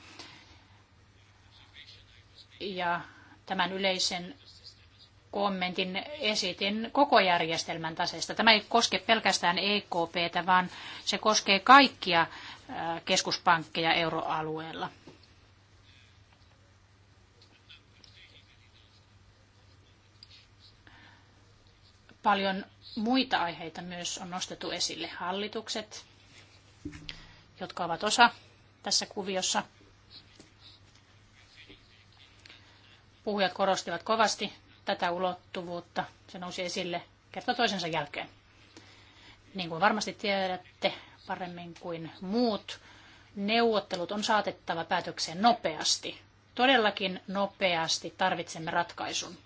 Ja tämän yleisen kommentin esitin koko järjestelmän taseesta. Tämä ei koske pelkästään EKPtä, vaan se koskee kaikkia keskuspankkeja euroalueella. Paljon muita aiheita myös on nostettu esille. Hallitukset, jotka ovat osa tässä kuviossa. Puhujat korostivat kovasti tätä ulottuvuutta. Se nousi esille kerta toisensa jälkeen. Niin kuin varmasti tiedätte paremmin kuin muut, neuvottelut on saatettava päätökseen nopeasti. Todellakin nopeasti tarvitsemme ratkaisun.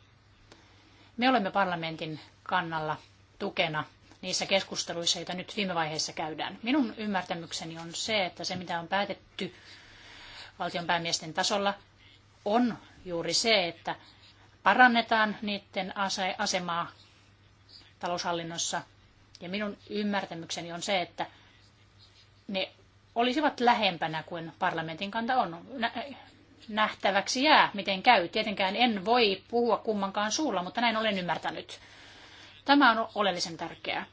Me olemme parlamentin kannalla tukena niissä keskusteluissa, joita nyt viime vaiheessa käydään. Minun ymmärtämykseni on se, että se mitä on päätetty valtionpäämiesten tasolla on juuri se, että parannetaan niiden asemaa taloushallinnossa. Ja minun ymmärtämykseni on se, että ne olisivat lähempänä kuin parlamentin kanta on. Nähtäväksi jää, miten käy. Tietenkään en voi puhua kummankaan suulla, mutta näin olen ymmärtänyt. Tämä on oleellisen tärkeää.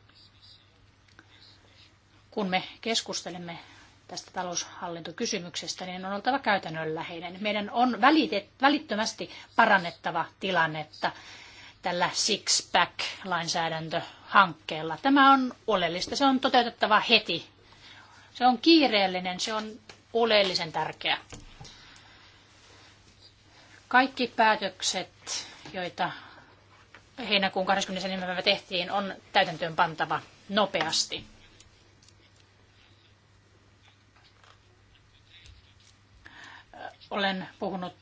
Kun me keskustelemme tästä taloushallintokysymyksestä, niin on oltava käytännönläheinen. Meidän on välitet, välittömästi parannettava tilannetta tällä six-pack-lainsäädäntöhankkeella. Tämä on oleellista. Se on toteutettava heti. Se on kiireellinen, se on oleellisen tärkeä. Kaikki päätökset, joita heinäkuun 24. päivä tehtiin, on täytäntöön pantava nopeasti. Olen puhunut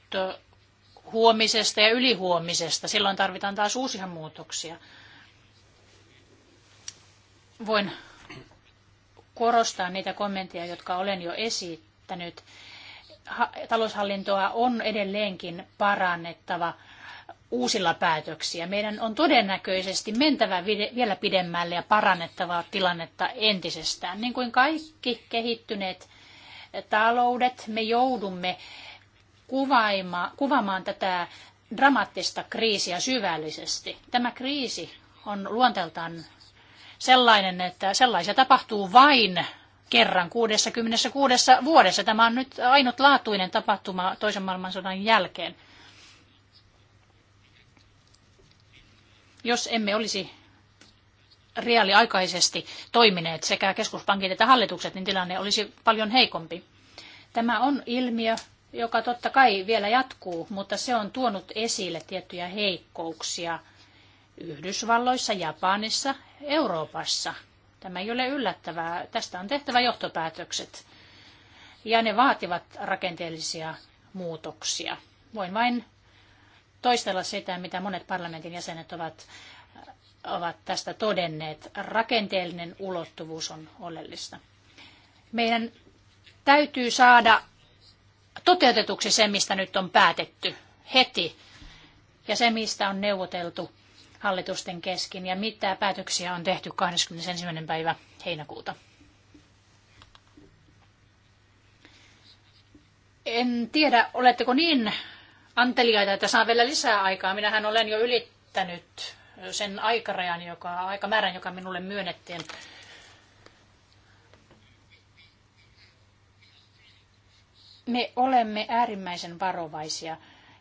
huomisesta ja ylihuomisesta. Silloin tarvitaan taas uusia muutoksia. Voin korostaa niitä kommentteja, jotka olen jo esittänyt. Taloushallintoa on edelleenkin parannettava – uusilla päätöksiä. Meidän on todennäköisesti mentävä vielä pidemmälle ja parannettava tilannetta entisestään. Niin kuin kaikki kehittyneet taloudet, me joudumme kuvaima, kuvaamaan tätä dramaattista kriisiä syvällisesti. Tämä kriisi on luonteeltaan sellainen, että sellaisia tapahtuu vain kerran 66 vuodessa. Tämä on nyt ainutlaatuinen tapahtuma toisen maailmansodan jälkeen. Jos emme olisi reaaliaikaisesti toimineet sekä keskuspankit että hallitukset, niin tilanne olisi paljon heikompi. Tämä on ilmiö, joka totta kai vielä jatkuu, mutta se on tuonut esille tiettyjä heikkouksia Yhdysvalloissa, Japanissa, Euroopassa. Tämä ei ole yllättävää. Tästä on tehtävä johtopäätökset. Ja ne vaativat rakenteellisia muutoksia. Voin vain toistella sitä, mitä monet parlamentin jäsenet ovat, ovat tästä todenneet. Rakenteellinen ulottuvuus on oleellista. Meidän täytyy saada toteutetuksi se, mistä nyt on päätetty heti ja se, mistä on neuvoteltu hallitusten kesken ja mitä päätöksiä on tehty 21. päivä heinäkuuta. En tiedä, oletteko niin anteliaita, että saa vielä lisää aikaa. Minähän olen jo ylittänyt sen aikarajan, joka, aikamäärän, joka minulle myönnettiin. Me olemme äärimmäisen varovaisia,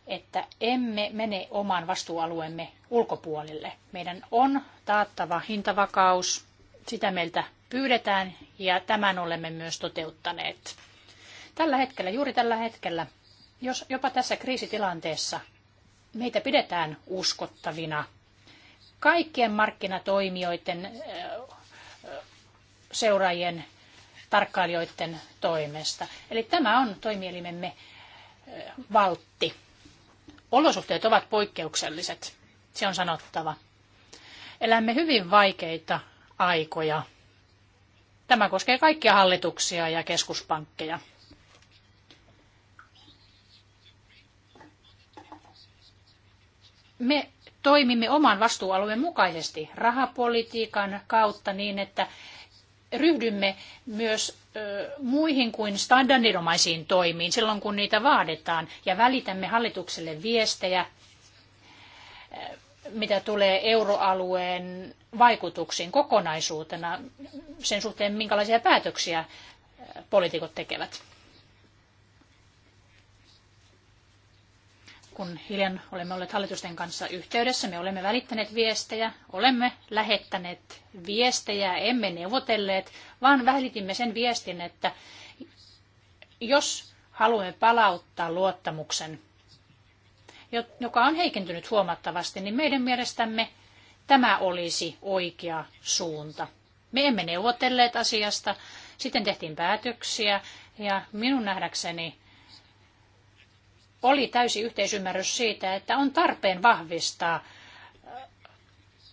että emme mene oman vastuualueemme ulkopuolelle. Meidän on taattava hintavakaus, sitä meiltä pyydetään ja tämän olemme myös toteuttaneet. Tällä hetkellä, juuri tällä hetkellä, jos jopa tässä kriisitilanteessa meitä pidetään uskottavina, kaikkien markkinatoimijoiden seuraajien tarkkailijoiden toimesta. Eli tämä on toimielimemme valtti. Olosuhteet ovat poikkeukselliset, se on sanottava. Elämme hyvin vaikeita aikoja. Tämä koskee kaikkia hallituksia ja keskuspankkeja. me toimimme oman vastuualueen mukaisesti rahapolitiikan kautta niin, että ryhdymme myös muihin kuin standardinomaisiin toimiin silloin, kun niitä vaaditaan, ja välitämme hallitukselle viestejä, mitä tulee euroalueen vaikutuksiin kokonaisuutena sen suhteen, minkälaisia päätöksiä poliitikot tekevät. kun hiljan olemme olleet hallitusten kanssa yhteydessä, me olemme välittäneet viestejä, olemme lähettäneet viestejä, emme neuvotelleet, vaan välitimme sen viestin, että jos haluamme palauttaa luottamuksen, joka on heikentynyt huomattavasti, niin meidän mielestämme tämä olisi oikea suunta. Me emme neuvotelleet asiasta, sitten tehtiin päätöksiä ja minun nähdäkseni oli täysi yhteisymmärrys siitä, että on tarpeen vahvistaa äh,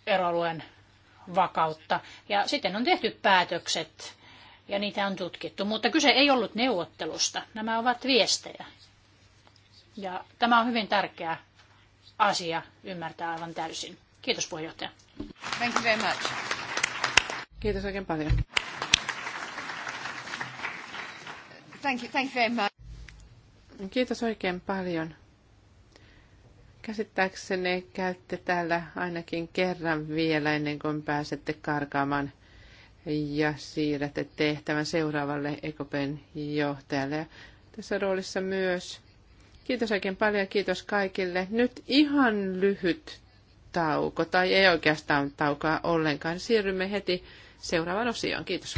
euroalueen vakautta. Ja sitten on tehty päätökset ja niitä on tutkittu. Mutta kyse ei ollut neuvottelusta. Nämä ovat viestejä. Ja tämä on hyvin tärkeä asia ymmärtää aivan täysin. Kiitos puheenjohtaja. Thank you very much. Kiitos oikein paljon. Thank you, thank you very much. Kiitos oikein paljon. Käsittääkseni käytte täällä ainakin kerran vielä ennen kuin pääsette karkaamaan ja siirrätte tehtävän seuraavalle EKPn johtajalle. tässä roolissa myös. Kiitos oikein paljon, kiitos kaikille. Nyt ihan lyhyt tauko, tai ei oikeastaan taukoa ollenkaan. Siirrymme heti seuraavaan osioon. Kiitos.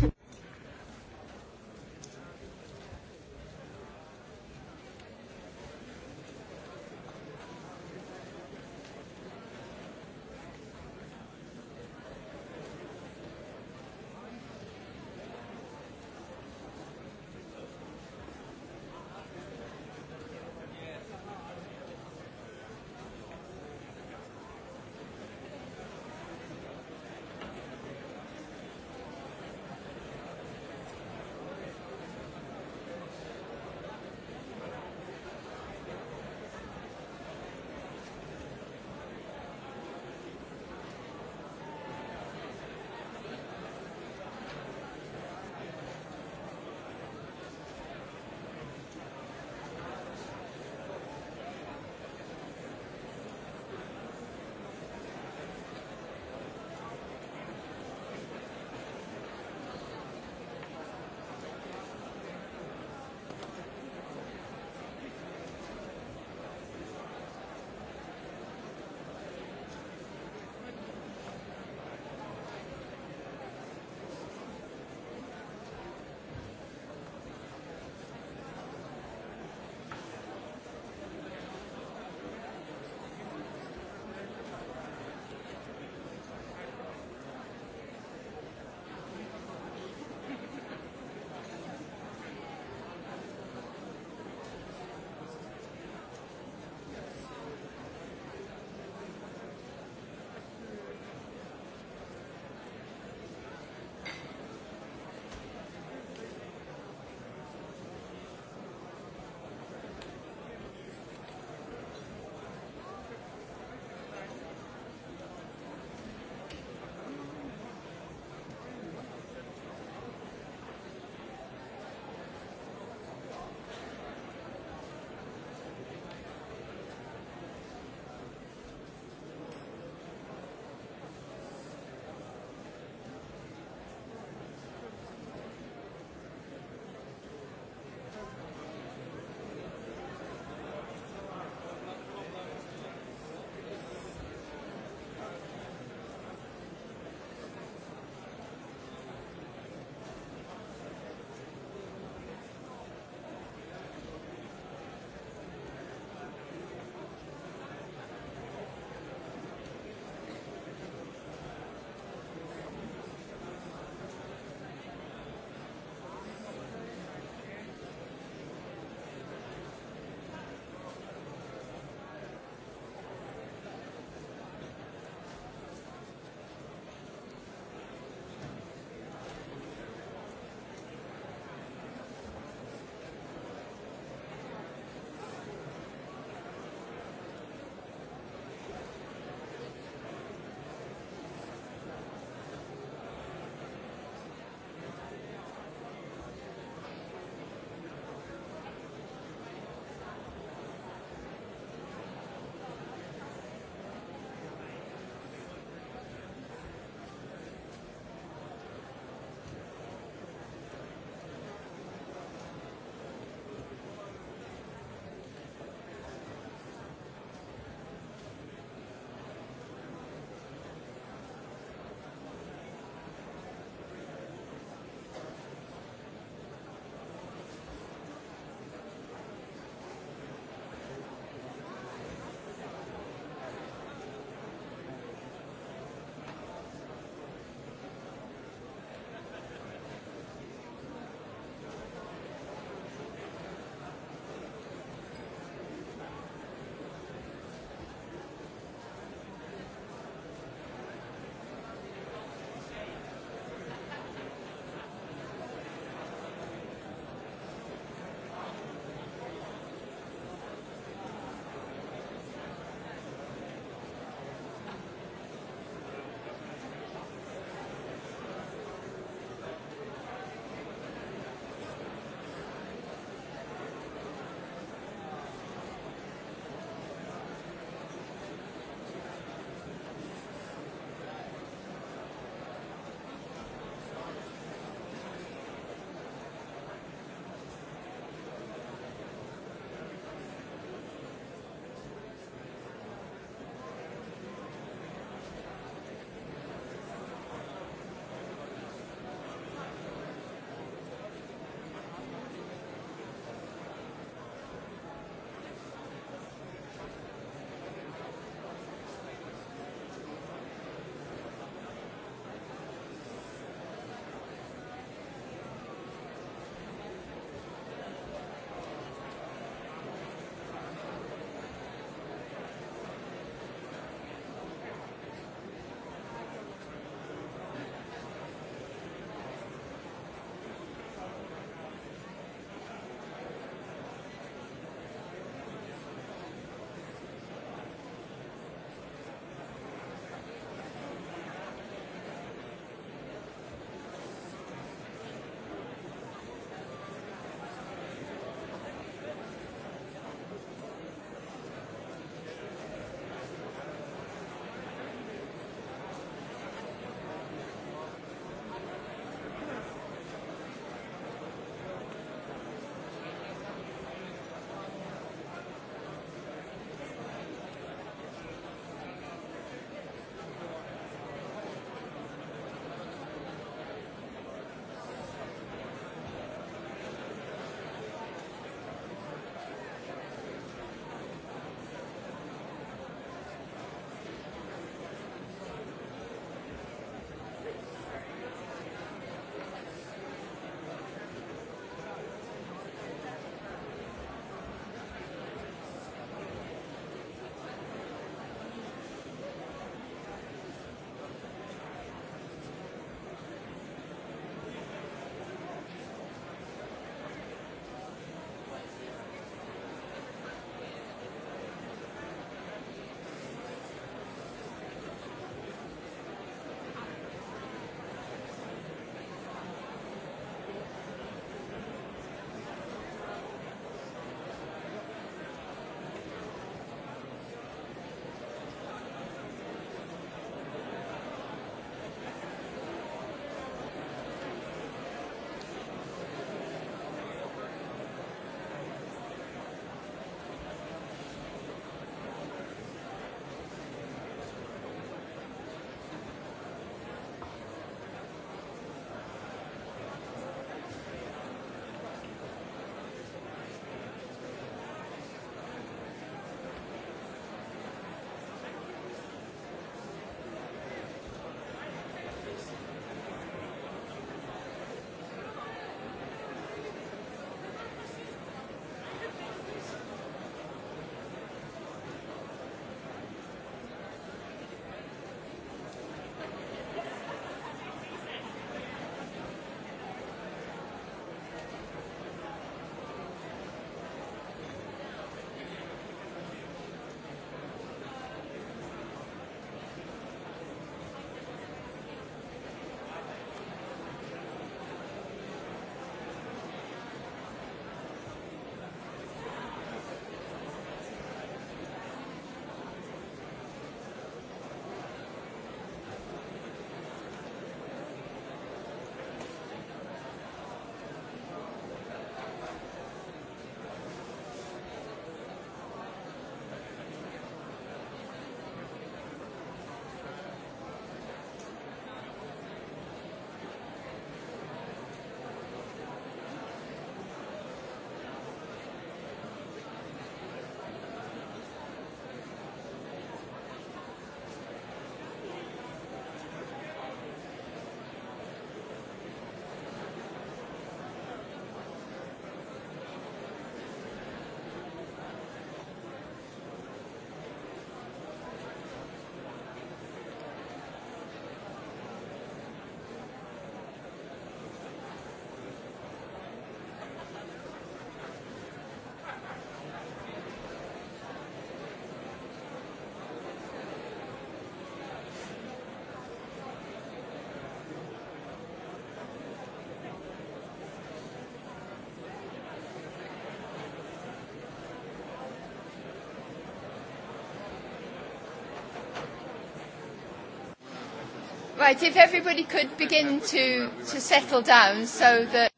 Right, if everybody could begin to, to settle down so that...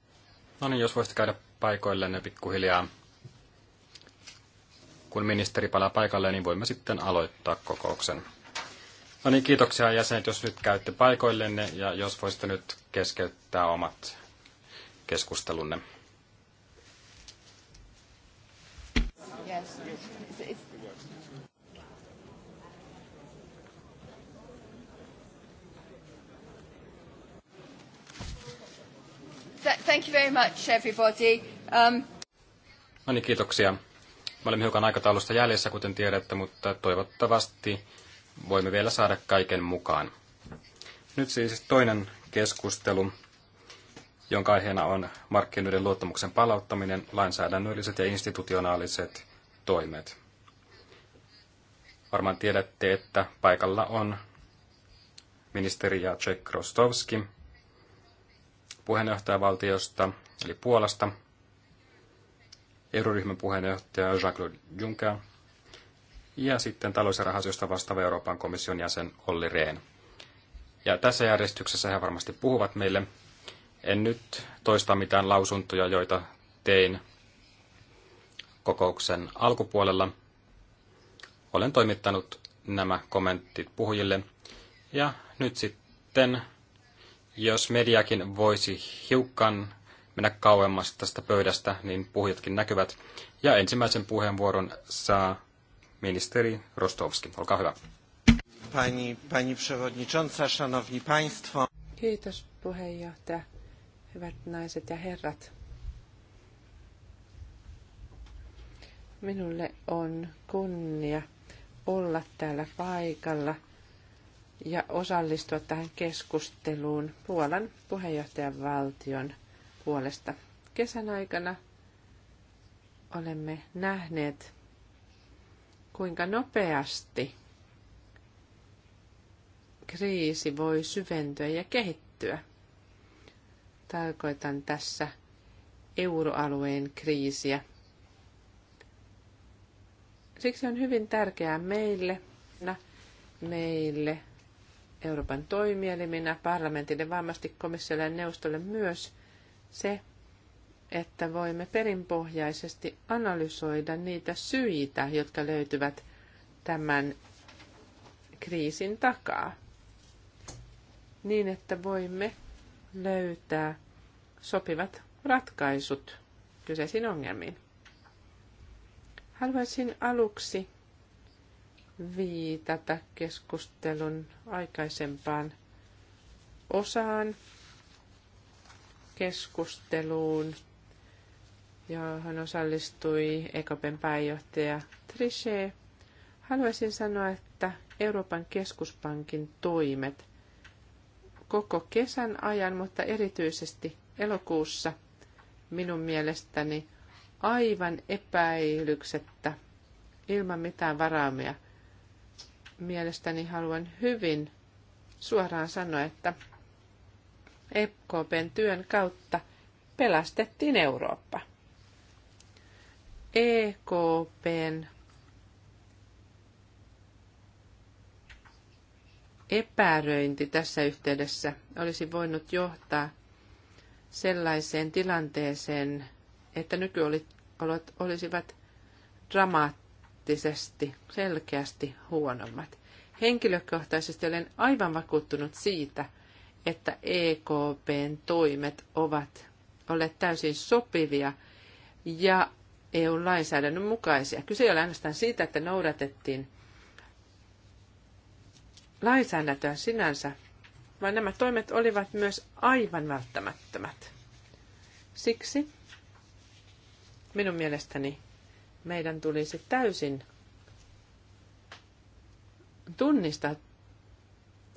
No niin, jos voisit käydä ne pikkuhiljaa. Kun ministeri palaa paikalle, niin voimme sitten aloittaa kokouksen. No niin, kiitoksia jäsenet, jos nyt käytte paikoillenne ja jos voisitte nyt keskeyttää omat keskustelunne. much everybody. Um... No niin, kiitoksia. Me olemme hiukan aikataulusta jäljessä, kuten tiedätte, mutta toivottavasti voimme vielä saada kaiken mukaan. Nyt siis toinen keskustelu, jonka aiheena on markkinoiden luottamuksen palauttaminen, lainsäädännölliset ja institutionaaliset toimet. Varmaan tiedätte, että paikalla on ministeri Jacek Rostovski, puheenjohtajavaltiosta, eli Puolasta, euroryhmän puheenjohtaja Jean-Claude Juncker ja sitten talous- ja rahasiosta vastaava Euroopan komission jäsen Olli Rehn. Ja tässä järjestyksessä he varmasti puhuvat meille. En nyt toista mitään lausuntoja, joita tein kokouksen alkupuolella. Olen toimittanut nämä kommentit puhujille. Ja nyt sitten jos mediakin voisi hiukan mennä kauemmas tästä pöydästä, niin puhujatkin näkyvät. Ja ensimmäisen puheenvuoron saa ministeri Rostovski. Olkaa hyvä. Pani, pani przewodnicząca, szanowni państwo. Kiitos puheenjohtaja. Hyvät naiset ja herrat. Minulle on kunnia olla täällä paikalla – ja osallistua tähän keskusteluun Puolan puheenjohtajan valtion puolesta. Kesän aikana olemme nähneet, kuinka nopeasti kriisi voi syventyä ja kehittyä. Tarkoitan tässä euroalueen kriisiä. Siksi on hyvin tärkeää meille, meille Euroopan toimielimenä, parlamentille, varmasti komissiolle ja neuvostolle myös se, että voimme perinpohjaisesti analysoida niitä syitä, jotka löytyvät tämän kriisin takaa, niin että voimme löytää sopivat ratkaisut kyseisiin ongelmiin. Haluaisin aluksi viitata keskustelun aikaisempaan osaan keskusteluun, johon osallistui EKPn pääjohtaja Trichet. Haluaisin sanoa, että Euroopan keskuspankin toimet koko kesän ajan, mutta erityisesti elokuussa minun mielestäni aivan epäilyksettä ilman mitään varaamia – mielestäni haluan hyvin suoraan sanoa, että EKPn työn kautta pelastettiin Eurooppa. EKPn epäröinti tässä yhteydessä olisi voinut johtaa sellaiseen tilanteeseen, että nykyolot olisivat dramaattisia poliittisesti selkeästi huonommat. Henkilökohtaisesti olen aivan vakuuttunut siitä, että EKPn toimet ovat olleet täysin sopivia ja EU-lainsäädännön mukaisia. Kyse ei ole ainoastaan siitä, että noudatettiin lainsäädäntöä sinänsä, vaan nämä toimet olivat myös aivan välttämättömät. Siksi minun mielestäni meidän tulisi täysin tunnistaa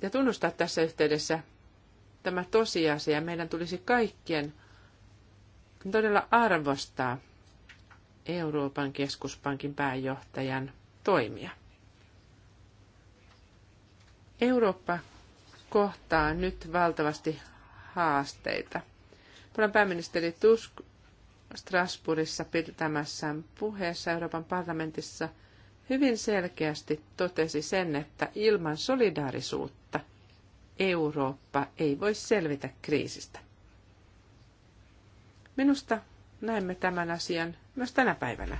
ja tunnustaa tässä yhteydessä tämä tosiasia. Meidän tulisi kaikkien todella arvostaa Euroopan keskuspankin pääjohtajan toimia. Eurooppa kohtaa nyt valtavasti haasteita. Puolan pääministeri Tusk Strasbourgissa pitämässään puheessa Euroopan parlamentissa hyvin selkeästi totesi sen, että ilman solidaarisuutta Eurooppa ei voi selvitä kriisistä. Minusta näemme tämän asian myös tänä päivänä.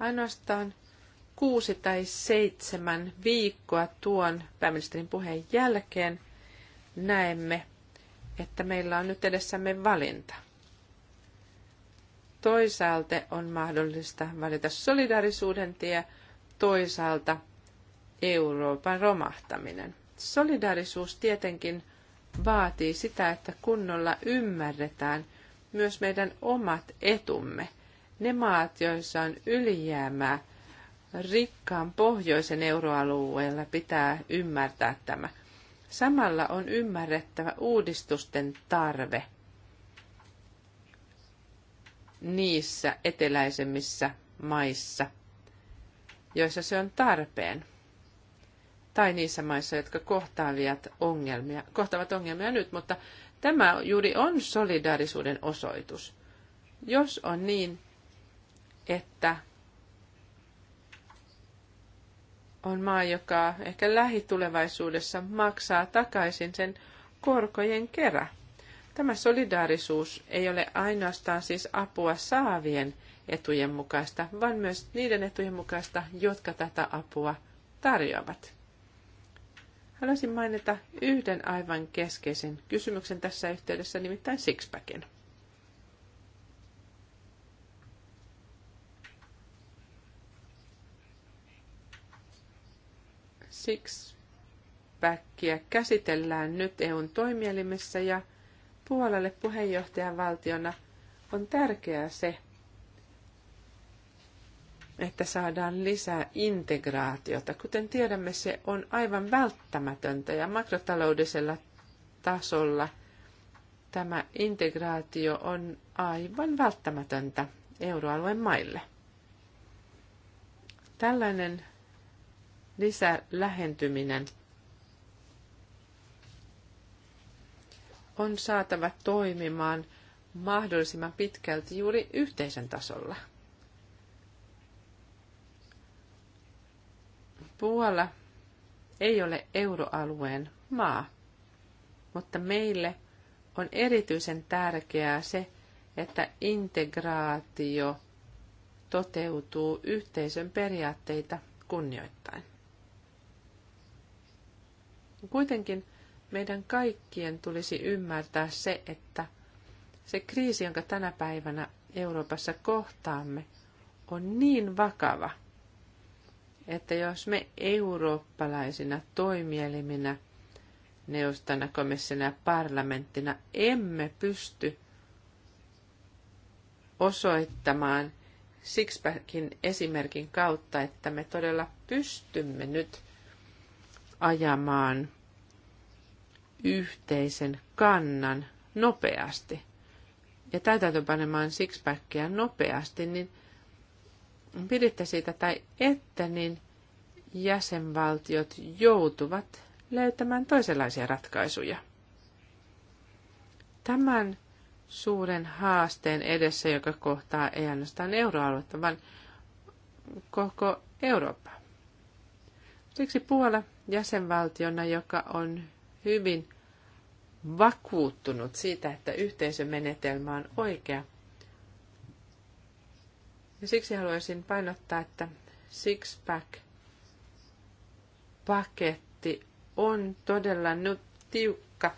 Ainoastaan kuusi tai seitsemän viikkoa tuon pääministerin puheen jälkeen näemme, että meillä on nyt edessämme valinta – Toisaalta on mahdollista valita solidarisuuden tie, toisaalta Euroopan romahtaminen. Solidarisuus tietenkin vaatii sitä, että kunnolla ymmärretään myös meidän omat etumme. Ne maat, joissa on ylijäämää, rikkaan pohjoisen euroalueella pitää ymmärtää tämä. Samalla on ymmärrettävä uudistusten tarve – niissä eteläisemmissä maissa, joissa se on tarpeen, tai niissä maissa, jotka kohtaavat ongelmia, kohtaavat ongelmia nyt, mutta tämä juuri on solidaarisuuden osoitus. Jos on niin, että on maa, joka ehkä lähitulevaisuudessa maksaa takaisin sen korkojen kerran Tämä solidaarisuus ei ole ainoastaan siis apua saavien etujen mukaista, vaan myös niiden etujen mukaista, jotka tätä apua tarjoavat. Haluaisin mainita yhden aivan keskeisen kysymyksen tässä yhteydessä, nimittäin Sixpackin. Sixpackia käsitellään nyt EUn toimielimessä ja Puolalle puheenjohtajan valtiona on tärkeää se, että saadaan lisää integraatiota. Kuten tiedämme, se on aivan välttämätöntä ja makrotaloudisella tasolla tämä integraatio on aivan välttämätöntä euroalueen maille. Tällainen lisälähentyminen – on saatava toimimaan mahdollisimman pitkälti juuri yhteisen tasolla. Puola ei ole euroalueen maa, mutta meille on erityisen tärkeää se, että integraatio toteutuu yhteisön periaatteita kunnioittain. Kuitenkin meidän kaikkien tulisi ymmärtää se, että se kriisi, jonka tänä päivänä Euroopassa kohtaamme, on niin vakava, että jos me eurooppalaisina toimieliminä, neuvostona, komissiona ja parlamenttina emme pysty osoittamaan Sixpackin esimerkin kautta, että me todella pystymme nyt ajamaan yhteisen kannan nopeasti ja täytäntöpanemaan sixpackia nopeasti, niin piditte siitä tai että, niin jäsenvaltiot joutuvat löytämään toisenlaisia ratkaisuja. Tämän suuren haasteen edessä, joka kohtaa ei ainoastaan euroaluetta, vaan koko Eurooppaa. Siksi Puola jäsenvaltiona, joka on hyvin vakuuttunut siitä, että yhteisömenetelmä on oikea. Ja siksi haluaisin painottaa, että Sixpack-paketti on todella nyt tiukka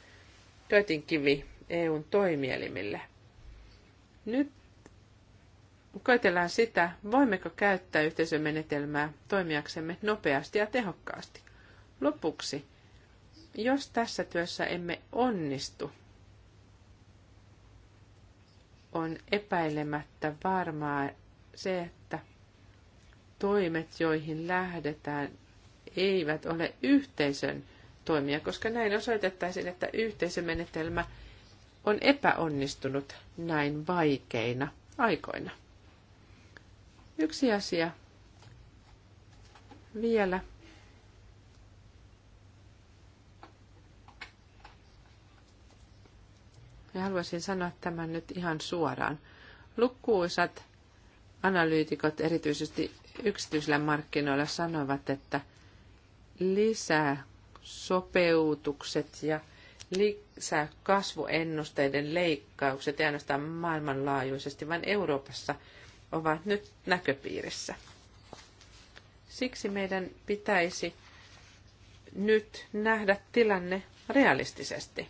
köitinkivi EUn toimielimille. Nyt koetellaan sitä, voimmeko käyttää yhteisömenetelmää toimijaksemme nopeasti ja tehokkaasti. Lopuksi jos tässä työssä emme onnistu, on epäilemättä varmaa se, että toimet, joihin lähdetään, eivät ole yhteisön toimia, koska näin osoitettaisiin, että yhteisömenetelmä on epäonnistunut näin vaikeina aikoina. Yksi asia vielä Ja haluaisin sanoa tämän nyt ihan suoraan. Lukuisat analyytikot, erityisesti yksityisillä markkinoilla, sanovat, että lisää sopeutukset ja lisää kasvuennusteiden leikkaukset, ei ainoastaan maailmanlaajuisesti, vaan Euroopassa, ovat nyt näköpiirissä. Siksi meidän pitäisi nyt nähdä tilanne realistisesti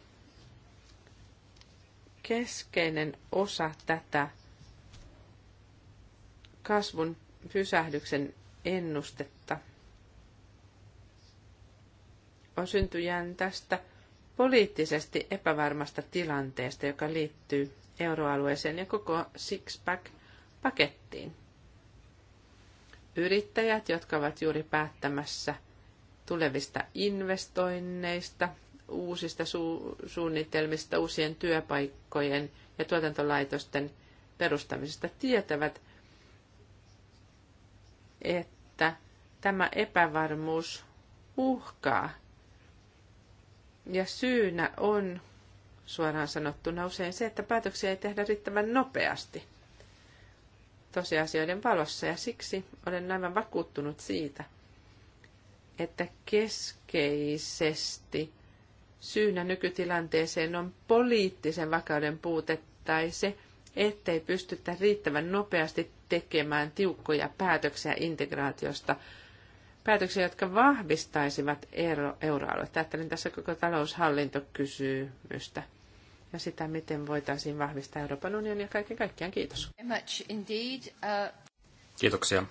keskeinen osa tätä kasvun pysähdyksen ennustetta on syntyjään tästä poliittisesti epävarmasta tilanteesta, joka liittyy euroalueeseen ja koko Sixpack-pakettiin. Yrittäjät, jotka ovat juuri päättämässä tulevista investoinneista, uusista su- suunnitelmista, uusien työpaikkojen ja tuotantolaitosten perustamisesta tietävät, että tämä epävarmuus uhkaa. Ja syynä on suoraan sanottuna usein se, että päätöksiä ei tehdä riittävän nopeasti tosiasioiden valossa ja siksi olen aivan vakuuttunut siitä, että keskeisesti syynä nykytilanteeseen on poliittisen vakauden puute tai se, ettei pystytä riittävän nopeasti tekemään tiukkoja päätöksiä integraatiosta, päätöksiä, jotka vahvistaisivat euro- euroaluetta. Ajattelen tässä koko taloushallintokysymystä ja sitä, miten voitaisiin vahvistaa Euroopan unionia kaiken kaikkiaan. Kiitos. Uh, Kiitoksia.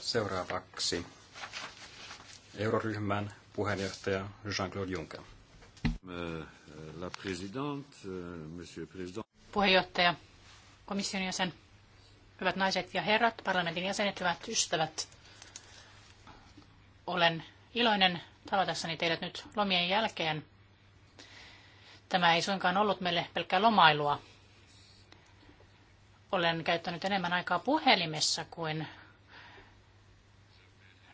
Seuraavaksi euroryhmän puheenjohtaja Jean-Claude Juncker. La présidente, monsieur président. Puheenjohtaja, komission jäsen, hyvät naiset ja herrat, parlamentin jäsenet, hyvät ystävät. Olen iloinen tavatessani teidät nyt lomien jälkeen. Tämä ei suinkaan ollut meille pelkkää lomailua. Olen käyttänyt enemmän aikaa puhelimessa kuin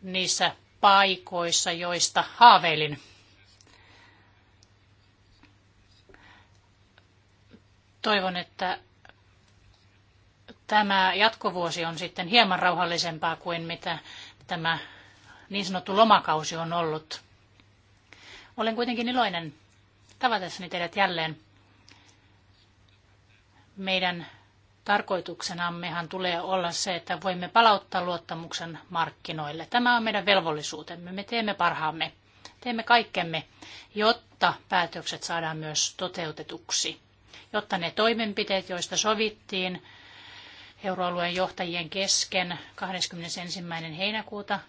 niissä paikoissa, joista haaveilin. Toivon, että tämä jatkovuosi on sitten hieman rauhallisempaa kuin mitä tämä niin sanottu lomakausi on ollut. Olen kuitenkin iloinen tavatessani teidät jälleen. Meidän Tarkoituksenammehan tulee olla se, että voimme palauttaa luottamuksen markkinoille. Tämä on meidän velvollisuutemme. Me teemme parhaamme. Teemme kaikkemme, jotta päätökset saadaan myös toteutetuksi. Jotta ne toimenpiteet, joista sovittiin euroalueen johtajien kesken 21. heinäkuuta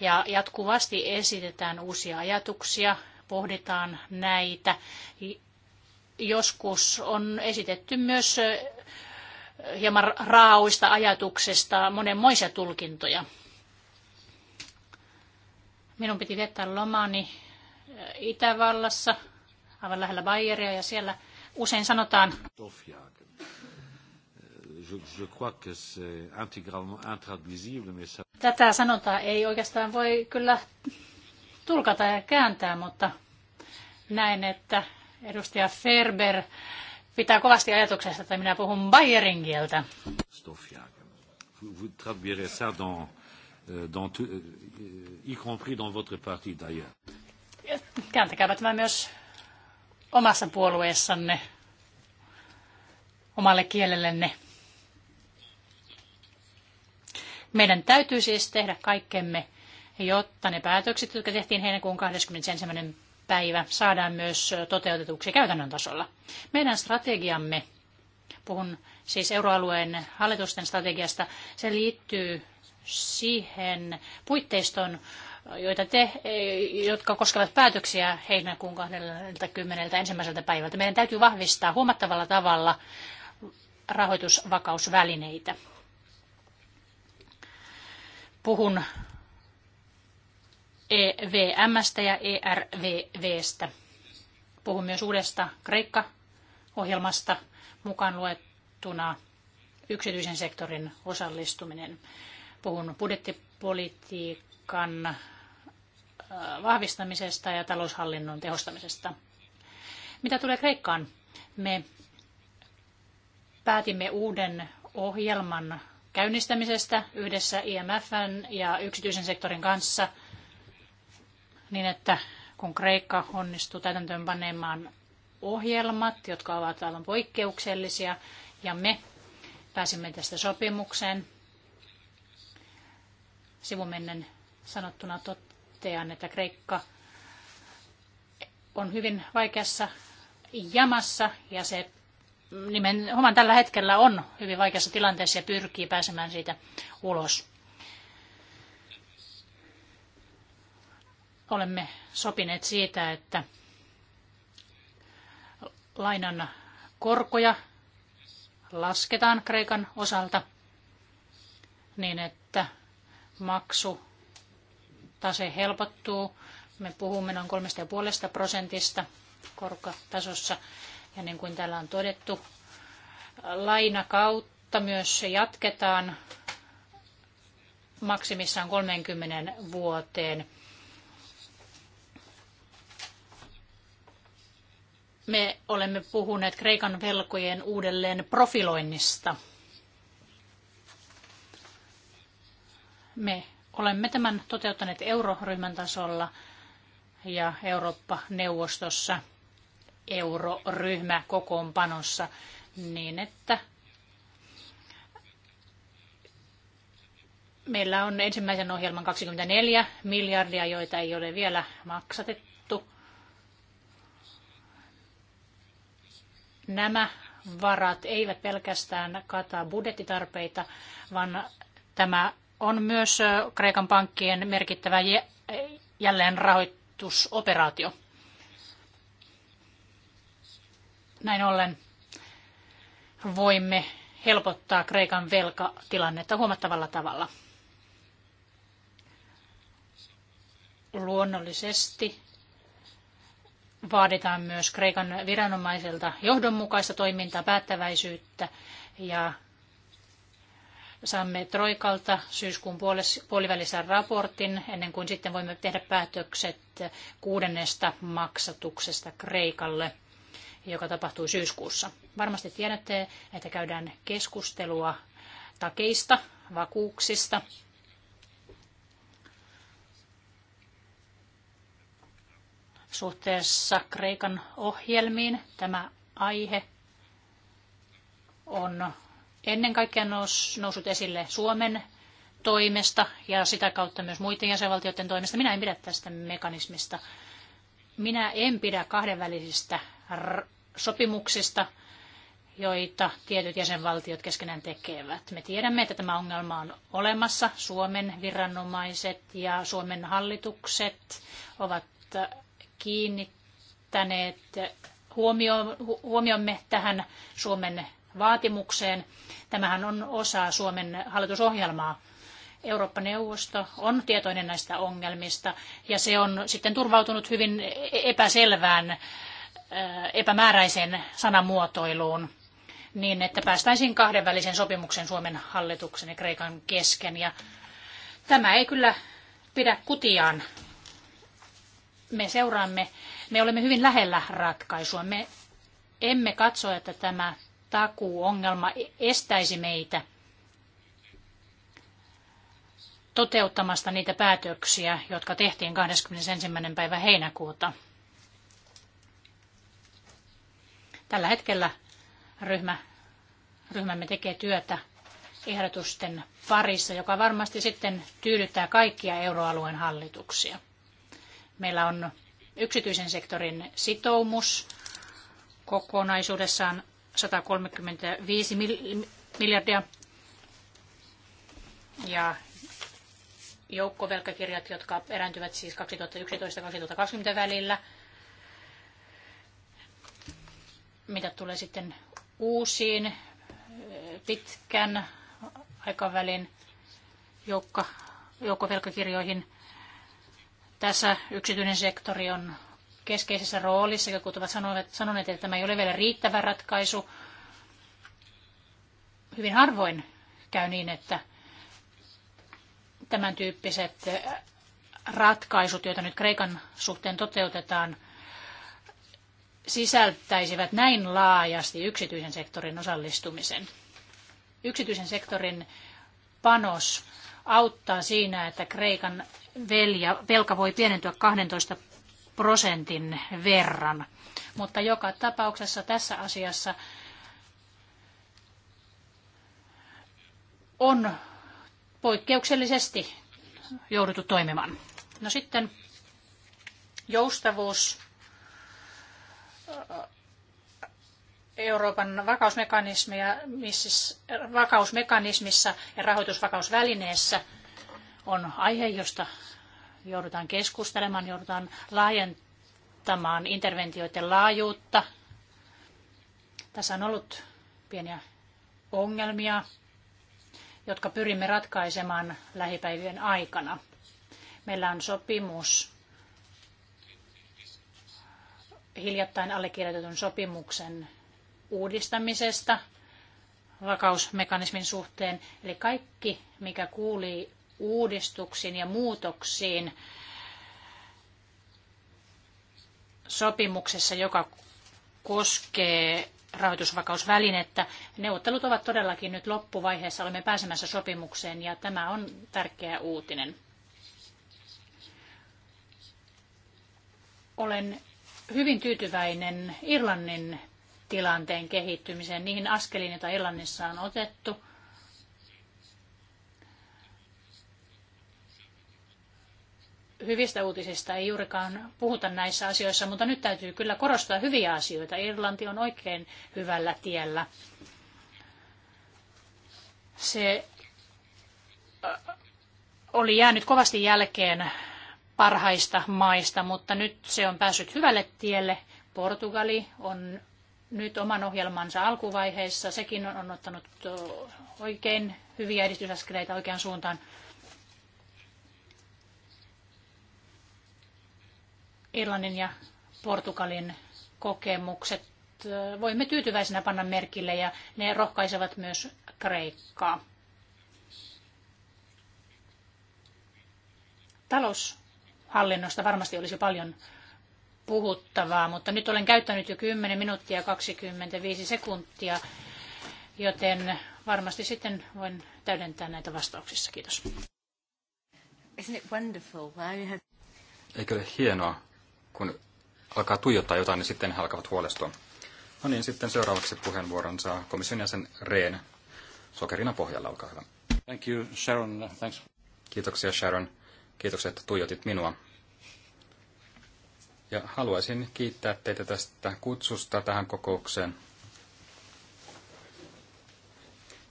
ja jatkuvasti esitetään uusia ajatuksia, pohditaan näitä. Joskus on esitetty myös hieman raaoista ajatuksista monenmoisia tulkintoja. Minun piti viettää lomani eh, Itävallassa, aivan lähellä Bayeria, ja siellä usein sanotaan... Eh, Tätä sanotaan ei oikeastaan voi kyllä tulkata ja kääntää, mutta näin, että edustaja Ferber pitää kovasti ajatuksesta, että minä puhun Bayerin kieltä. Vous traduirez ça dans, euh, dans tout, euh, y compris dans votre parti d'ailleurs. Kääntäkääpä tämä myös omassa puolueessanne, omalle kielellenne. Meidän täytyy siis tehdä kaikkemme, jotta ne päätökset, jotka tehtiin heinäkuun 21 päivä saadaan myös toteutetuksi käytännön tasolla. Meidän strategiamme, puhun siis euroalueen hallitusten strategiasta, se liittyy siihen puitteiston, joita te, jotka koskevat päätöksiä heinäkuun 20. ensimmäiseltä päivältä. Meidän täytyy vahvistaa huomattavalla tavalla rahoitusvakausvälineitä. Puhun EVMstä ja ERVVstä. Puhun myös uudesta Kreikka-ohjelmasta mukaan luettuna yksityisen sektorin osallistuminen. Puhun budjettipolitiikan äh, vahvistamisesta ja taloushallinnon tehostamisesta. Mitä tulee Kreikkaan, me päätimme uuden ohjelman käynnistämisestä yhdessä IMFn ja yksityisen sektorin kanssa – niin että kun Kreikka onnistuu täytäntöönpanemaan ohjelmat, jotka ovat aivan poikkeuksellisia, ja me pääsimme tästä sopimukseen. Sivumennen sanottuna totean, että Kreikka on hyvin vaikeassa jamassa ja se nimenomaan tällä hetkellä on hyvin vaikeassa tilanteessa ja pyrkii pääsemään siitä ulos. olemme sopineet siitä, että lainan korkoja lasketaan Kreikan osalta niin, että maksu tase helpottuu. Me puhumme noin 3,5 prosentista korkotasossa. Ja niin kuin täällä on todettu, laina kautta myös jatketaan maksimissaan 30 vuoteen. Me olemme puhuneet Kreikan velkojen uudelleen profiloinnista. Me olemme tämän toteuttaneet euroryhmän tasolla ja Eurooppa-neuvostossa euroryhmä kokoonpanossa niin, että meillä on ensimmäisen ohjelman 24 miljardia, joita ei ole vielä maksatettu Nämä varat eivät pelkästään kata budjettitarpeita, vaan tämä on myös Kreikan pankkien merkittävä jälleenrahoitusoperaatio. Näin ollen voimme helpottaa Kreikan velkatilannetta huomattavalla tavalla. Luonnollisesti vaaditaan myös Kreikan viranomaisilta johdonmukaista toimintaa, päättäväisyyttä ja saamme Troikalta syyskuun puolivälissä raportin ennen kuin sitten voimme tehdä päätökset kuudennesta maksatuksesta Kreikalle, joka tapahtuu syyskuussa. Varmasti tiedätte, että käydään keskustelua takeista, vakuuksista suhteessa Kreikan ohjelmiin. Tämä aihe on ennen kaikkea noussut esille Suomen toimesta ja sitä kautta myös muiden jäsenvaltioiden toimesta. Minä en pidä tästä mekanismista. Minä en pidä kahdenvälisistä sopimuksista, joita tietyt jäsenvaltiot keskenään tekevät. Me tiedämme, että tämä ongelma on olemassa. Suomen viranomaiset ja Suomen hallitukset ovat kiinnittäneet huomiomme tähän Suomen vaatimukseen. Tämähän on osa Suomen hallitusohjelmaa. Eurooppa-neuvosto on tietoinen näistä ongelmista ja se on sitten turvautunut hyvin epäselvään, epämääräiseen sanamuotoiluun niin, että päästäisiin kahdenvälisen sopimuksen Suomen hallituksen ja Kreikan kesken. Ja tämä ei kyllä pidä kutiaan me seuraamme, me olemme hyvin lähellä ratkaisua. Me emme katso, että tämä takuuongelma estäisi meitä toteuttamasta niitä päätöksiä, jotka tehtiin 21. päivä heinäkuuta. Tällä hetkellä ryhmä, ryhmämme tekee työtä ehdotusten parissa, joka varmasti sitten tyydyttää kaikkia euroalueen hallituksia. Meillä on yksityisen sektorin sitoumus kokonaisuudessaan 135 miljardia ja joukkovelkakirjat, jotka erääntyvät siis 2011-2020 välillä. Mitä tulee sitten uusiin pitkän aikavälin joukko, joukkovelkakirjoihin, tässä yksityinen sektori on keskeisessä roolissa. Jotkut ovat sanoneet, että tämä ei ole vielä riittävä ratkaisu. Hyvin harvoin käy niin, että tämän tyyppiset ratkaisut, joita nyt Kreikan suhteen toteutetaan, sisältäisivät näin laajasti yksityisen sektorin osallistumisen. Yksityisen sektorin panos auttaa siinä, että Kreikan velja, velka voi pienentyä 12 prosentin verran. Mutta joka tapauksessa tässä asiassa on poikkeuksellisesti jouduttu toimimaan. No sitten joustavuus Euroopan vakausmekanismissa ja rahoitusvakausvälineessä on aihe, josta joudutaan keskustelemaan, joudutaan laajentamaan interventioiden laajuutta. Tässä on ollut pieniä ongelmia, jotka pyrimme ratkaisemaan lähipäivien aikana. Meillä on sopimus, hiljattain allekirjoitetun sopimuksen uudistamisesta vakausmekanismin suhteen. Eli kaikki, mikä kuulii uudistuksiin ja muutoksiin sopimuksessa, joka koskee rahoitusvakausvälinettä. Neuvottelut ovat todellakin nyt loppuvaiheessa, olemme pääsemässä sopimukseen ja tämä on tärkeä uutinen. Olen hyvin tyytyväinen Irlannin tilanteen kehittymiseen, niihin askeliin, joita Irlannissa on otettu. Hyvistä uutisista ei juurikaan puhuta näissä asioissa, mutta nyt täytyy kyllä korostaa hyviä asioita. Irlanti on oikein hyvällä tiellä. Se äh, oli jäänyt kovasti jälkeen parhaista maista, mutta nyt se on päässyt hyvälle tielle. Portugali on nyt oman ohjelmansa alkuvaiheessa. Sekin on ottanut oikein hyviä edistysaskeleita oikean suuntaan. Irlannin ja Portugalin kokemukset voimme tyytyväisenä panna merkille ja ne rohkaisevat myös Kreikkaa. Taloushallinnosta varmasti olisi paljon puhuttavaa, mutta nyt olen käyttänyt jo 10 minuuttia 25 sekuntia, joten varmasti sitten voin täydentää näitä vastauksissa. Kiitos. Isn't it wonderful? Eikö ole hienoa, kun alkaa tuijottaa jotain, niin sitten he alkavat huolestua. No niin, sitten seuraavaksi puheenvuoron saa komission jäsen Rehn. Sokerina pohjalla, olkaa hyvä. Thank you, Sharon. Thanks. Kiitoksia Sharon. Kiitoksia, että tuijotit minua. Ja haluaisin kiittää teitä tästä kutsusta tähän kokoukseen.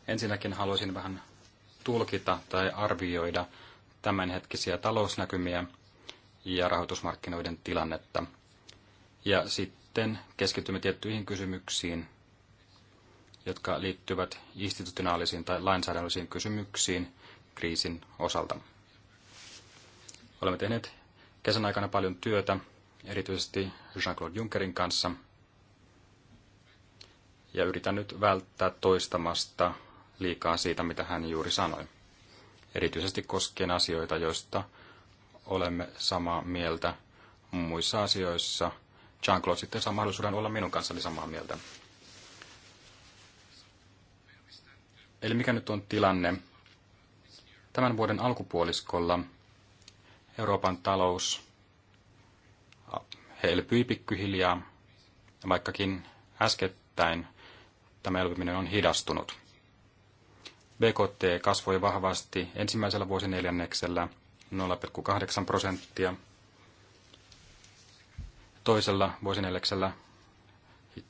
Ensinnäkin haluaisin vähän tulkita tai arvioida tämänhetkisiä talousnäkymiä ja rahoitusmarkkinoiden tilannetta. Ja sitten keskitymme tiettyihin kysymyksiin, jotka liittyvät institutionaalisiin tai lainsäädännöllisiin kysymyksiin kriisin osalta. Olemme tehneet kesän aikana paljon työtä erityisesti Jean-Claude Junckerin kanssa. Ja yritän nyt välttää toistamasta liikaa siitä, mitä hän juuri sanoi. Erityisesti koskien asioita, joista olemme samaa mieltä muissa asioissa. Jean-Claude sitten saa mahdollisuuden olla minun kanssani samaa mieltä. Eli mikä nyt on tilanne? Tämän vuoden alkupuoliskolla Euroopan talous he elpyi pikkuhiljaa, vaikkakin äskettäin tämä elpyminen on hidastunut. BKT kasvoi vahvasti ensimmäisellä vuosineljänneksellä 0,8 prosenttia, toisella vuosineljänneksellä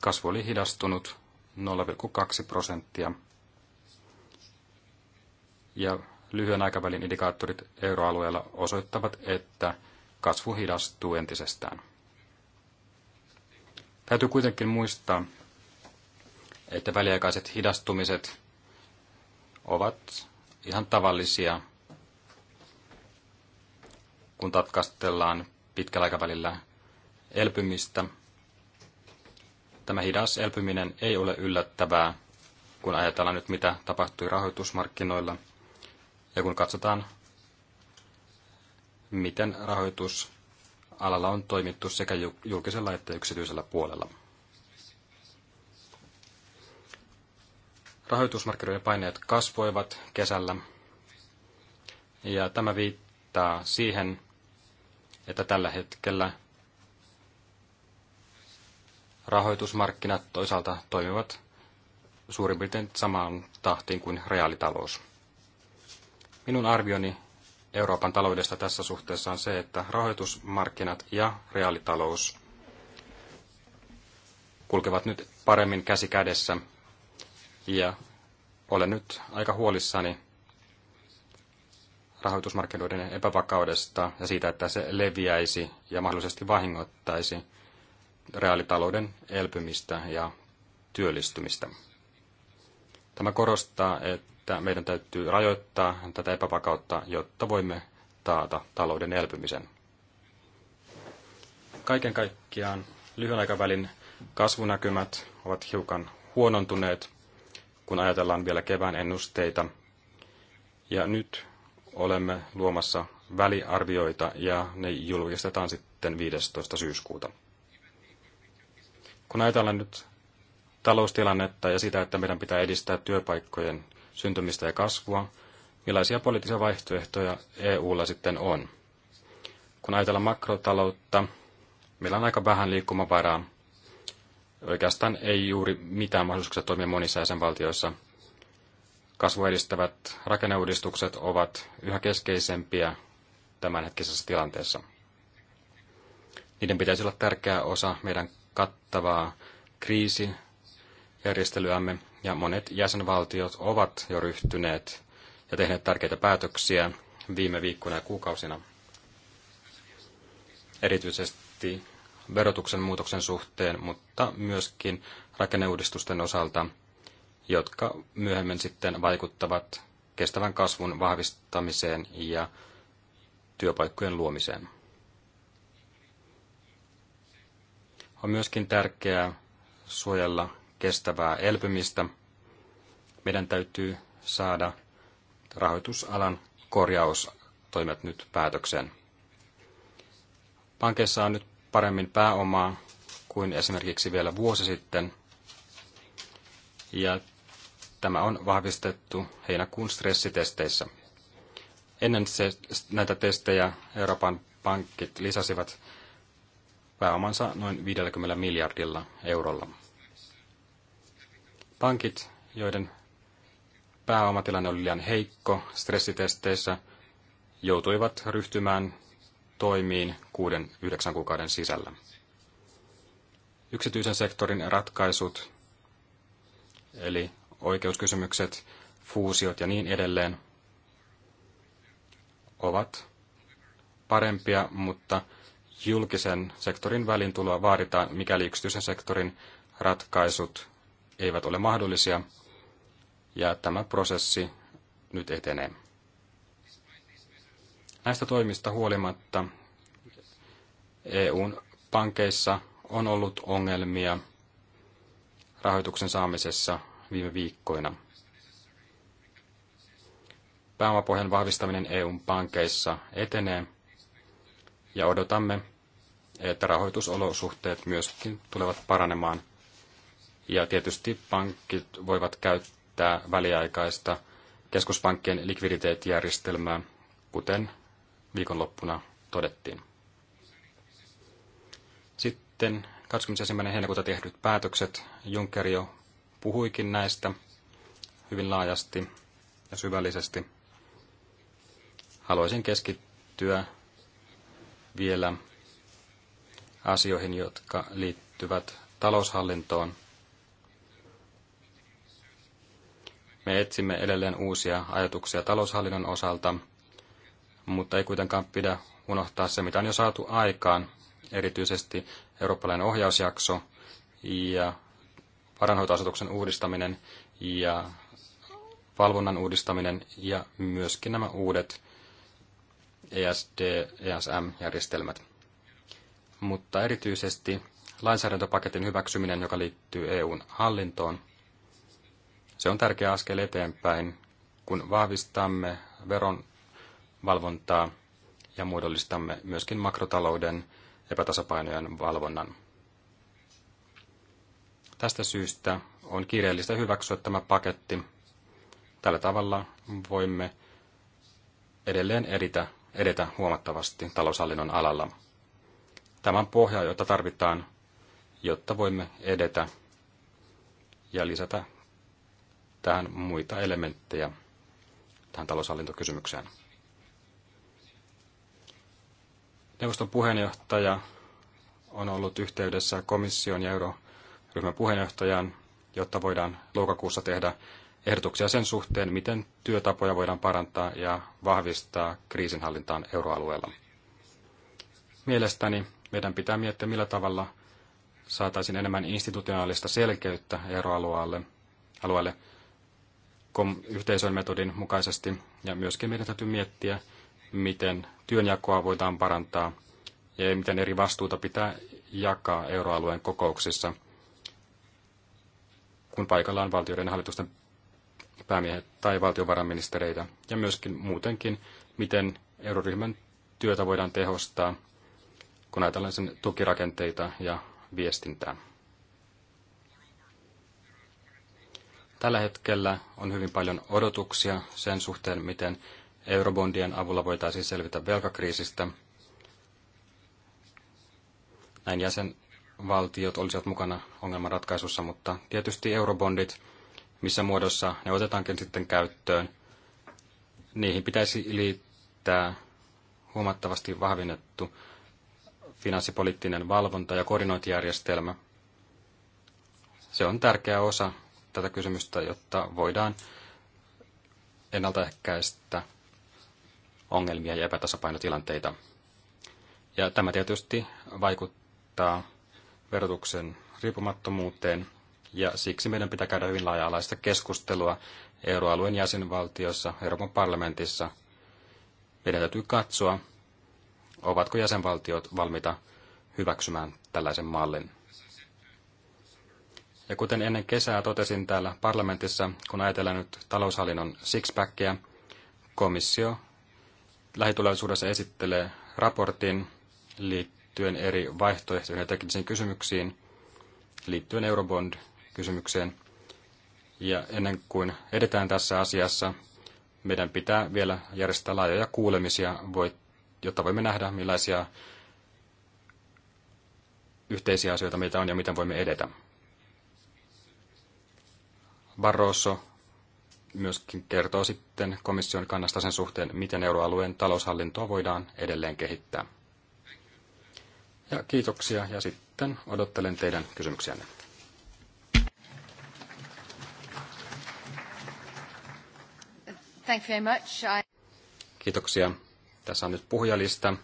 kasvu oli hidastunut 0,2 prosenttia. Ja lyhyen aikavälin indikaattorit euroalueella osoittavat, että kasvu hidastuu entisestään. Täytyy kuitenkin muistaa, että väliaikaiset hidastumiset ovat ihan tavallisia, kun tarkastellaan pitkällä aikavälillä elpymistä. Tämä hidas elpyminen ei ole yllättävää, kun ajatellaan nyt mitä tapahtui rahoitusmarkkinoilla ja kun katsotaan miten rahoitusalalla on toimittu sekä julkisella että yksityisellä puolella. Rahoitusmarkkinoiden paineet kasvoivat kesällä, ja tämä viittaa siihen, että tällä hetkellä rahoitusmarkkinat toisaalta toimivat suurin piirtein samaan tahtiin kuin reaalitalous. Minun arvioni Euroopan taloudesta tässä suhteessa on se, että rahoitusmarkkinat ja reaalitalous kulkevat nyt paremmin käsi kädessä. Ja olen nyt aika huolissani rahoitusmarkkinoiden epävakaudesta ja siitä, että se leviäisi ja mahdollisesti vahingoittaisi reaalitalouden elpymistä ja työllistymistä. Tämä korostaa, että että meidän täytyy rajoittaa tätä epävakautta, jotta voimme taata talouden elpymisen. Kaiken kaikkiaan lyhyen aikavälin kasvunäkymät ovat hiukan huonontuneet, kun ajatellaan vielä kevään ennusteita. Ja nyt olemme luomassa väliarvioita ja ne julkistetaan sitten 15. syyskuuta. Kun ajatellaan nyt taloustilannetta ja sitä, että meidän pitää edistää työpaikkojen syntymistä ja kasvua, millaisia poliittisia vaihtoehtoja EUlla sitten on. Kun ajatellaan makrotaloutta, meillä on aika vähän liikkumavaraa. Oikeastaan ei juuri mitään mahdollisuuksia toimia monissa jäsenvaltioissa. Kasvua edistävät rakenneuudistukset ovat yhä keskeisempiä tämänhetkisessä tilanteessa. Niiden pitäisi olla tärkeä osa meidän kattavaa kriisijärjestelyämme, ja monet jäsenvaltiot ovat jo ryhtyneet ja tehneet tärkeitä päätöksiä viime viikkoina ja kuukausina. Erityisesti verotuksen muutoksen suhteen, mutta myöskin rakenneuudistusten osalta, jotka myöhemmin sitten vaikuttavat kestävän kasvun vahvistamiseen ja työpaikkojen luomiseen. On myöskin tärkeää suojella kestävää elpymistä. Meidän täytyy saada rahoitusalan korjaustoimet nyt päätökseen. Pankeissa on nyt paremmin pääomaa kuin esimerkiksi vielä vuosi sitten. Ja tämä on vahvistettu heinäkuun stressitesteissä. Ennen se, näitä testejä Euroopan pankit lisäsivät pääomansa noin 50 miljardilla eurolla. Pankit, joiden pääomatilanne oli liian heikko stressitesteissä, joutuivat ryhtymään toimiin kuuden yhdeksän kuukauden sisällä. Yksityisen sektorin ratkaisut, eli oikeuskysymykset, fuusiot ja niin edelleen, ovat parempia, mutta julkisen sektorin välintuloa vaaditaan, mikäli yksityisen sektorin ratkaisut eivät ole mahdollisia, ja tämä prosessi nyt etenee. Näistä toimista huolimatta EUn pankeissa on ollut ongelmia rahoituksen saamisessa viime viikkoina. Pääomapohjan vahvistaminen EUn pankeissa etenee ja odotamme, että rahoitusolosuhteet myöskin tulevat paranemaan – ja tietysti pankit voivat käyttää väliaikaista keskuspankkien likviditeettijärjestelmää, kuten viikonloppuna todettiin. Sitten 21. heinäkuuta tehdyt päätökset. Juncker jo puhuikin näistä hyvin laajasti ja syvällisesti. Haluaisin keskittyä vielä asioihin, jotka liittyvät taloushallintoon Me etsimme edelleen uusia ajatuksia taloushallinnon osalta, mutta ei kuitenkaan pidä unohtaa se, mitä on jo saatu aikaan, erityisesti eurooppalainen ohjausjakso ja varanhoitoasetuksen uudistaminen ja valvonnan uudistaminen ja myöskin nämä uudet ESD, ESM-järjestelmät. Mutta erityisesti lainsäädäntöpaketin hyväksyminen, joka liittyy EUn hallintoon – se on tärkeä askel eteenpäin, kun vahvistamme veron valvontaa ja muodollistamme myöskin makrotalouden epätasapainojen valvonnan. Tästä syystä on kiireellistä hyväksyä tämä paketti. Tällä tavalla voimme edelleen edetä, edetä huomattavasti taloushallinnon alalla. Tämän pohja, jota tarvitaan, jotta voimme edetä ja lisätä tähän muita elementtejä tähän taloushallintokysymykseen. Neuvoston puheenjohtaja on ollut yhteydessä komission ja euroryhmän puheenjohtajaan, jotta voidaan loukakuussa tehdä ehdotuksia sen suhteen, miten työtapoja voidaan parantaa ja vahvistaa kriisinhallintaan euroalueella. Mielestäni meidän pitää miettiä, millä tavalla saataisiin enemmän institutionaalista selkeyttä euroalueelle alueelle, yhteisön metodin mukaisesti. Ja myöskin meidän täytyy miettiä, miten työnjakoa voidaan parantaa ja miten eri vastuuta pitää jakaa euroalueen kokouksissa, kun on valtioiden hallitusten päämiehet tai valtiovarainministereitä. Ja myöskin muutenkin, miten euroryhmän työtä voidaan tehostaa, kun ajatellaan sen tukirakenteita ja viestintää. Tällä hetkellä on hyvin paljon odotuksia sen suhteen, miten eurobondien avulla voitaisiin selvitä velkakriisistä. Näin jäsenvaltiot olisivat mukana ongelmanratkaisussa, mutta tietysti eurobondit, missä muodossa ne otetaankin sitten käyttöön, niihin pitäisi liittää huomattavasti vahvinnettu finanssipoliittinen valvonta ja koordinointijärjestelmä. Se on tärkeä osa tätä kysymystä, jotta voidaan ennaltaehkäistä ongelmia ja epätasapainotilanteita. Ja tämä tietysti vaikuttaa verotuksen riippumattomuuteen, ja siksi meidän pitää käydä hyvin laaja-alaista keskustelua euroalueen jäsenvaltiossa Euroopan parlamentissa. Meidän täytyy katsoa, ovatko jäsenvaltiot valmiita hyväksymään tällaisen mallin. Ja kuten ennen kesää totesin täällä parlamentissa, kun ajatellaan nyt taloushallinnon sixpackia, komissio lähitulevaisuudessa esittelee raportin liittyen eri vaihtoehtoihin ja teknisiin kysymyksiin, liittyen Eurobond-kysymykseen. Ja ennen kuin edetään tässä asiassa, meidän pitää vielä järjestää laajoja kuulemisia, jotta voimme nähdä, millaisia yhteisiä asioita meitä on ja miten voimme edetä. Barroso myöskin kertoo sitten komission kannasta sen suhteen, miten euroalueen taloushallintoa voidaan edelleen kehittää. Ja kiitoksia ja sitten odottelen teidän kysymyksiänne. Thank you very much. I... Kiitoksia. Tässä on nyt puhujalista.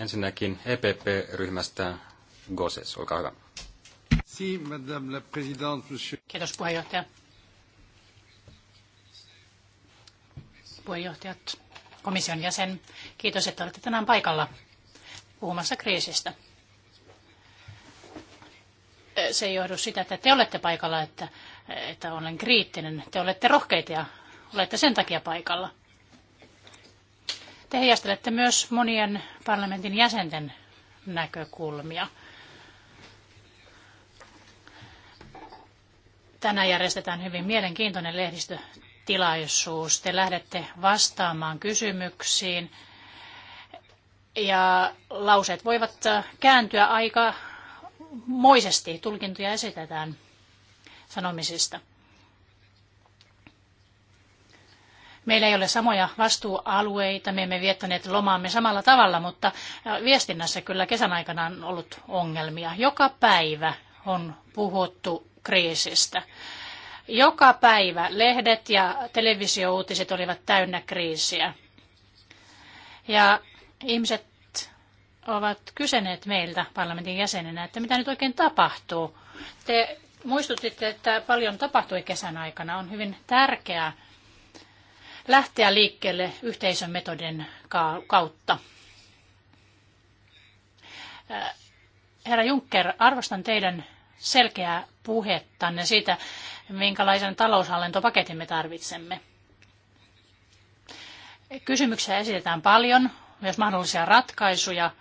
Ensinnäkin EPP-ryhmästä Goses, olkaa hyvä. Kiitos puheenjohtaja. Puheenjohtajat, komission jäsen, kiitos, että olette tänään paikalla puhumassa kriisistä. Se ei johdu sitä, että te olette paikalla, että, että olen kriittinen. Te olette rohkeita ja olette sen takia paikalla. Te heijastelette myös monien parlamentin jäsenten näkökulmia. Tänään järjestetään hyvin mielenkiintoinen lehdistötilaisuus. Te lähdette vastaamaan kysymyksiin ja lauseet voivat kääntyä aika moisesti. Tulkintoja esitetään sanomisista. Meillä ei ole samoja vastuualueita, me emme viettäneet lomaamme samalla tavalla, mutta viestinnässä kyllä kesän aikana on ollut ongelmia. Joka päivä on puhuttu kriisistä. Joka päivä lehdet ja televisiouutiset olivat täynnä kriisiä. Ja ihmiset ovat kyseneet meiltä parlamentin jäsenenä, että mitä nyt oikein tapahtuu. Te muistutitte, että paljon tapahtui kesän aikana. On hyvin tärkeää lähteä liikkeelle yhteisön metodin kautta. Herra Juncker, arvostan teidän selkeää puhettanne siitä, minkälaisen taloushallintopaketin me tarvitsemme. Kysymyksiä esitetään paljon, myös mahdollisia ratkaisuja –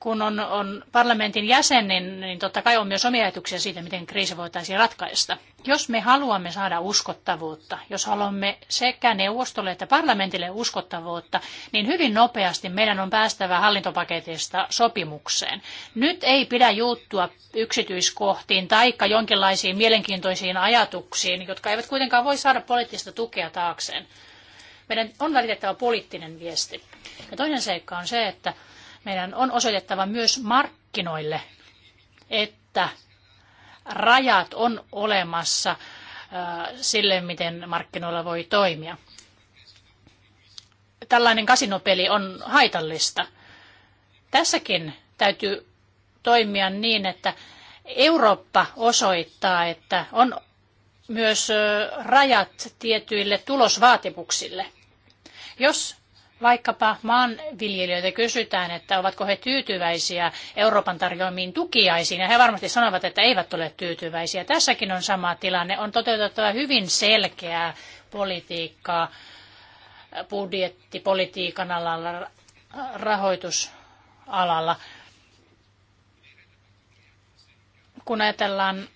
kun on, on parlamentin jäsen, niin, niin totta kai on myös omia ajatuksia siitä, miten kriisi voitaisiin ratkaista. Jos me haluamme saada uskottavuutta, jos haluamme sekä neuvostolle että parlamentille uskottavuutta, niin hyvin nopeasti meidän on päästävä hallintopaketista sopimukseen. Nyt ei pidä juuttua yksityiskohtiin tai jonkinlaisiin mielenkiintoisiin ajatuksiin, jotka eivät kuitenkaan voi saada poliittista tukea taakseen. Meidän on välitettävä poliittinen viesti. Ja toinen seikka on se, että meidän on osoitettava myös markkinoille, että rajat on olemassa äh, sille, miten markkinoilla voi toimia. Tällainen kasinopeli on haitallista. Tässäkin täytyy toimia niin, että Eurooppa osoittaa, että on myös äh, rajat tietyille tulosvaatimuksille. Jos vaikkapa maanviljelijöitä kysytään, että ovatko he tyytyväisiä Euroopan tarjoamiin tukiaisiin, ja he varmasti sanovat, että eivät ole tyytyväisiä. Tässäkin on sama tilanne. On toteutettava hyvin selkeää politiikkaa budjettipolitiikan alalla, rahoitusalalla. Kun ajatellaan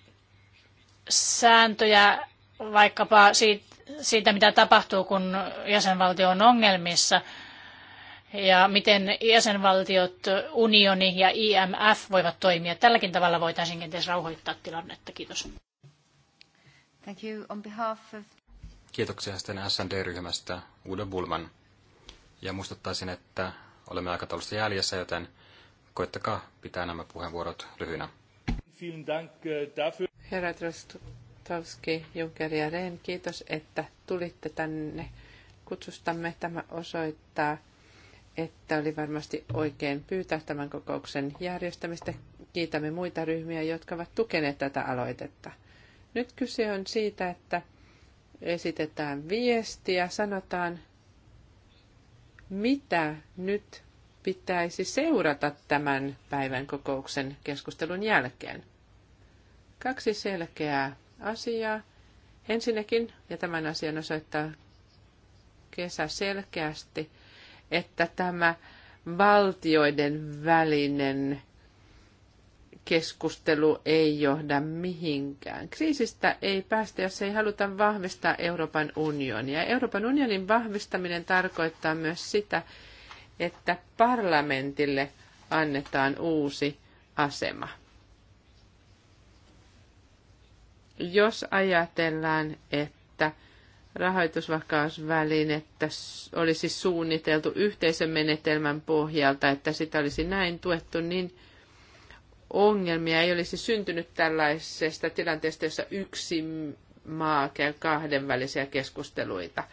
sääntöjä vaikkapa siitä, siitä, mitä tapahtuu, kun jäsenvaltio on ongelmissa ja miten jäsenvaltiot, unioni ja IMF voivat toimia. Tälläkin tavalla voitaisiin kenties rauhoittaa tilannetta. Kiitos. Thank you. On behalf of... Kiitoksia sitten SND-ryhmästä Udo Bulman. Ja muistuttaisin, että olemme aikataulusta jäljessä, joten koittakaa pitää nämä puheenvuorot lyhyinä. Tavski, Juncker ja Rehn, kiitos, että tulitte tänne kutsustamme. Tämä osoittaa, että oli varmasti oikein pyytää tämän kokouksen järjestämistä. Kiitämme muita ryhmiä, jotka ovat tukeneet tätä aloitetta. Nyt kyse on siitä, että esitetään viestiä, sanotaan, mitä nyt pitäisi seurata tämän päivän kokouksen keskustelun jälkeen. Kaksi selkeää asiaa. Ensinnäkin, ja tämän asian osoittaa kesä selkeästi, että tämä valtioiden välinen keskustelu ei johda mihinkään. Kriisistä ei päästä, jos ei haluta vahvistaa Euroopan unionia. Euroopan unionin vahvistaminen tarkoittaa myös sitä, että parlamentille annetaan uusi asema – Jos ajatellaan, että rahoitusvakausvälinettä olisi suunniteltu yhteisön menetelmän pohjalta, että sitä olisi näin tuettu, niin ongelmia ei olisi syntynyt tällaisesta tilanteesta, jossa yksi maa käy kahdenvälisiä keskusteluita.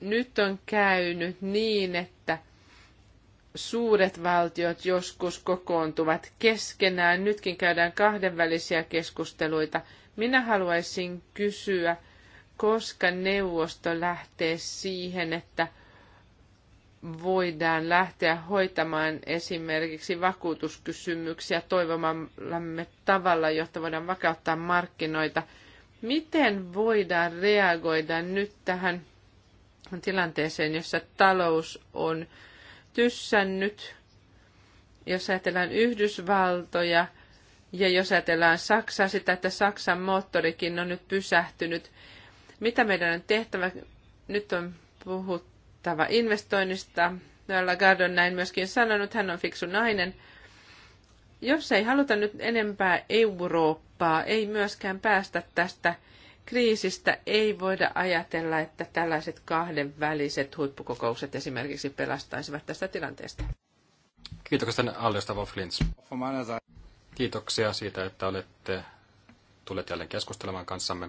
Nyt on käynyt niin, että suuret valtiot joskus kokoontuvat keskenään. Nytkin käydään kahdenvälisiä keskusteluita. Minä haluaisin kysyä, koska neuvosto lähtee siihen, että voidaan lähteä hoitamaan esimerkiksi vakuutuskysymyksiä toivomallamme tavalla, jotta voidaan vakauttaa markkinoita. Miten voidaan reagoida nyt tähän tilanteeseen, jossa talous on tyssännyt, jos ajatellaan Yhdysvaltoja ja jos ajatellaan Saksaa, sitä, että Saksan moottorikin on nyt pysähtynyt. Mitä meidän on tehtävä? Nyt on puhuttava investoinnista. Lagarde on näin myöskin sanonut, hän on fiksu nainen. Jos ei haluta nyt enempää Eurooppaa, ei myöskään päästä tästä kriisistä ei voida ajatella, että tällaiset kahdenväliset huippukokoukset esimerkiksi pelastaisivat tästä tilanteesta. Kiitoksia tänne Allestavo Kiitoksia siitä, että olette tulleet jälleen keskustelemaan kanssamme.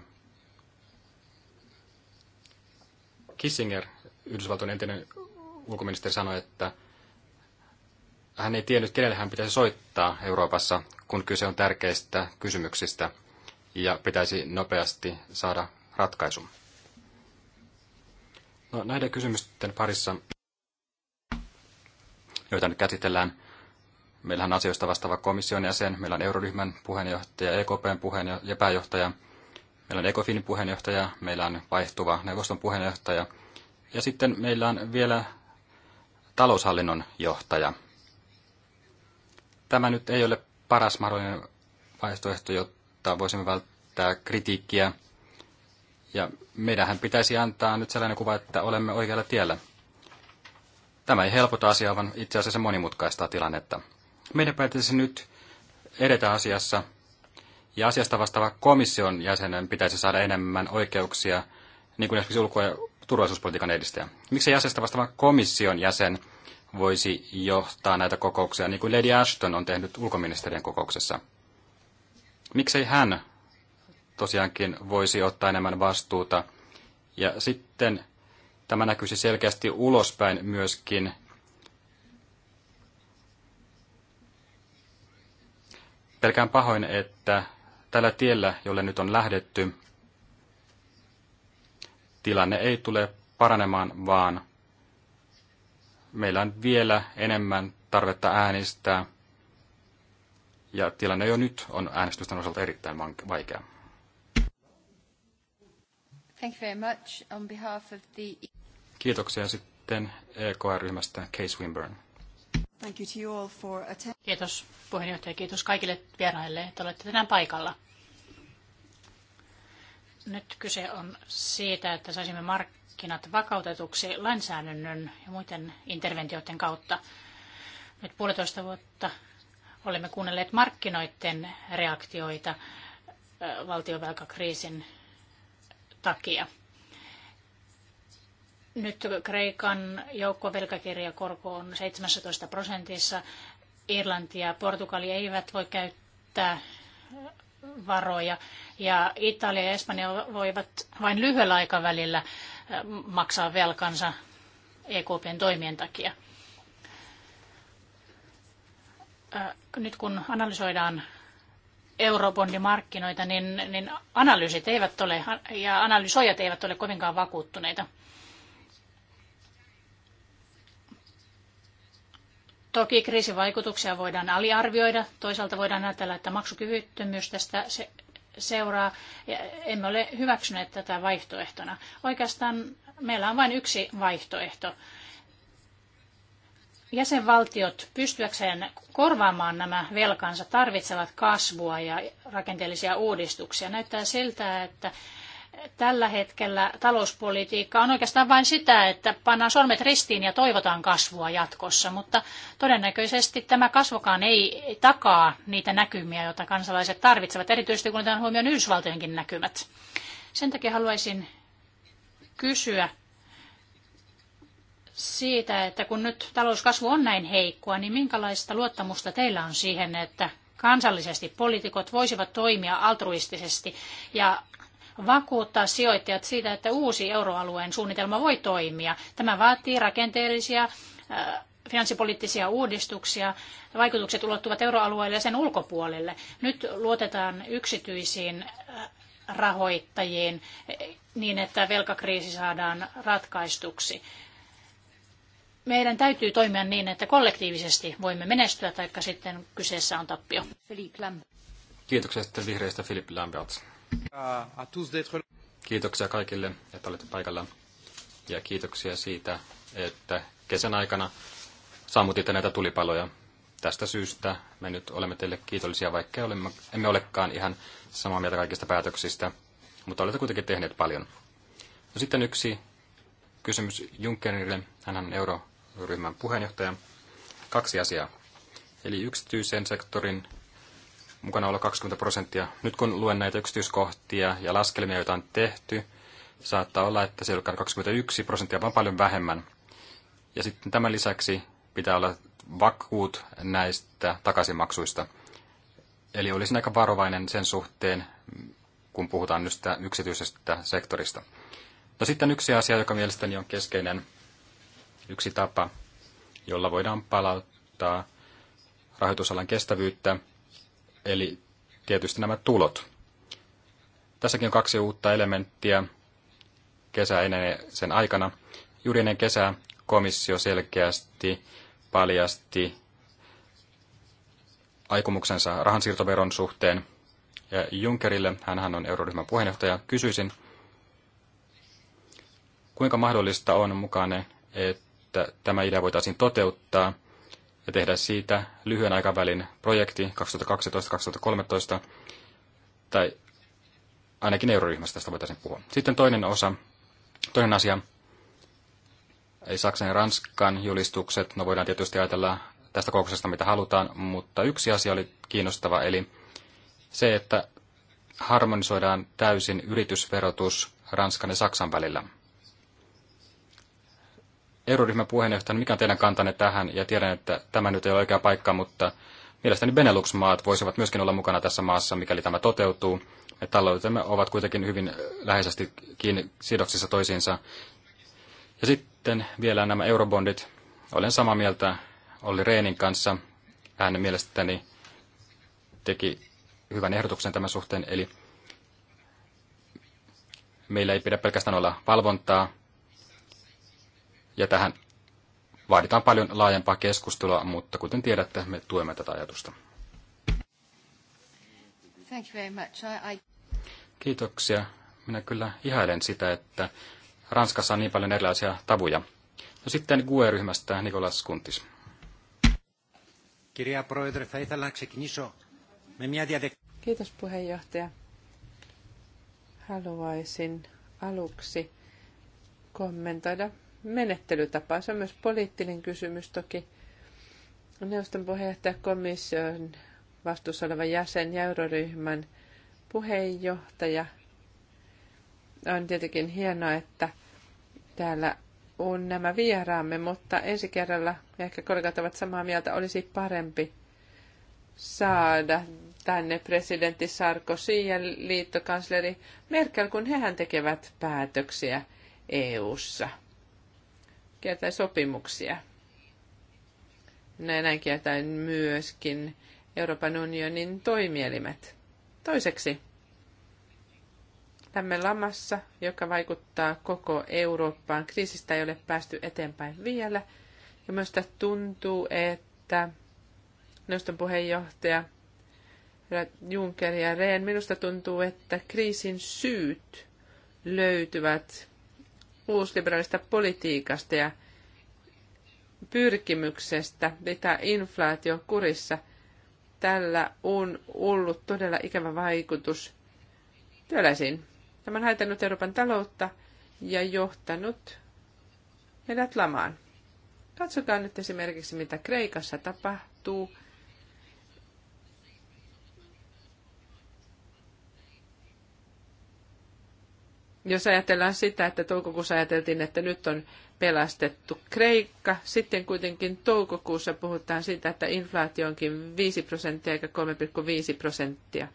Kissinger, Yhdysvaltojen entinen ulkoministeri, sanoi, että hän ei tiennyt, kenelle hän pitäisi soittaa Euroopassa, kun kyse on tärkeistä kysymyksistä – ja pitäisi nopeasti saada ratkaisu. No, näiden kysymysten parissa, joita nyt käsitellään, meillä on asioista vastaava komission jäsen, meillä on euroryhmän puheenjohtaja, EKPn puheenjohtaja ja pääjohtaja, meillä on ECOFINin puheenjohtaja, meillä on vaihtuva neuvoston puheenjohtaja ja sitten meillä on vielä taloushallinnon johtaja. Tämä nyt ei ole paras mahdollinen vaihtoehto, jotta voisimme välttää kritiikkiä. Ja meidänhän pitäisi antaa nyt sellainen kuva, että olemme oikealla tiellä. Tämä ei helpota asiaa, vaan itse asiassa monimutkaistaa tilannetta. Meidän päätäisi nyt edetä asiassa, ja asiasta vastaava komission jäsenen pitäisi saada enemmän oikeuksia, niin kuin esimerkiksi ulko- ja turvallisuuspolitiikan edistäjä. Miksi asiasta vastaava komission jäsen voisi johtaa näitä kokouksia, niin kuin Lady Ashton on tehnyt ulkoministerien kokouksessa? miksei hän tosiaankin voisi ottaa enemmän vastuuta. Ja sitten tämä näkyisi selkeästi ulospäin myöskin Pelkään pahoin, että tällä tiellä, jolle nyt on lähdetty, tilanne ei tule paranemaan, vaan meillä on vielä enemmän tarvetta äänistää – ja tilanne jo nyt on äänestysten osalta erittäin vaikea. Thank you very much on behalf of the... Kiitoksia sitten EKR-ryhmästä Case Swinburne. Thank you to you all for kiitos puheenjohtaja, kiitos kaikille vieraille, että olette tänään paikalla. Nyt kyse on siitä, että saisimme markkinat vakautetuksi lainsäädännön ja muiden interventioiden kautta. Nyt puolitoista vuotta Olemme kuunnelleet markkinoiden reaktioita valtiovelkakriisin takia. Nyt Kreikan joukkovelkakirjakorko on 17 prosentissa. Irlanti ja Portugali eivät voi käyttää varoja. Ja Italia ja Espanja voivat vain lyhyellä aikavälillä maksaa velkansa EKPn toimien takia. Äh, nyt kun analysoidaan eurobondimarkkinoita, niin, niin analyysit eivät ole, ja analysoijat eivät ole kovinkaan vakuuttuneita. Toki kriisivaikutuksia voidaan aliarvioida. Toisaalta voidaan ajatella, että maksukyvyttömyys tästä se, seuraa. Ja emme ole hyväksyneet tätä vaihtoehtona. Oikeastaan meillä on vain yksi vaihtoehto jäsenvaltiot pystyäkseen korvaamaan nämä velkansa tarvitsevat kasvua ja rakenteellisia uudistuksia. Näyttää siltä, että tällä hetkellä talouspolitiikka on oikeastaan vain sitä, että pannaan sormet ristiin ja toivotaan kasvua jatkossa, mutta todennäköisesti tämä kasvukaan ei takaa niitä näkymiä, joita kansalaiset tarvitsevat, erityisesti kun otetaan huomioon Yhdysvaltojenkin näkymät. Sen takia haluaisin kysyä siitä, että kun nyt talouskasvu on näin heikkoa, niin minkälaista luottamusta teillä on siihen, että kansallisesti poliitikot voisivat toimia altruistisesti ja vakuuttaa sijoittajat siitä, että uusi euroalueen suunnitelma voi toimia. Tämä vaatii rakenteellisia äh, finanssipoliittisia uudistuksia. Vaikutukset ulottuvat euroalueelle ja sen ulkopuolelle. Nyt luotetaan yksityisiin äh, rahoittajiin eh, niin, että velkakriisi saadaan ratkaistuksi meidän täytyy toimia niin, että kollektiivisesti voimme menestyä, taikka sitten kyseessä on tappio. Kiitoksia sitten vihreistä Filip Lambert. Uh, kiitoksia kaikille, että olette paikalla. Ja kiitoksia siitä, että kesän aikana sammutitte näitä tulipaloja. Tästä syystä me nyt olemme teille kiitollisia, vaikka olemme, emme olekaan ihan samaa mieltä kaikista päätöksistä, mutta olette kuitenkin tehneet paljon. No sitten yksi kysymys Junckerille. Hän on euro ryhmän puheenjohtaja. Kaksi asiaa. Eli yksityisen sektorin mukana olla 20 prosenttia. Nyt kun luen näitä yksityiskohtia ja laskelmia, joita on tehty, saattaa olla, että se on 21 prosenttia, vaan paljon vähemmän. Ja sitten tämän lisäksi pitää olla vakuut näistä takaisinmaksuista. Eli olisin aika varovainen sen suhteen, kun puhutaan nyt yksityisestä sektorista. No sitten yksi asia, joka mielestäni on keskeinen, yksi tapa, jolla voidaan palauttaa rahoitusalan kestävyyttä, eli tietysti nämä tulot. Tässäkin on kaksi uutta elementtiä kesä ennen sen aikana. Juuri ennen kesää komissio selkeästi paljasti aikomuksensa rahansiirtoveron suhteen. Ja Junckerille, hän on euroryhmän puheenjohtaja, kysyisin, kuinka mahdollista on mukana, että että tämä idea voitaisiin toteuttaa ja tehdä siitä lyhyen aikavälin projekti 2012-2013, tai ainakin euroryhmästä tästä voitaisiin puhua. Sitten toinen osa, toinen asia, ei Saksan ja Ranskan julistukset, no voidaan tietysti ajatella tästä kokouksesta mitä halutaan, mutta yksi asia oli kiinnostava, eli se, että harmonisoidaan täysin yritysverotus Ranskan ja Saksan välillä – euroryhmän puheenjohtaja, mikä on teidän kantanne tähän? Ja tiedän, että tämä nyt ei ole oikea paikka, mutta mielestäni Benelux-maat voisivat myöskin olla mukana tässä maassa, mikäli tämä toteutuu. Me taloutemme ovat kuitenkin hyvin läheisesti kiinni sidoksissa toisiinsa. Ja sitten vielä nämä eurobondit. Olen samaa mieltä Olli Reenin kanssa. Hän mielestäni teki hyvän ehdotuksen tämän suhteen, eli meillä ei pidä pelkästään olla valvontaa, ja tähän vaaditaan paljon laajempaa keskustelua, mutta kuten tiedätte, me tuemme tätä ajatusta. Thank you very much. I, I... Kiitoksia. Minä kyllä ihailen sitä, että Ranskassa on niin paljon erilaisia tavuja. No sitten GUE-ryhmästä Nikolas Kuntis. Kirja Kiitos puheenjohtaja. Haluaisin aluksi kommentoida menettelytapa. Se on myös poliittinen kysymys toki. Neuvoston puheenjohtaja, komission vastuussa oleva jäsen ja euroryhmän puheenjohtaja. On tietenkin hienoa, että täällä on nämä vieraamme, mutta ensi kerralla, ehkä kollegat ovat samaa mieltä, olisi parempi saada tänne presidentti Sarkozy ja liittokansleri Merkel, kun hehän tekevät päätöksiä EU:ssa. ssa kiertää sopimuksia. Näin, kiertäen myöskin Euroopan unionin toimielimet. Toiseksi, Tämme lamassa, joka vaikuttaa koko Eurooppaan. Kriisistä ei ole päästy eteenpäin vielä. Ja myös tuntuu, että neuvoston puheenjohtaja Juncker ja Rehn, minusta tuntuu, että kriisin syyt löytyvät uusliberaalista politiikasta ja pyrkimyksestä pitää inflaatio kurissa. Tällä on ollut todella ikävä vaikutus työläisiin. Tämä on haitannut Euroopan taloutta ja johtanut meidät lamaan. Katsokaa nyt esimerkiksi, mitä Kreikassa tapahtuu – Jos ajatellaan sitä, että toukokuussa ajateltiin, että nyt on pelastettu Kreikka, sitten kuitenkin toukokuussa puhutaan siitä, että inflaatio onkin 5 prosenttia eikä 3,5 prosenttia.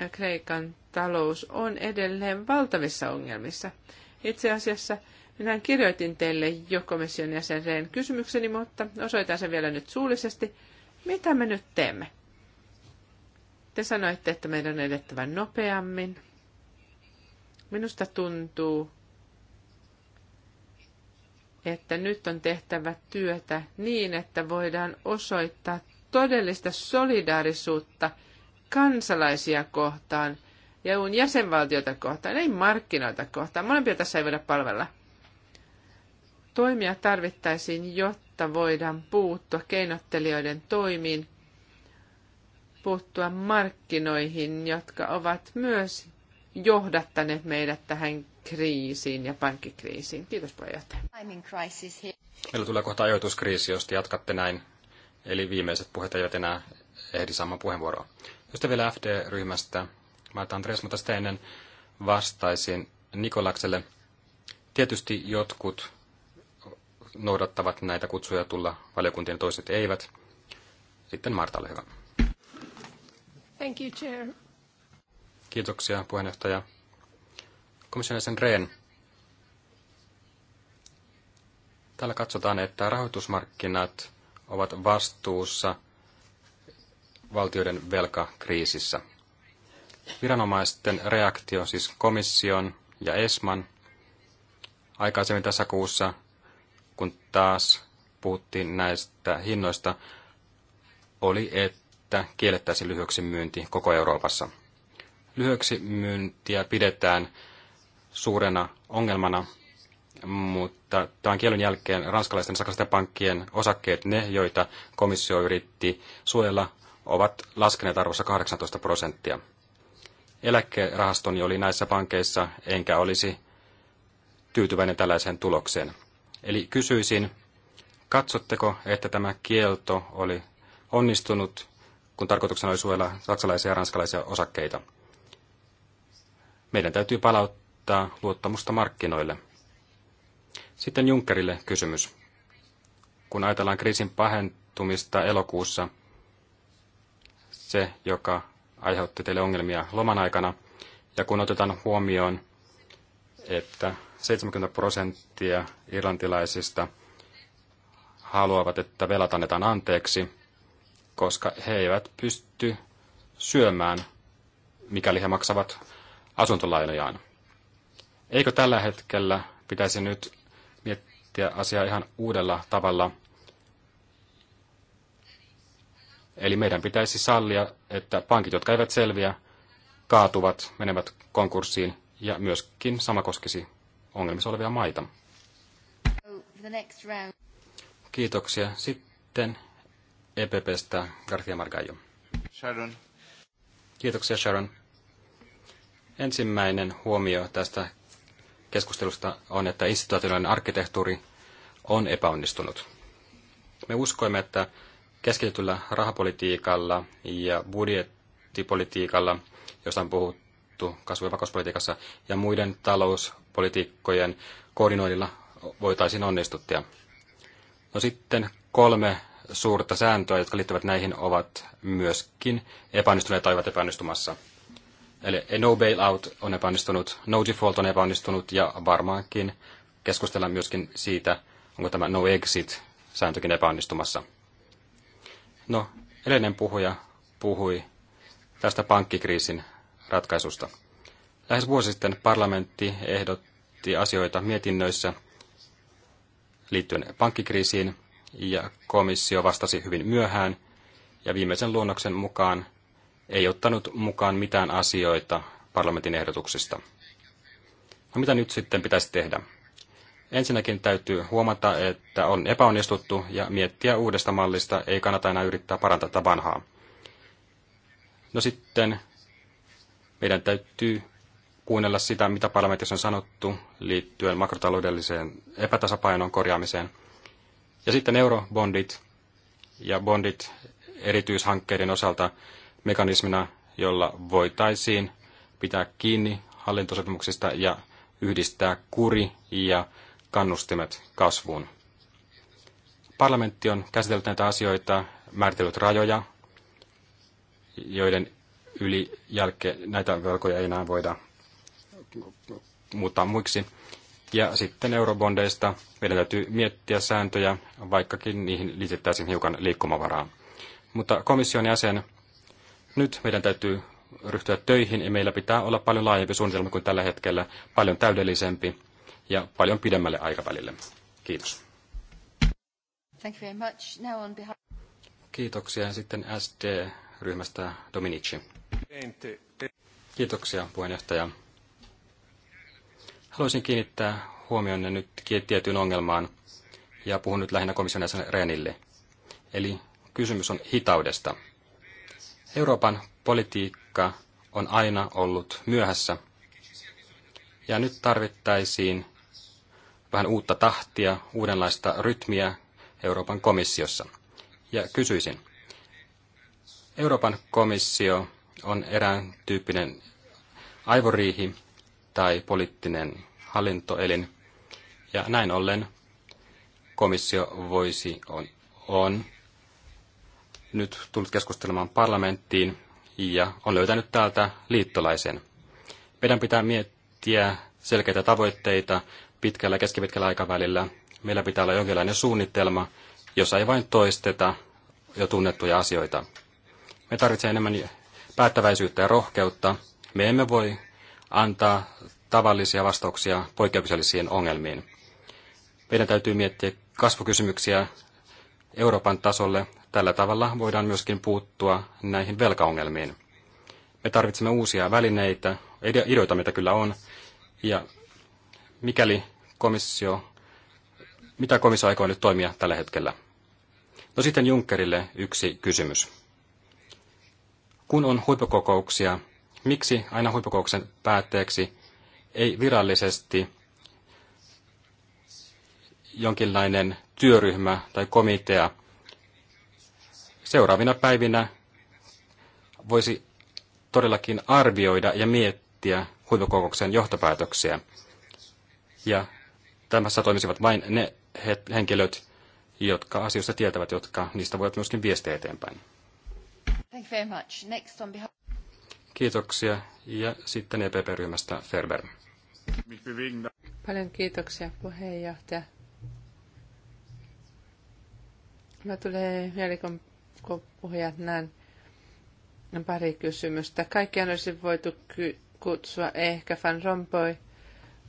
Ja Kreikan talous on edelleen valtavissa ongelmissa. Itse asiassa minä kirjoitin teille jo komission jäseneen kysymykseni, mutta osoitan sen vielä nyt suullisesti. Mitä me nyt teemme? Te sanoitte, että meidän on edettävä nopeammin. Minusta tuntuu, että nyt on tehtävä työtä niin, että voidaan osoittaa todellista solidaarisuutta kansalaisia kohtaan ja EUn jäsenvaltiota kohtaan, ei markkinoita kohtaan. Molempia tässä ei voida palvella. Toimia tarvittaisiin, jotta voidaan puuttua keinottelijoiden toimiin, puuttua markkinoihin, jotka ovat myös johdattaneet meidät tähän kriisiin ja pankkikriisiin. Kiitos puheenjohtaja. Meillä tulee kohta ajoituskriisi, jos te jatkatte näin. Eli viimeiset puheet eivät enää ehdi saamaan puheenvuoroa. Jos te vielä FD-ryhmästä, Marta Andres, mutta sitä ennen vastaisin Nikolakselle. Tietysti jotkut noudattavat näitä kutsuja tulla valiokuntien, toiset eivät. Sitten Marta, ole hyvä. Thank you, Chair. Kiitoksia puheenjohtaja. Komission jäsen Rehn. Täällä katsotaan, että rahoitusmarkkinat ovat vastuussa valtioiden velkakriisissä. Viranomaisten reaktio, siis komission ja ESMAN, aikaisemmin tässä kuussa, kun taas puhuttiin näistä hinnoista, oli, että kiellettäisiin lyhyeksi myynti koko Euroopassa lyhyeksi myyntiä pidetään suurena ongelmana, mutta tämän kielon jälkeen ranskalaisten saksalaisten pankkien osakkeet, ne joita komissio yritti suojella, ovat laskeneet arvossa 18 prosenttia. Eläkerahastoni oli näissä pankeissa, enkä olisi tyytyväinen tällaiseen tulokseen. Eli kysyisin, katsotteko, että tämä kielto oli onnistunut, kun tarkoituksena oli suojella saksalaisia ja ranskalaisia osakkeita? Meidän täytyy palauttaa luottamusta markkinoille. Sitten Junckerille kysymys. Kun ajatellaan kriisin pahentumista elokuussa, se, joka aiheutti teille ongelmia loman aikana, ja kun otetaan huomioon, että 70 prosenttia irlantilaisista haluavat, että velat annetaan anteeksi, koska he eivät pysty syömään, mikäli he maksavat asuntolainojaan. Eikö tällä hetkellä pitäisi nyt miettiä asiaa ihan uudella tavalla? Eli meidän pitäisi sallia, että pankit, jotka eivät selviä, kaatuvat, menevät konkurssiin ja myöskin sama koskisi ongelmissa olevia maita. Kiitoksia. Sitten EPPstä García Margallo. Sharon. Kiitoksia Sharon. Ensimmäinen huomio tästä keskustelusta on, että institutionaalinen arkkitehtuuri on epäonnistunut. Me uskoimme, että keskitetyllä rahapolitiikalla ja budjettipolitiikalla, josta on puhuttu kasvu- ja vakauspolitiikassa, ja muiden talouspolitiikkojen koordinoinnilla voitaisiin onnistuttia. No sitten kolme suurta sääntöä, jotka liittyvät näihin, ovat myöskin epäonnistuneet tai ovat epäonnistumassa. Eli no bailout on epäonnistunut, no default on epäonnistunut ja varmaankin keskustellaan myöskin siitä, onko tämä no exit sääntökin epäonnistumassa. No, edellinen puhuja puhui tästä pankkikriisin ratkaisusta. Lähes vuosi sitten parlamentti ehdotti asioita mietinnöissä liittyen pankkikriisiin, ja komissio vastasi hyvin myöhään, ja viimeisen luonnoksen mukaan ei ottanut mukaan mitään asioita parlamentin ehdotuksista. No mitä nyt sitten pitäisi tehdä? Ensinnäkin täytyy huomata, että on epäonnistuttu ja miettiä uudesta mallista, ei kannata enää yrittää parantaa tätä vanhaa. No sitten meidän täytyy kuunnella sitä, mitä parlamentissa on sanottu liittyen makrotaloudelliseen epätasapainon korjaamiseen. Ja sitten eurobondit ja bondit erityishankkeiden osalta mekanismina, jolla voitaisiin pitää kiinni hallintosopimuksista ja yhdistää kuri ja kannustimet kasvuun. Parlamentti on käsitellyt näitä asioita, määritellyt rajoja, joiden yli jälkeen näitä velkoja ei enää voida muuttaa muiksi. Ja sitten eurobondeista meidän täytyy miettiä sääntöjä, vaikkakin niihin liitettäisiin hiukan liikkumavaraa. Mutta komission jäsen nyt meidän täytyy ryhtyä töihin ja meillä pitää olla paljon laajempi suunnitelma kuin tällä hetkellä, paljon täydellisempi ja paljon pidemmälle aikavälille. Kiitos. Thank you very much. Now on behalf... Kiitoksia. Sitten SD-ryhmästä Dominici. Kiitoksia puheenjohtaja. Haluaisin kiinnittää huomionne nyt tiettyyn ongelmaan ja puhun nyt lähinnä komission jäsenen Renille. Eli kysymys on hitaudesta. Euroopan politiikka on aina ollut myöhässä. Ja nyt tarvittaisiin vähän uutta tahtia, uudenlaista rytmiä Euroopan komissiossa. Ja kysyisin, Euroopan komissio on erään tyyppinen aivoriihi tai poliittinen hallintoelin, ja näin ollen komissio voisi on, on nyt tullut keskustelemaan parlamenttiin ja on löytänyt täältä liittolaisen. Meidän pitää miettiä selkeitä tavoitteita pitkällä ja keskipitkällä aikavälillä. Meillä pitää olla jonkinlainen suunnitelma, jossa ei vain toisteta jo tunnettuja asioita. Me tarvitsemme enemmän päättäväisyyttä ja rohkeutta. Me emme voi antaa tavallisia vastauksia poikkeuksellisiin ongelmiin. Meidän täytyy miettiä kasvukysymyksiä, Euroopan tasolle. Tällä tavalla voidaan myöskin puuttua näihin velkaongelmiin. Me tarvitsemme uusia välineitä, ideoita mitä kyllä on, ja mikäli komissio, mitä komissio aikoo nyt toimia tällä hetkellä? No sitten Junckerille yksi kysymys. Kun on huippukokouksia, miksi aina huippukokouksen päätteeksi ei virallisesti jonkinlainen työryhmä tai komitea seuraavina päivinä voisi todellakin arvioida ja miettiä huippukokouksen johtopäätöksiä. Ja tämässä toimisivat vain ne henkilöt, jotka asioista tietävät, jotka niistä voivat myöskin viestiä eteenpäin. Thank you very much. Next on behalf... Kiitoksia. Ja sitten EPP-ryhmästä Ferber. Paljon kiitoksia puheenjohtaja. Mä tulee mieli, kun puhujat näin pari kysymystä. Kaikkiaan olisi voitu kutsua ehkä Van Rompuy,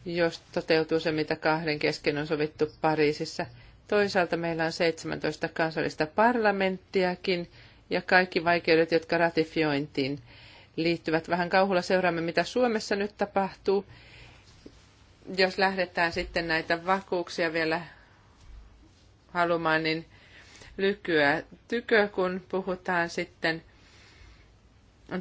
jos toteutuu se, mitä kahden kesken on sovittu Pariisissa. Toisaalta meillä on 17 kansallista parlamenttiakin ja kaikki vaikeudet, jotka ratifiointiin liittyvät. Vähän kauhulla seuraamme, mitä Suomessa nyt tapahtuu. Jos lähdetään sitten näitä vakuuksia vielä halumaan, niin lykyä tykö, kun puhutaan sitten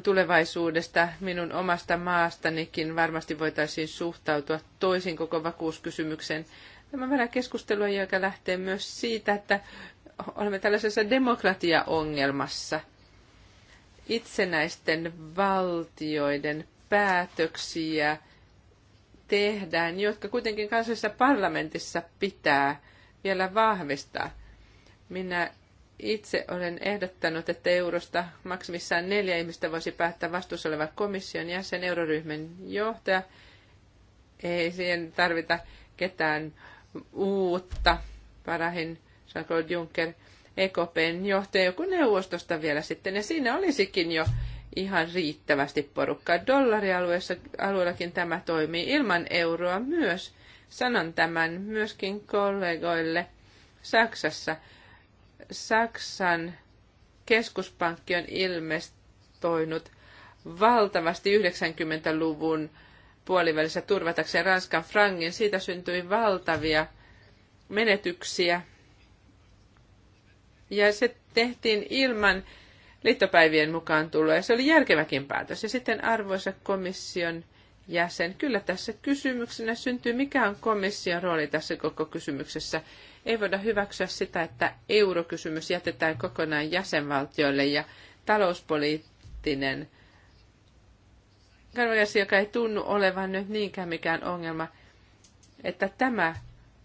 tulevaisuudesta minun omasta maastanikin varmasti voitaisiin suhtautua toisin koko vakuuskysymykseen. Tämä vähän keskustelua, joka lähtee myös siitä, että olemme tällaisessa demokratiaongelmassa. Itsenäisten valtioiden päätöksiä tehdään, jotka kuitenkin kansallisessa parlamentissa pitää vielä vahvistaa. Minä itse olen ehdottanut, että eurosta maksimissaan neljä ihmistä voisi päättää vastuussa oleva komission jäsen, euroryhmän johtaja. Ei siihen tarvita ketään uutta. Parahin Jean-Claude Juncker, EKPn johtaja, joku neuvostosta vielä sitten. Ja siinä olisikin jo ihan riittävästi porukkaa. Dollarialueellakin tämä toimii ilman euroa myös. Sanon tämän myöskin kollegoille Saksassa – Saksan keskuspankki on ilmestoinut valtavasti 90-luvun puolivälissä turvatakseen Ranskan frangin. Siitä syntyi valtavia menetyksiä. Ja se tehtiin ilman liittopäivien mukaan tuloa, ja se oli järkeväkin päätös. Ja sitten arvoisa komission jäsen, kyllä tässä kysymyksenä syntyy, mikä on komission rooli tässä koko kysymyksessä, ei voida hyväksyä sitä, että eurokysymys jätetään kokonaan jäsenvaltioille ja talouspoliittinen kanvakäsi, joka ei tunnu olevan nyt niinkään mikään ongelma, että tämä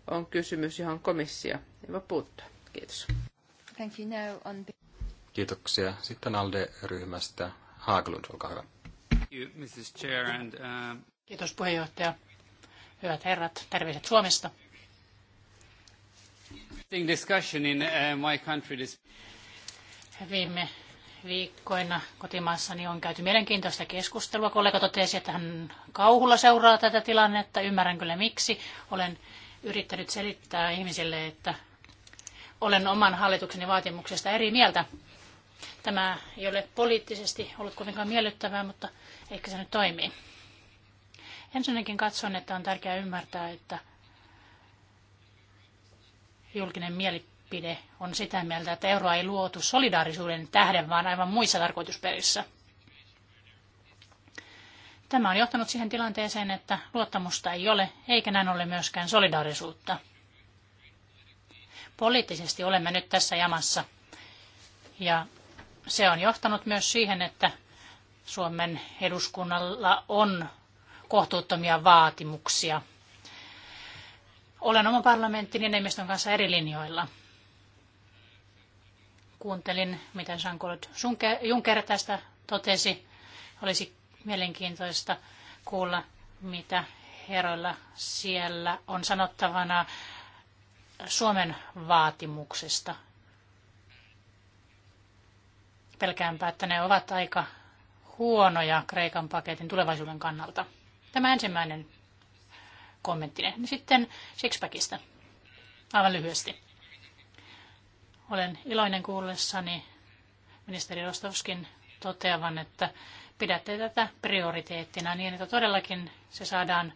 on kysymys, johon komissio ei voi puuttua. Kiitos. Thank you now on... Kiitoksia. Sitten ALDE-ryhmästä Haaglund, olkaa hyvä. Uh, Kiitos puheenjohtaja. Hyvät herrat, terveiset Suomesta. Discussion in uh, my country this... Viime viikkoina kotimaassani on käyty mielenkiintoista keskustelua. Kollega totesi, että hän kauhulla seuraa tätä tilannetta. Ymmärrän kyllä miksi. Olen yrittänyt selittää ihmisille, että olen oman hallitukseni vaatimuksesta eri mieltä. Tämä ei ole poliittisesti ollut kovinkaan miellyttävää, mutta ehkä se nyt toimii. Ensinnäkin katson, että on tärkeää ymmärtää, että julkinen mielipide on sitä mieltä, että euroa ei luotu solidaarisuuden tähden, vaan aivan muissa tarkoitusperissä. Tämä on johtanut siihen tilanteeseen, että luottamusta ei ole, eikä näin ole myöskään solidaarisuutta. Poliittisesti olemme nyt tässä jamassa. Ja se on johtanut myös siihen, että Suomen eduskunnalla on kohtuuttomia vaatimuksia olen oman parlamentin enemmistön kanssa eri linjoilla. Kuuntelin, mitä Jean-Claude Juncker tästä totesi. Olisi mielenkiintoista kuulla, mitä herroilla siellä on sanottavana Suomen vaatimuksesta. Pelkäänpä, että ne ovat aika huonoja Kreikan paketin tulevaisuuden kannalta. Tämä ensimmäinen kommenttinen. No sitten Sixpackista. Aivan lyhyesti. Olen iloinen kuullessani ministeri Rostovskin toteavan, että pidätte tätä prioriteettina niin, että todellakin se saadaan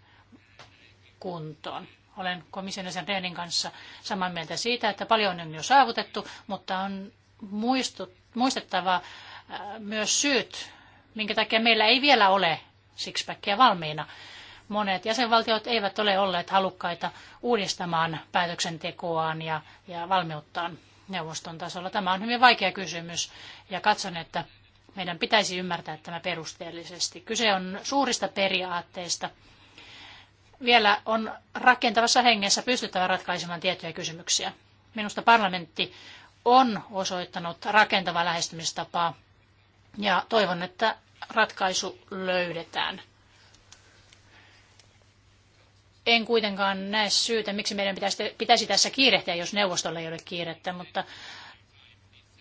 kuntoon. Olen komission jäsen Rehnin kanssa samaa mieltä siitä, että paljon on jo saavutettu, mutta on muistut, muistettava äh, myös syyt, minkä takia meillä ei vielä ole sixpackia valmiina monet jäsenvaltiot eivät ole olleet halukkaita uudistamaan päätöksentekoaan ja, ja valmiuttaan neuvoston tasolla. Tämä on hyvin vaikea kysymys ja katson, että meidän pitäisi ymmärtää tämä perusteellisesti. Kyse on suurista periaatteista. Vielä on rakentavassa hengessä pystyttävä ratkaisemaan tiettyjä kysymyksiä. Minusta parlamentti on osoittanut rakentavaa lähestymistapaa ja toivon, että ratkaisu löydetään en kuitenkaan näe syytä, miksi meidän pitäisi, pitäisi tässä kiirehtiä, jos neuvostolla ei ole kiirettä, mutta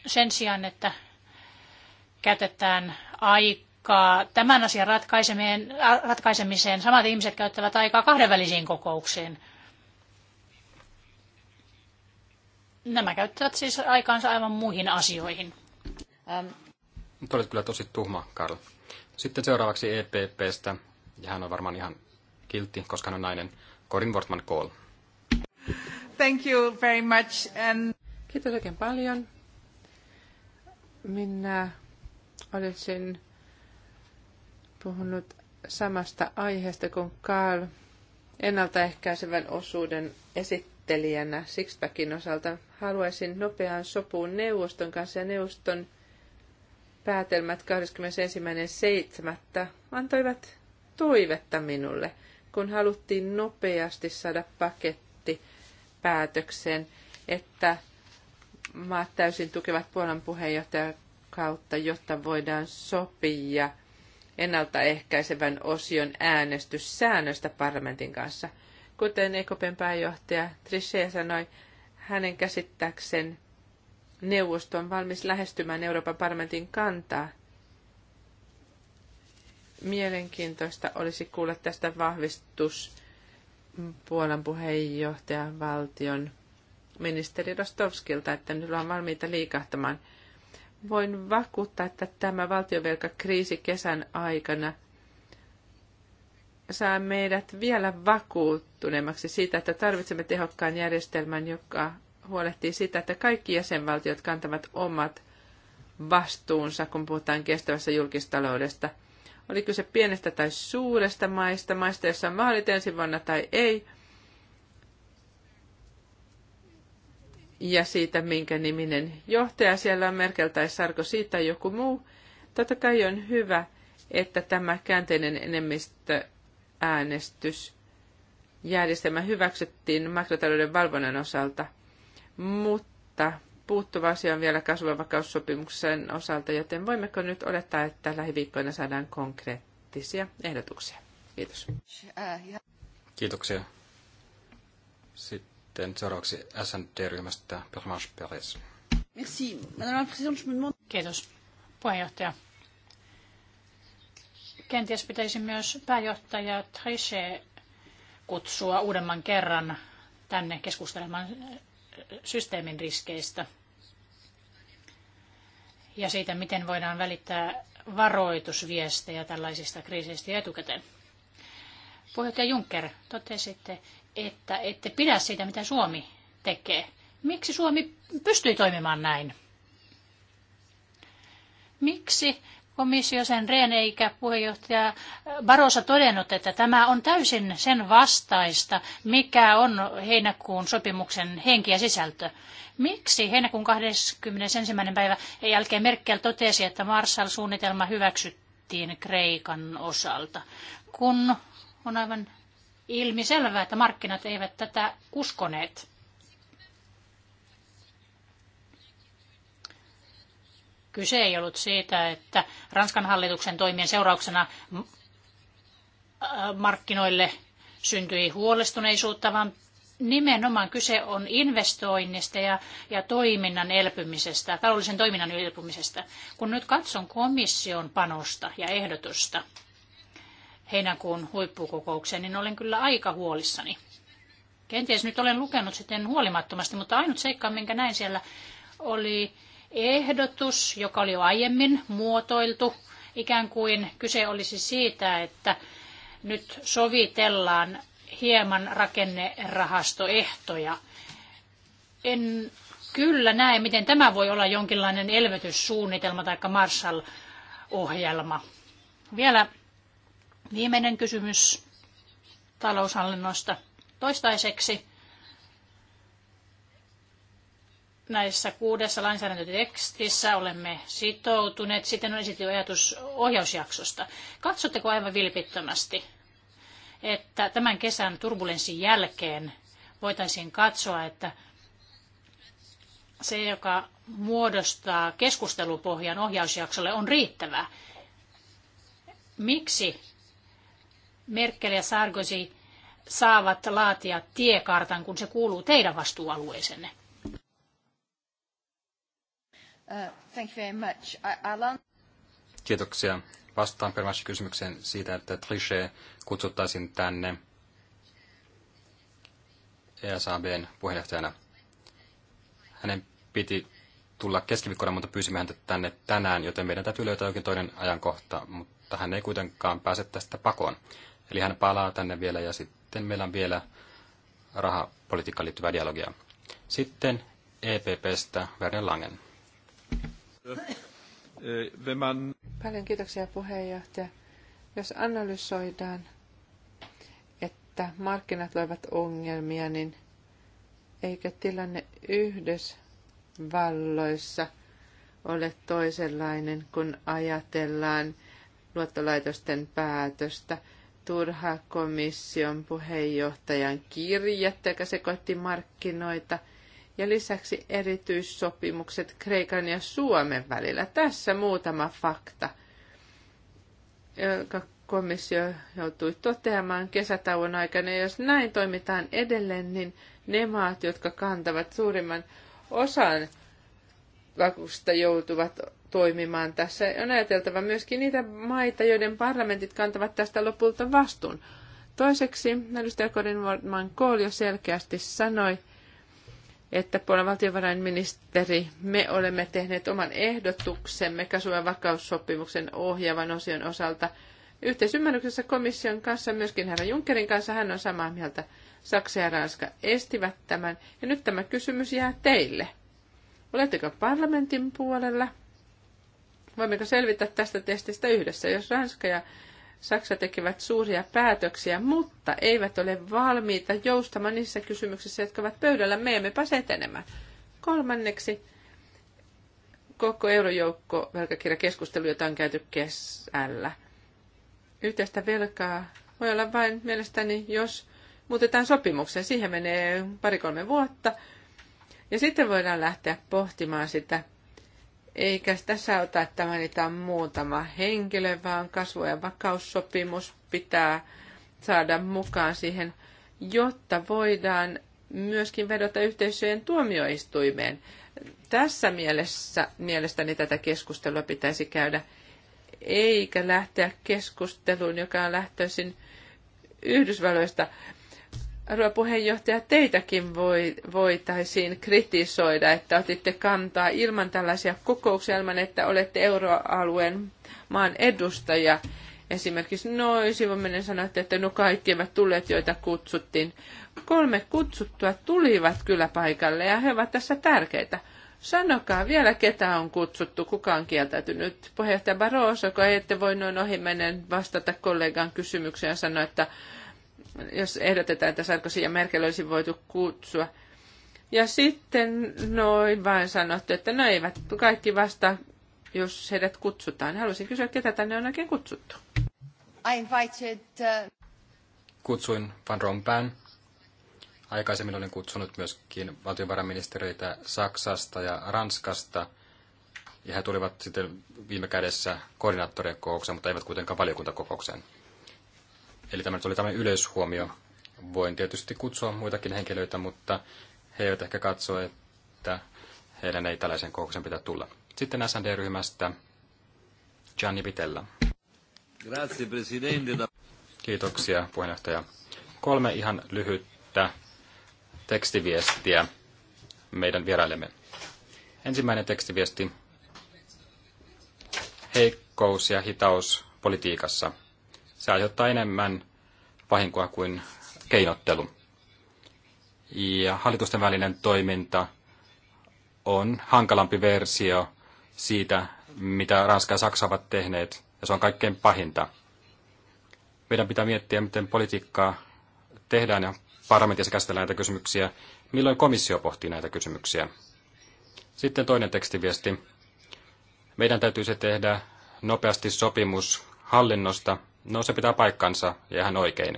sen sijaan, että käytetään aikaa tämän asian ratkaisemiseen, ratkaisemiseen samat ihmiset käyttävät aikaa kahdenvälisiin kokouksiin. Nämä käyttävät siis aikaansa aivan muihin asioihin. Ähm. Olet kyllä tosi tuhma, Karl. Sitten seuraavaksi EPPstä, ja hän on varmaan ihan kiltti, koska hän on nainen. Corin Wortman Kool. Thank you very much. And... Kiitos oikein paljon. Minä olisin puhunut samasta aiheesta kuin Karl ennaltaehkäisevän osuuden esittelijänä Sixpackin osalta. Haluaisin nopeaan sopuun neuvoston kanssa ja neuvoston päätelmät 21.7. antoivat toivetta minulle kun haluttiin nopeasti saada paketti päätökseen, että maat täysin tukevat Puolan puheenjohtajakautta, jotta voidaan sopia ennaltaehkäisevän osion äänestyssäännöstä parlamentin kanssa. Kuten EKPn pääjohtaja Trichet sanoi, hänen käsittääkseen neuvosto on valmis lähestymään Euroopan parlamentin kantaa Mielenkiintoista olisi kuulla tästä vahvistus Puolan puheenjohtajan valtion ministeri Rostovskilta, että nyt ollaan valmiita liikahtamaan. Voin vakuuttaa, että tämä valtiovelkakriisi kesän aikana saa meidät vielä vakuuttuneemmaksi siitä, että tarvitsemme tehokkaan järjestelmän, joka huolehtii sitä, että kaikki jäsenvaltiot kantavat omat vastuunsa, kun puhutaan kestävässä julkistaloudesta – oli kyse pienestä tai suuresta maista, maista, jossa on vaalit ensi vuonna tai ei. Ja siitä, minkä niminen johtaja siellä on Merkel tai siitä tai joku muu. Totta kai on hyvä, että tämä käänteinen enemmistöäänestysjärjestelmä hyväksyttiin makrotalouden valvonnan osalta, mutta puuttuva asia on vielä kasvavakaussopimuksen osalta, joten voimmeko nyt olettaa, että lähiviikkoina saadaan konkreettisia ehdotuksia? Kiitos. Kiitoksia. Sitten seuraavaksi SND-ryhmästä Permanche Perez. Merci. Madame la Présidente, je me demande... Kiitos. Puheenjohtaja. Kenties pitäisi myös pääjohtaja Trichet kutsua uudemman kerran tänne keskustelemaan systeemin riskeistä ja siitä, miten voidaan välittää varoitusviestejä tällaisista kriiseistä etukäteen. Puheenjohtaja Juncker, totesitte, että ette pidä siitä, mitä Suomi tekee. Miksi Suomi pystyi toimimaan näin? Miksi komissio sen Rehn eikä puheenjohtaja Barossa todennut, että tämä on täysin sen vastaista, mikä on heinäkuun sopimuksen henki ja sisältö. Miksi heinäkuun 21. päivä jälkeen Merkel totesi, että Marshall-suunnitelma hyväksyttiin Kreikan osalta, kun on aivan ilmiselvää, että markkinat eivät tätä uskoneet. Kyse ei ollut siitä, että Ranskan hallituksen toimien seurauksena äh, markkinoille syntyi huolestuneisuutta, vaan nimenomaan kyse on investoinnista ja, ja toiminnan elpymisestä, taloudellisen toiminnan elpymisestä. Kun nyt katson komission panosta ja ehdotusta heinäkuun huippukokoukseen, niin olen kyllä aika huolissani. Kenties nyt olen lukenut sitten huolimattomasti, mutta ainut seikka, minkä näin siellä, oli ehdotus, joka oli jo aiemmin muotoiltu. Ikään kuin kyse olisi siitä, että nyt sovitellaan hieman rakennerahastoehtoja. En kyllä näe, miten tämä voi olla jonkinlainen elvytyssuunnitelma tai Marshall-ohjelma. Vielä viimeinen kysymys taloushallinnosta toistaiseksi. näissä kuudessa lainsäädäntötekstissä olemme sitoutuneet. Sitten on esitetty ajatus ohjausjaksosta. Katsotteko aivan vilpittömästi, että tämän kesän turbulenssin jälkeen voitaisiin katsoa, että se, joka muodostaa keskustelupohjan ohjausjaksolle, on riittävää. Miksi Merkel ja Sargosi saavat laatia tiekartan, kun se kuuluu teidän vastuualueeseenne? Uh, thank you very much. Kiitoksia. Vastaan perimmäiseen kysymykseen siitä, että Trichet kutsuttaisiin tänne ESABn puheenjohtajana. Hänen piti tulla keskiviikkona, mutta pyysimme häntä tänne tänään, joten meidän täytyy löytää jokin toinen ajankohta, mutta hän ei kuitenkaan pääse tästä pakoon. Eli hän palaa tänne vielä ja sitten meillä on vielä rahapolitiikkaan liittyvää dialogia. Sitten EPPstä Werner Langen wenn eh, Paljon kiitoksia puheenjohtaja. Jos analysoidaan, että markkinat loivat ongelmia, niin eikö tilanne Yhdysvalloissa ole toisenlainen, kun ajatellaan luottolaitosten päätöstä? Turha komission puheenjohtajan kirjettä, joka sekoitti markkinoita – ja lisäksi erityissopimukset Kreikan ja Suomen välillä. Tässä muutama fakta, joka komissio joutui toteamaan kesätauon aikana. Ja jos näin toimitaan edelleen, niin ne maat, jotka kantavat suurimman osan vakuusta, joutuvat toimimaan tässä. On ajateltava myöskin niitä maita, joiden parlamentit kantavat tästä lopulta vastuun. Toiseksi edustaja Kodin Wardman Kool jo selkeästi sanoi, että Puolan valtiovarainministeri, me olemme tehneet oman ehdotuksemme kasvavan vakaussopimuksen ohjaavan osion osalta. Yhteisymmärryksessä komission kanssa, myöskin herra Junckerin kanssa, hän on samaa mieltä. Saksa ja Ranska estivät tämän, ja nyt tämä kysymys jää teille. Oletteko parlamentin puolella? Voimmeko selvitä tästä testistä yhdessä, jos Ranska ja Saksa tekevät suuria päätöksiä, mutta eivät ole valmiita joustamaan niissä kysymyksissä, jotka ovat pöydällä. Me emme pääse etenemään. Kolmanneksi koko eurojoukko velkakirjakeskustelu, jota on käyty kesällä. Yhteistä velkaa voi olla vain mielestäni, jos muutetaan sopimukseen. Siihen menee pari-kolme vuotta. Ja sitten voidaan lähteä pohtimaan sitä, eikä tässä ota, että mainitaan muutama henkilö, vaan kasvu- ja vakaussopimus pitää saada mukaan siihen, jotta voidaan myöskin vedota yhteisöjen tuomioistuimeen. Tässä mielessä mielestäni tätä keskustelua pitäisi käydä, eikä lähteä keskusteluun, joka on lähtöisin Yhdysvalloista rouva puheenjohtaja, teitäkin voi, voitaisiin kritisoida, että otitte kantaa ilman tällaisia kokouksia, ilman että olette euroalueen maan edustaja. Esimerkiksi noin sivuminen sanoitte, että no kaikki eivät tulleet, joita kutsuttiin. Kolme kutsuttua tulivat kyllä paikalle ja he ovat tässä tärkeitä. Sanokaa vielä, ketä on kutsuttu, kuka on kieltäytynyt. Puheenjohtaja Barroso, kun ette voi noin ohi menen vastata kollegan kysymykseen ja sanoa, että jos ehdotetaan, että Sarkozy ja Merkel olisi voitu kutsua. Ja sitten noin vain sanottu, että no eivät kaikki vastaa, jos heidät kutsutaan. Haluaisin kysyä, ketä tänne on oikein kutsuttu. I invited, uh... Kutsuin Van Rompään. Aikaisemmin olin kutsunut myöskin valtiovarainministeriöitä Saksasta ja Ranskasta. Ja he tulivat sitten viime kädessä koordinaattorien kokoukseen, mutta eivät kuitenkaan valiokuntakokoukseen. Eli tämä nyt oli tämmöinen yleishuomio. Voin tietysti kutsua muitakin henkilöitä, mutta he eivät ehkä katso, että heidän ei tällaisen kokouksen pitää tulla. Sitten SND-ryhmästä Gianni Pitella. Grazie, presidente. Kiitoksia, puheenjohtaja. Kolme ihan lyhyttä tekstiviestiä meidän vierailemme. Ensimmäinen tekstiviesti. Heikkous ja hitaus politiikassa – se aiheuttaa enemmän vahinkoa kuin keinottelu. Ja hallitusten välinen toiminta on hankalampi versio siitä, mitä Ranska ja Saksa ovat tehneet, ja se on kaikkein pahinta. Meidän pitää miettiä, miten politiikkaa tehdään ja parlamentissa käsitellään näitä kysymyksiä, milloin komissio pohtii näitä kysymyksiä. Sitten toinen tekstiviesti. Meidän täytyisi tehdä nopeasti sopimus hallinnosta No se pitää paikkansa ja ihan oikein.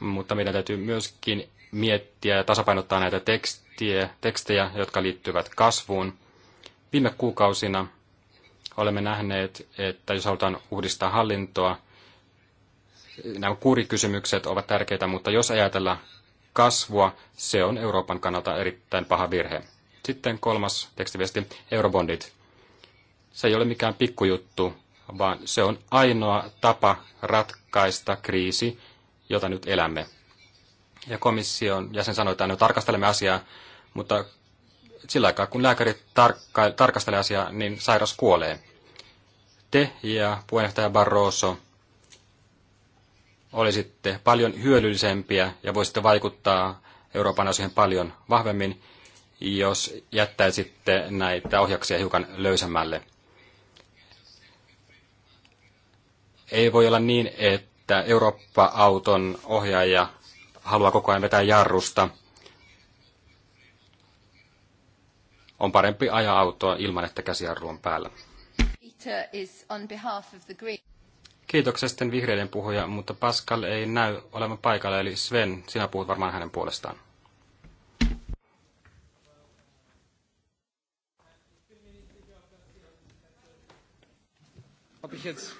Mutta meidän täytyy myöskin miettiä ja tasapainottaa näitä tekstiä, tekstejä, jotka liittyvät kasvuun. Viime kuukausina olemme nähneet, että jos halutaan uudistaa hallintoa, nämä kurikysymykset ovat tärkeitä, mutta jos ajatella kasvua, se on Euroopan kannalta erittäin paha virhe. Sitten kolmas tekstiviesti, eurobondit. Se ei ole mikään pikkujuttu, vaan se on ainoa tapa ratkaista kriisi, jota nyt elämme. Ja komission jäsen sanoi, että aina no, tarkastelemme asiaa, mutta sillä aikaa kun lääkäri tarkka- tarkastelee asiaa, niin sairas kuolee. Te ja puheenjohtaja Barroso olisitte paljon hyödyllisempiä ja voisitte vaikuttaa Euroopan asioihin paljon vahvemmin, jos jättäisitte näitä ohjaksia hiukan löysemmälle. Ei voi olla niin, että Eurooppa-auton ohjaaja haluaa koko ajan vetää jarrusta. On parempi ajaa autoa ilman, että käsijarru on päällä. Kiitoksia sitten vihreiden puhuja, mutta Pascal ei näy olevan paikalla, eli Sven, sinä puhut varmaan hänen puolestaan. Ob ich jetzt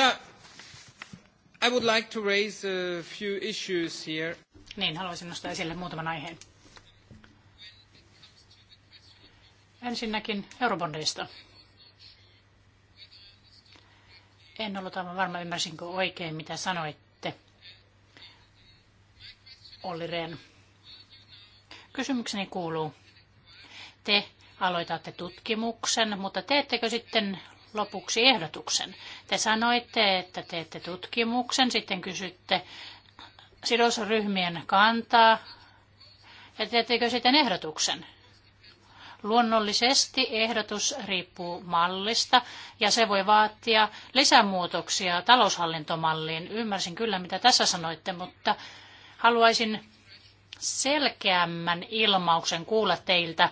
I would like to raise a few issues here. Niin, haluaisin nostaa esille muutaman aiheen. Ensinnäkin eurobondeista. En ollut aivan varma, ymmärsinkö oikein, mitä sanoitte, Olli Rehn. Kysymykseni kuuluu, te aloitatte tutkimuksen, mutta teettekö sitten lopuksi ehdotuksen. Te sanoitte, että teette tutkimuksen, sitten kysytte sidosryhmien kantaa ja teettekö sitten ehdotuksen. Luonnollisesti ehdotus riippuu mallista ja se voi vaatia lisämuutoksia taloushallintomalliin. Ymmärsin kyllä, mitä tässä sanoitte, mutta haluaisin selkeämmän ilmauksen kuulla teiltä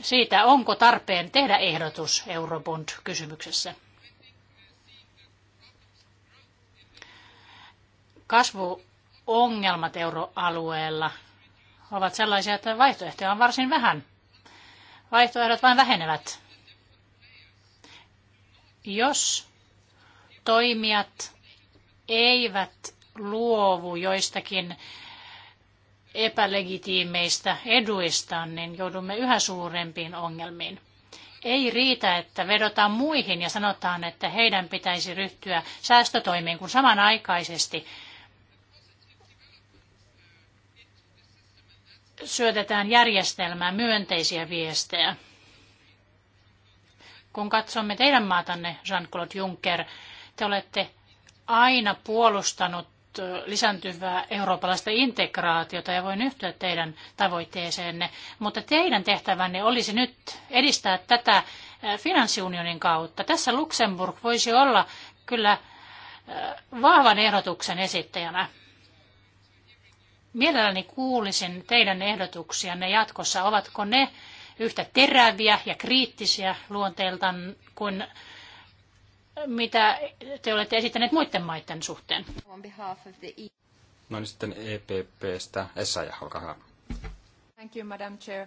siitä, onko tarpeen tehdä ehdotus Eurobond-kysymyksessä. Kasvuongelmat euroalueella ovat sellaisia, että vaihtoehtoja on varsin vähän. Vaihtoehdot vain vähenevät. Jos toimijat eivät luovu joistakin epälegitiimeistä eduistaan, niin joudumme yhä suurempiin ongelmiin. Ei riitä, että vedotaan muihin ja sanotaan, että heidän pitäisi ryhtyä säästötoimiin, kun samanaikaisesti syötetään järjestelmään myönteisiä viestejä. Kun katsomme teidän maatanne, Jean-Claude Juncker, te olette aina puolustanut lisääntyvää eurooppalaista integraatiota ja voin yhtyä teidän tavoitteeseenne, mutta teidän tehtävänne olisi nyt edistää tätä finanssiunionin kautta. Tässä Luxemburg voisi olla kyllä vahvan ehdotuksen esittäjänä. Mielelläni kuulisin teidän ehdotuksianne jatkossa. Ovatko ne yhtä teräviä ja kriittisiä luonteeltaan kuin mitä te olette esittäneet muiden maiden suhteen? E- no niin sitten EPPstä Essa olkaa hyvä. Thank you, Madam Chair.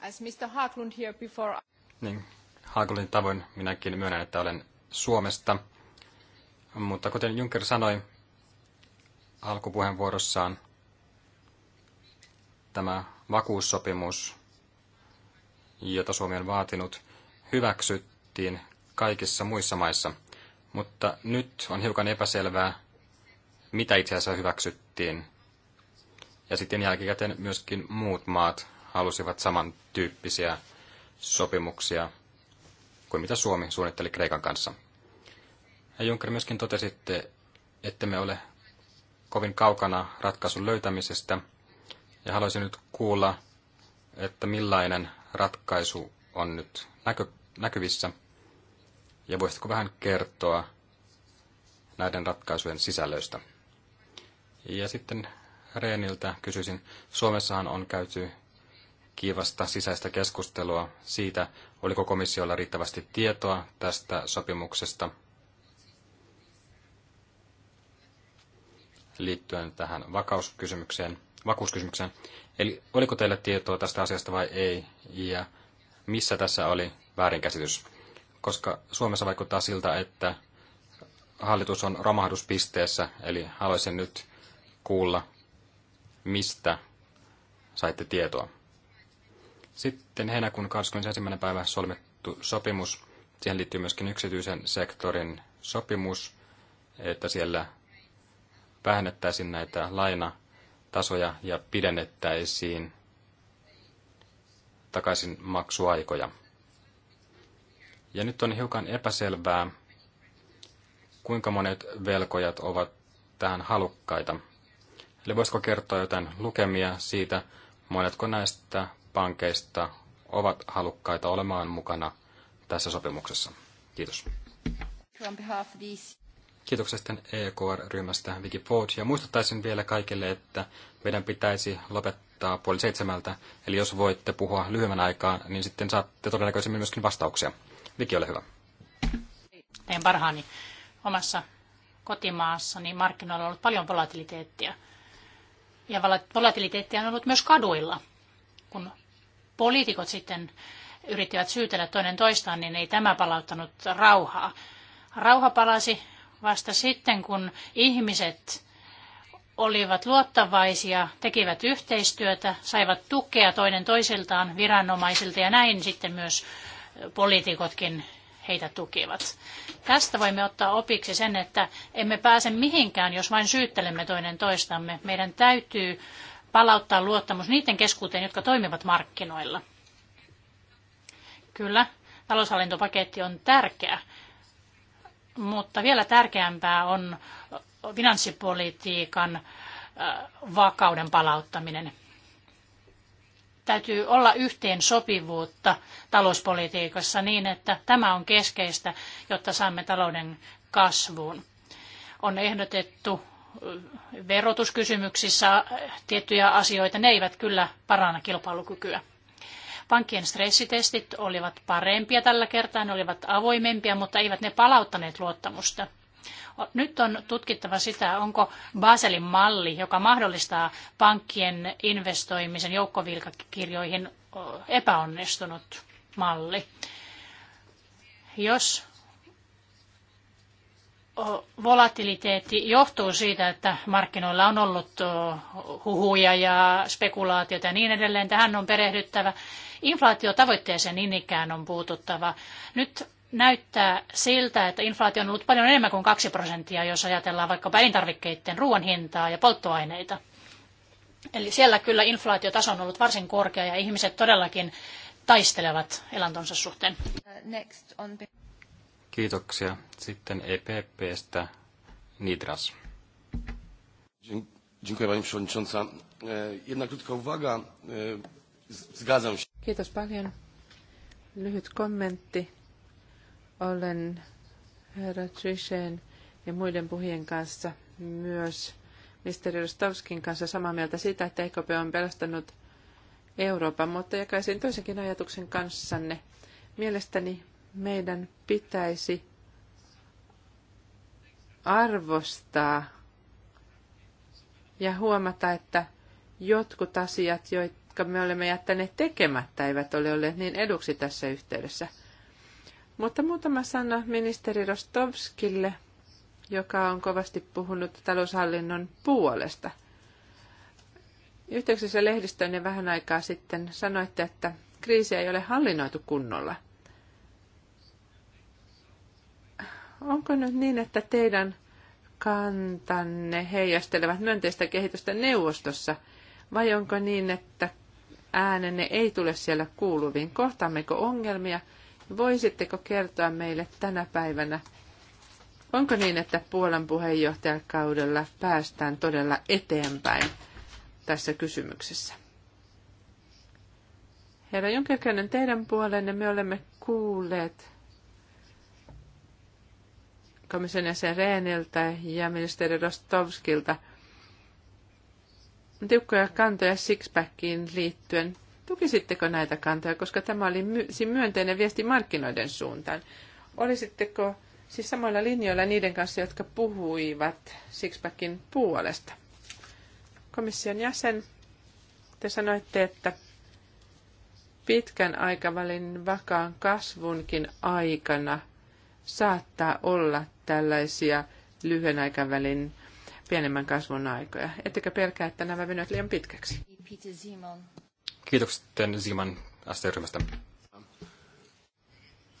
As Mr. Haglund here before... Niin, Haglundin tavoin minäkin myönnän, että olen Suomesta. Mutta kuten Juncker sanoi alkupuheenvuorossaan, tämä vakuussopimus, jota Suomi on vaatinut, hyväksyttiin kaikissa muissa maissa, mutta nyt on hiukan epäselvää, mitä itse asiassa hyväksyttiin. Ja sitten jälkikäteen myöskin muut maat halusivat samantyyppisiä sopimuksia kuin mitä Suomi suunnitteli Kreikan kanssa. Ja Juncker myöskin totesitte, että me ole kovin kaukana ratkaisun löytämisestä, ja haluaisin nyt kuulla, että millainen ratkaisu on nyt näkö, näkyvissä – ja voisitko vähän kertoa näiden ratkaisujen sisällöstä? Ja sitten Reeniltä kysyisin, Suomessahan on käyty kiivasta sisäistä keskustelua siitä, oliko komissiolla riittävästi tietoa tästä sopimuksesta liittyen tähän vakauskysymykseen, vakuuskysymykseen. Eli oliko teillä tietoa tästä asiasta vai ei, ja missä tässä oli väärinkäsitys? koska Suomessa vaikuttaa siltä, että hallitus on romahduspisteessä, eli haluaisin nyt kuulla, mistä saitte tietoa. Sitten heinäkuun 21. päivä solmittu sopimus. Siihen liittyy myöskin yksityisen sektorin sopimus, että siellä vähennettäisiin näitä lainatasoja ja pidennettäisiin takaisin maksuaikoja. Ja nyt on hiukan epäselvää, kuinka monet velkojat ovat tähän halukkaita. Eli voisiko kertoa jotain lukemia siitä, monetko näistä pankeista ovat halukkaita olemaan mukana tässä sopimuksessa. Kiitos. Kiitokset sitten EKR-ryhmästä Vicky Ford. Ja muistuttaisin vielä kaikille, että meidän pitäisi lopettaa puoli seitsemältä. Eli jos voitte puhua lyhyemmän aikaa, niin sitten saatte todennäköisemmin myöskin vastauksia. Viki, ole hyvä. Teen parhaani. Omassa kotimaassani markkinoilla on ollut paljon volatiliteettia. Ja volatiliteettia on ollut myös kaduilla. Kun poliitikot sitten yrittivät syytellä toinen toistaan, niin ei tämä palauttanut rauhaa. Rauha palasi vasta sitten, kun ihmiset olivat luottavaisia, tekivät yhteistyötä, saivat tukea toinen toisiltaan viranomaisilta ja näin sitten myös poliitikotkin heitä tukivat. Tästä voimme ottaa opiksi sen, että emme pääse mihinkään, jos vain syyttelemme toinen toistamme. Meidän täytyy palauttaa luottamus niiden keskuuteen, jotka toimivat markkinoilla. Kyllä, taloushallintopaketti on tärkeä, mutta vielä tärkeämpää on finanssipolitiikan äh, vakauden palauttaminen täytyy olla yhteen sopivuutta talouspolitiikassa niin, että tämä on keskeistä, jotta saamme talouden kasvuun. On ehdotettu verotuskysymyksissä tiettyjä asioita, ne eivät kyllä paranna kilpailukykyä. Pankkien stressitestit olivat parempia tällä kertaa, ne olivat avoimempia, mutta eivät ne palauttaneet luottamusta. Nyt on tutkittava sitä, onko Baselin malli, joka mahdollistaa pankkien investoimisen joukkovilkakirjoihin, epäonnistunut malli. Jos volatiliteetti johtuu siitä, että markkinoilla on ollut huhuja ja spekulaatiota ja niin edelleen. Tähän on perehdyttävä. Inflaatiotavoitteeseen niin ikään on puututtava. Nyt näyttää siltä, että inflaatio on ollut paljon enemmän kuin 2 prosenttia, jos ajatellaan vaikkapa elintarvikkeiden ruoan hintaa ja polttoaineita. Eli siellä kyllä inflaatiotaso on ollut varsin korkea ja ihmiset todellakin taistelevat elantonsa suhteen. Next on... Kiitoksia. Sitten EPPstä Nidras. Dziękuję Pani Przewodnicząca. E, jedna krótka uwaga. E, Kiitos paljon. Lyhyt kommentti olen herra Trisheen ja muiden puhien kanssa myös ministeri Rostovskin kanssa samaa mieltä siitä, että EKP on pelastanut Euroopan, mutta jakaisin toisenkin ajatuksen kanssanne. Mielestäni meidän pitäisi arvostaa ja huomata, että jotkut asiat, jotka me olemme jättäneet tekemättä, eivät ole olleet niin eduksi tässä yhteydessä – mutta muutama sana ministeri Rostovskille, joka on kovasti puhunut taloushallinnon puolesta. Yhteyksissä lehdistöön vähän aikaa sitten sanoitte, että kriisiä ei ole hallinnoitu kunnolla. Onko nyt niin, että teidän kantanne heijastelevat myönteistä kehitystä neuvostossa, vai onko niin, että äänenne ei tule siellä kuuluviin? Kohtaammeko ongelmia – Voisitteko kertoa meille tänä päivänä, onko niin, että Puolan puheenjohtajakaudella päästään todella eteenpäin tässä kysymyksessä? Herra Junkerkäinen, teidän puolenne me olemme kuulleet komission jäsen reeneltä ja ministeri Rostovskilta tiukkoja kantoja sixpackiin liittyen. Tukisitteko näitä kantoja, koska tämä oli myönteinen viesti markkinoiden suuntaan? Olisitteko siis samoilla linjoilla niiden kanssa, jotka puhuivat Sixpackin puolesta? Komission jäsen, te sanoitte, että pitkän aikavälin vakaan kasvunkin aikana saattaa olla tällaisia lyhyen aikavälin pienemmän kasvun aikoja. Ettekö pelkää, että nämä venyvät liian pitkäksi? Peter Simon. Kiitokset Ziman ST-ryhmästä.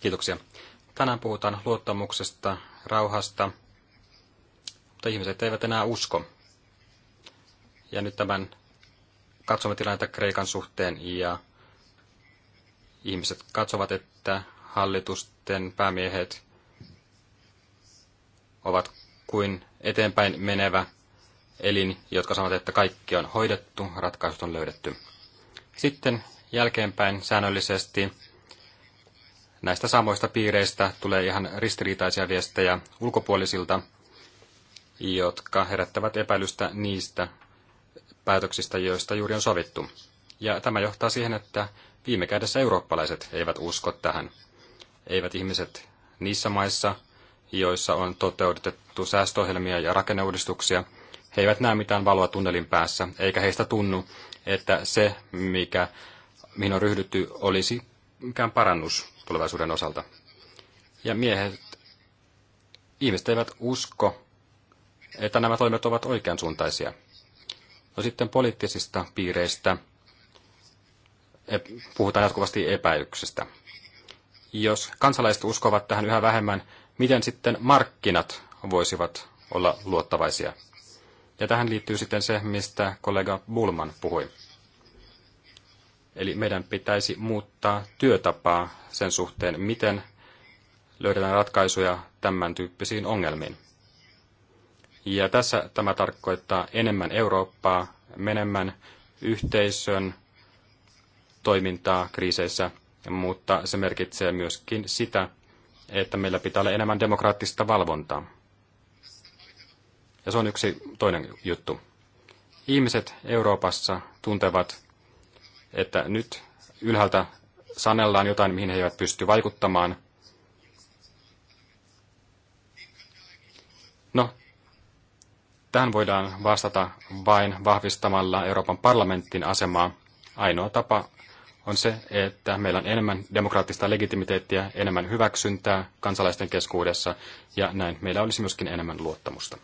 Kiitoksia. Tänään puhutaan luottamuksesta, rauhasta, mutta ihmiset eivät enää usko. Ja nyt tämän katsomme tilannetta Kreikan suhteen ja ihmiset katsovat, että hallitusten päämiehet ovat kuin eteenpäin menevä elin, jotka sanovat, että kaikki on hoidettu, ratkaisut on löydetty. Sitten jälkeenpäin säännöllisesti näistä samoista piireistä tulee ihan ristiriitaisia viestejä ulkopuolisilta, jotka herättävät epäilystä niistä päätöksistä, joista juuri on sovittu. Ja tämä johtaa siihen, että viime kädessä eurooppalaiset eivät usko tähän. Eivät ihmiset niissä maissa, joissa on toteutettu säästöohjelmia ja rakenneuudistuksia – he eivät näe mitään valoa tunnelin päässä, eikä heistä tunnu, että se, mikä, mihin on ryhdytty, olisi mikään parannus tulevaisuuden osalta. Ja miehet, ihmiset eivät usko, että nämä toimet ovat oikeansuuntaisia. No sitten poliittisista piireistä e, puhutaan jatkuvasti epäyksestä. Jos kansalaiset uskovat tähän yhä vähemmän, miten sitten markkinat voisivat olla luottavaisia? Ja tähän liittyy sitten se, mistä kollega Bulman puhui. Eli meidän pitäisi muuttaa työtapaa sen suhteen, miten löydetään ratkaisuja tämän tyyppisiin ongelmiin. Ja tässä tämä tarkoittaa enemmän Eurooppaa, menemmän yhteisön toimintaa kriiseissä, mutta se merkitsee myöskin sitä, että meillä pitää olla enemmän demokraattista valvontaa. Ja se on yksi toinen juttu. Ihmiset Euroopassa tuntevat, että nyt ylhäältä sanellaan jotain, mihin he eivät pysty vaikuttamaan. No, tähän voidaan vastata vain vahvistamalla Euroopan parlamentin asemaa. Ainoa tapa on se, että meillä on enemmän demokraattista legitimiteettiä, enemmän hyväksyntää kansalaisten keskuudessa, ja näin meillä olisi myöskin enemmän luottamusta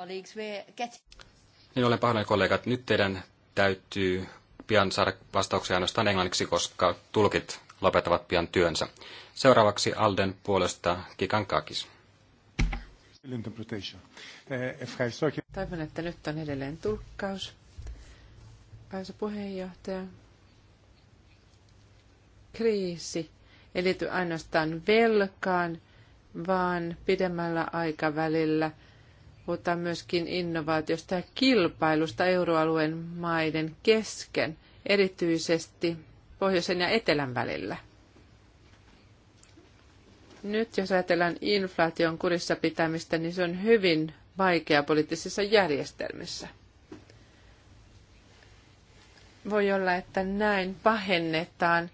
colleagues, we're getting... Niin olen pahoillani kollegat. Nyt teidän täytyy pian saada vastauksia ainoastaan englanniksi, koska tulkit lopettavat pian työnsä. Seuraavaksi Alden puolesta Kikan Kakis. Eh, Toivon, että nyt on edelleen tulkkaus. Arvoisa puheenjohtaja, kriisi ei liity ainoastaan velkaan, vaan pidemmällä aikavälillä – puhutaan myöskin innovaatiosta ja kilpailusta euroalueen maiden kesken, erityisesti pohjoisen ja etelän välillä. Nyt jos ajatellaan inflaation kurissa pitämistä, niin se on hyvin vaikea poliittisissa järjestelmissä. Voi olla, että näin pahennetaan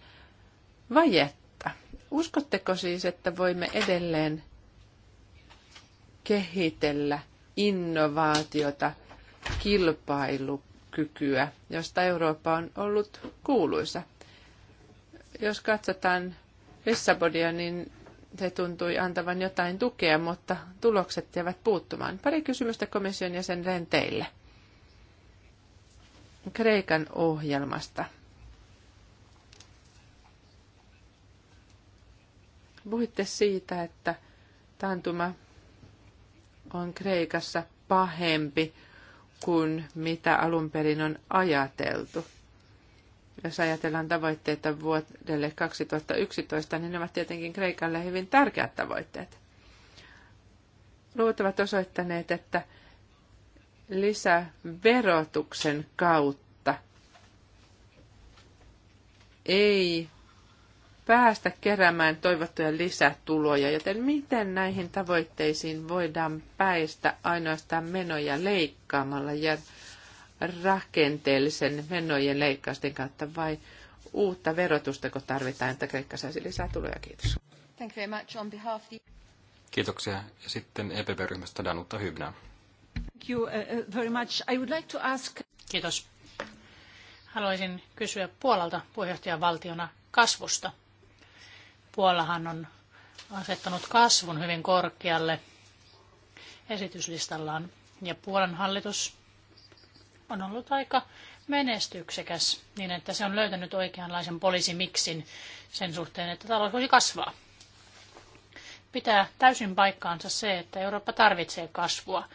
vajetta. Uskotteko siis, että voimme edelleen kehitellä – innovaatiota, kilpailukykyä, josta Eurooppa on ollut kuuluisa. Jos katsotaan Lissabonia, niin se tuntui antavan jotain tukea, mutta tulokset jäävät puuttumaan. Pari kysymystä komission jäsen teille. Kreikan ohjelmasta. Puhuitte siitä, että taantuma on Kreikassa pahempi kuin mitä alun perin on ajateltu. Jos ajatellaan tavoitteita vuodelle 2011, niin ne ovat tietenkin Kreikalle hyvin tärkeät tavoitteet. Luvut ovat osoittaneet, että lisäverotuksen kautta ei päästä keräämään toivottuja lisätuloja, joten miten näihin tavoitteisiin voidaan päästä ainoastaan menoja leikkaamalla ja rakenteellisen menojen leikkausten kautta vai uutta verotusta, kun tarvitaan, että Kreikka saisi lisää tuloja? Kiitos. Thank you very much on behalf the... Kiitoksia. Ja sitten EPP-ryhmästä Danutta Hybnä. Thank you uh, uh, very much. I would like to ask... Kiitos. Haluaisin kysyä Puolalta puheenjohtajavaltiona kasvusta. Puolahan on asettanut kasvun hyvin korkealle esityslistallaan. Ja Puolan hallitus on ollut aika menestyksekäs niin, että se on löytänyt oikeanlaisen poliisimiksin sen suhteen, että talous voisi kasvaa. Pitää täysin paikkaansa se, että Eurooppa tarvitsee kasvua.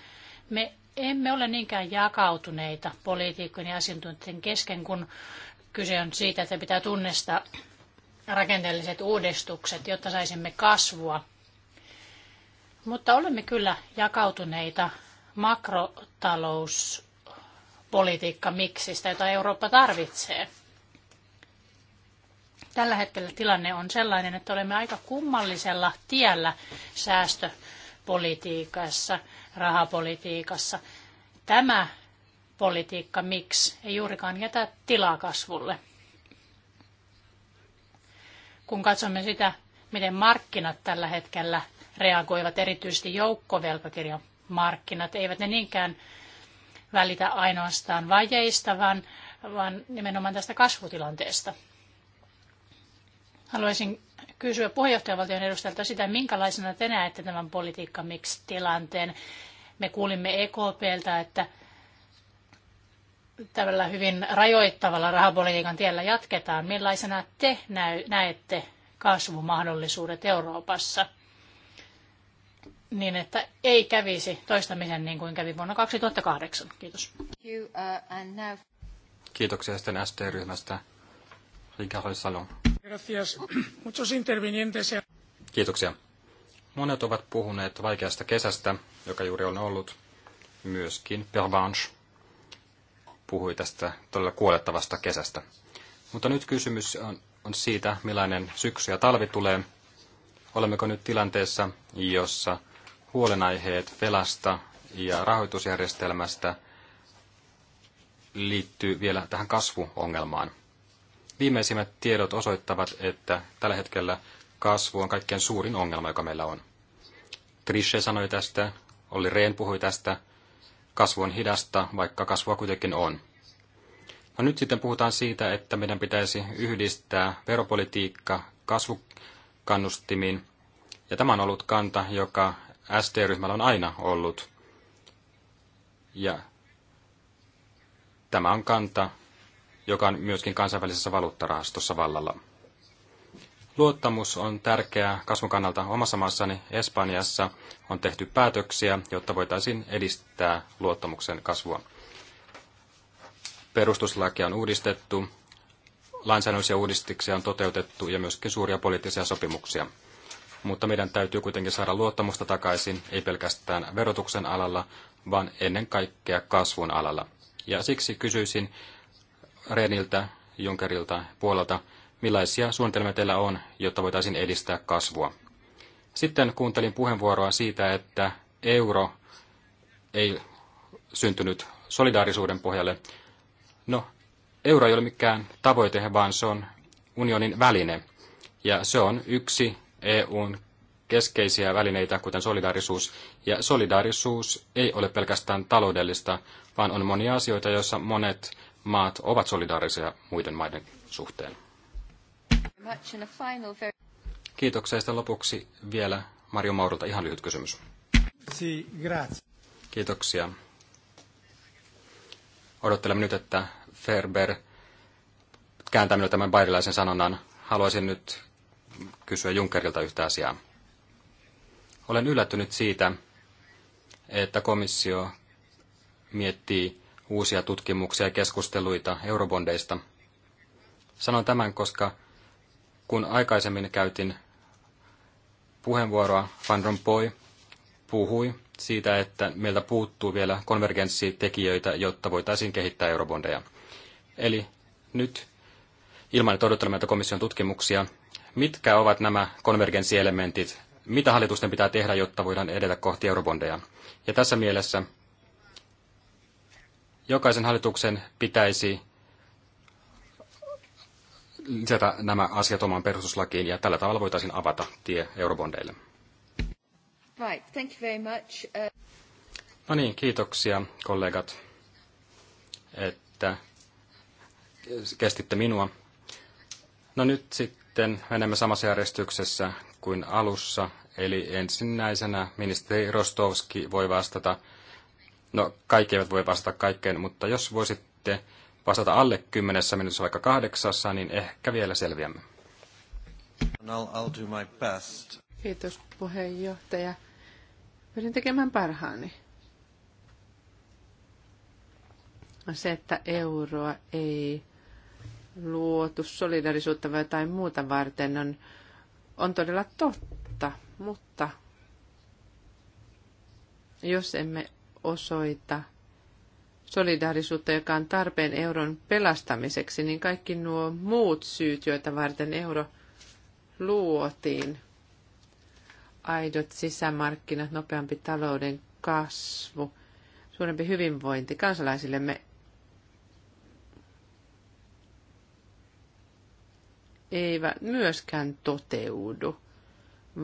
Me emme ole niinkään jakautuneita poliitikkojen ja asiantuntijoiden kesken, kun kyse on siitä, että pitää tunnistaa, rakenteelliset uudistukset, jotta saisimme kasvua. Mutta olemme kyllä jakautuneita makrotalouspolitiikka-miksistä, jota Eurooppa tarvitsee. Tällä hetkellä tilanne on sellainen, että olemme aika kummallisella tiellä säästöpolitiikassa, rahapolitiikassa. Tämä politiikka miksi ei juurikaan jätä tilaa kasvulle kun katsomme sitä, miten markkinat tällä hetkellä reagoivat, erityisesti joukkovelkakirjamarkkinat, eivät ne niinkään välitä ainoastaan vajeista, vaan, vaan nimenomaan tästä kasvutilanteesta. Haluaisin kysyä puheenjohtajavaltion edustajalta sitä, minkälaisena te näette tämän miksi tilanteen. Me kuulimme EKPltä, että tällä hyvin rajoittavalla rahapolitiikan tiellä jatketaan, millaisena te näette kasvumahdollisuudet Euroopassa niin, että ei kävisi toistamisen niin kuin kävi vuonna 2008? Kiitos. Uh, Kiitoksia sitten ST-ryhmästä. Kiitoksia. Monet ovat puhuneet vaikeasta kesästä, joka juuri on ollut, myöskin Pervanche puhui tästä todella kuolettavasta kesästä. Mutta nyt kysymys on, on siitä, millainen syksy ja talvi tulee. Olemmeko nyt tilanteessa, jossa huolenaiheet velasta ja rahoitusjärjestelmästä liittyy vielä tähän kasvuongelmaan. Viimeisimmät tiedot osoittavat, että tällä hetkellä kasvu on kaikkein suurin ongelma, joka meillä on. Trisse sanoi tästä, Olli Rehn puhui tästä, kasvu on hidasta, vaikka kasvua kuitenkin on. No nyt sitten puhutaan siitä, että meidän pitäisi yhdistää veropolitiikka kasvukannustimiin. Ja tämä on ollut kanta, joka ST-ryhmällä on aina ollut. Ja tämä on kanta, joka on myöskin kansainvälisessä valuuttarahastossa vallalla. Luottamus on tärkeää kasvun kannalta omassa maassani Espanjassa. On tehty päätöksiä, jotta voitaisiin edistää luottamuksen kasvua. Perustuslakia on uudistettu, lainsäädännöllisiä uudistuksia on toteutettu ja myöskin suuria poliittisia sopimuksia. Mutta meidän täytyy kuitenkin saada luottamusta takaisin, ei pelkästään verotuksen alalla, vaan ennen kaikkea kasvun alalla. Ja siksi kysyisin Reniltä, Junkerilta puolelta, millaisia suunnitelmia teillä on, jotta voitaisiin edistää kasvua. Sitten kuuntelin puheenvuoroa siitä, että euro ei syntynyt solidaarisuuden pohjalle. No, euro ei ole mikään tavoite, vaan se on unionin väline. Ja se on yksi EUn keskeisiä välineitä, kuten solidaarisuus. Ja solidaarisuus ei ole pelkästään taloudellista, vaan on monia asioita, joissa monet maat ovat solidaarisia muiden maiden suhteen. Kiitoksia. Sitten lopuksi vielä Mario Maurulta ihan lyhyt kysymys. Kiitoksia. Odottelemme nyt, että Ferber kääntää minulle tämän bairilaisen sanonnan. Haluaisin nyt kysyä Junckerilta yhtä asiaa. Olen yllättynyt siitä, että komissio miettii uusia tutkimuksia ja keskusteluita eurobondeista. Sanon tämän, koska kun aikaisemmin käytin puheenvuoroa, Van Rompuy puhui siitä, että meiltä puuttuu vielä konvergenssitekijöitä, jotta voitaisiin kehittää eurobondeja. Eli nyt, ilman että odottelemme komission tutkimuksia, mitkä ovat nämä konvergenssielementit, mitä hallitusten pitää tehdä, jotta voidaan edetä kohti eurobondeja. Ja tässä mielessä jokaisen hallituksen pitäisi lisätä nämä asiat omaan perustuslakiin ja tällä tavalla voitaisiin avata tie eurobondeille. Right, thank you very much. Uh... No niin, kiitoksia kollegat, että kestitte minua. No nyt sitten menemme samassa järjestyksessä kuin alussa, eli ensinnäisenä ministeri Rostovski voi vastata. No kaikki eivät voi vastata kaikkeen, mutta jos voisitte vastata alle kymmenessä minuutissa, vaikka kahdeksassa, niin ehkä vielä selviämme. Kiitos puheenjohtaja. Pyrin tekemään parhaani. Se, että euroa ei luotu solidarisuutta tai jotain muuta varten on, on todella totta, mutta jos emme osoita – solidaarisuutta, joka on tarpeen euron pelastamiseksi, niin kaikki nuo muut syyt, joita varten euro luotiin, aidot sisämarkkinat, nopeampi talouden kasvu, suurempi hyvinvointi kansalaisillemme, eivät myöskään toteudu,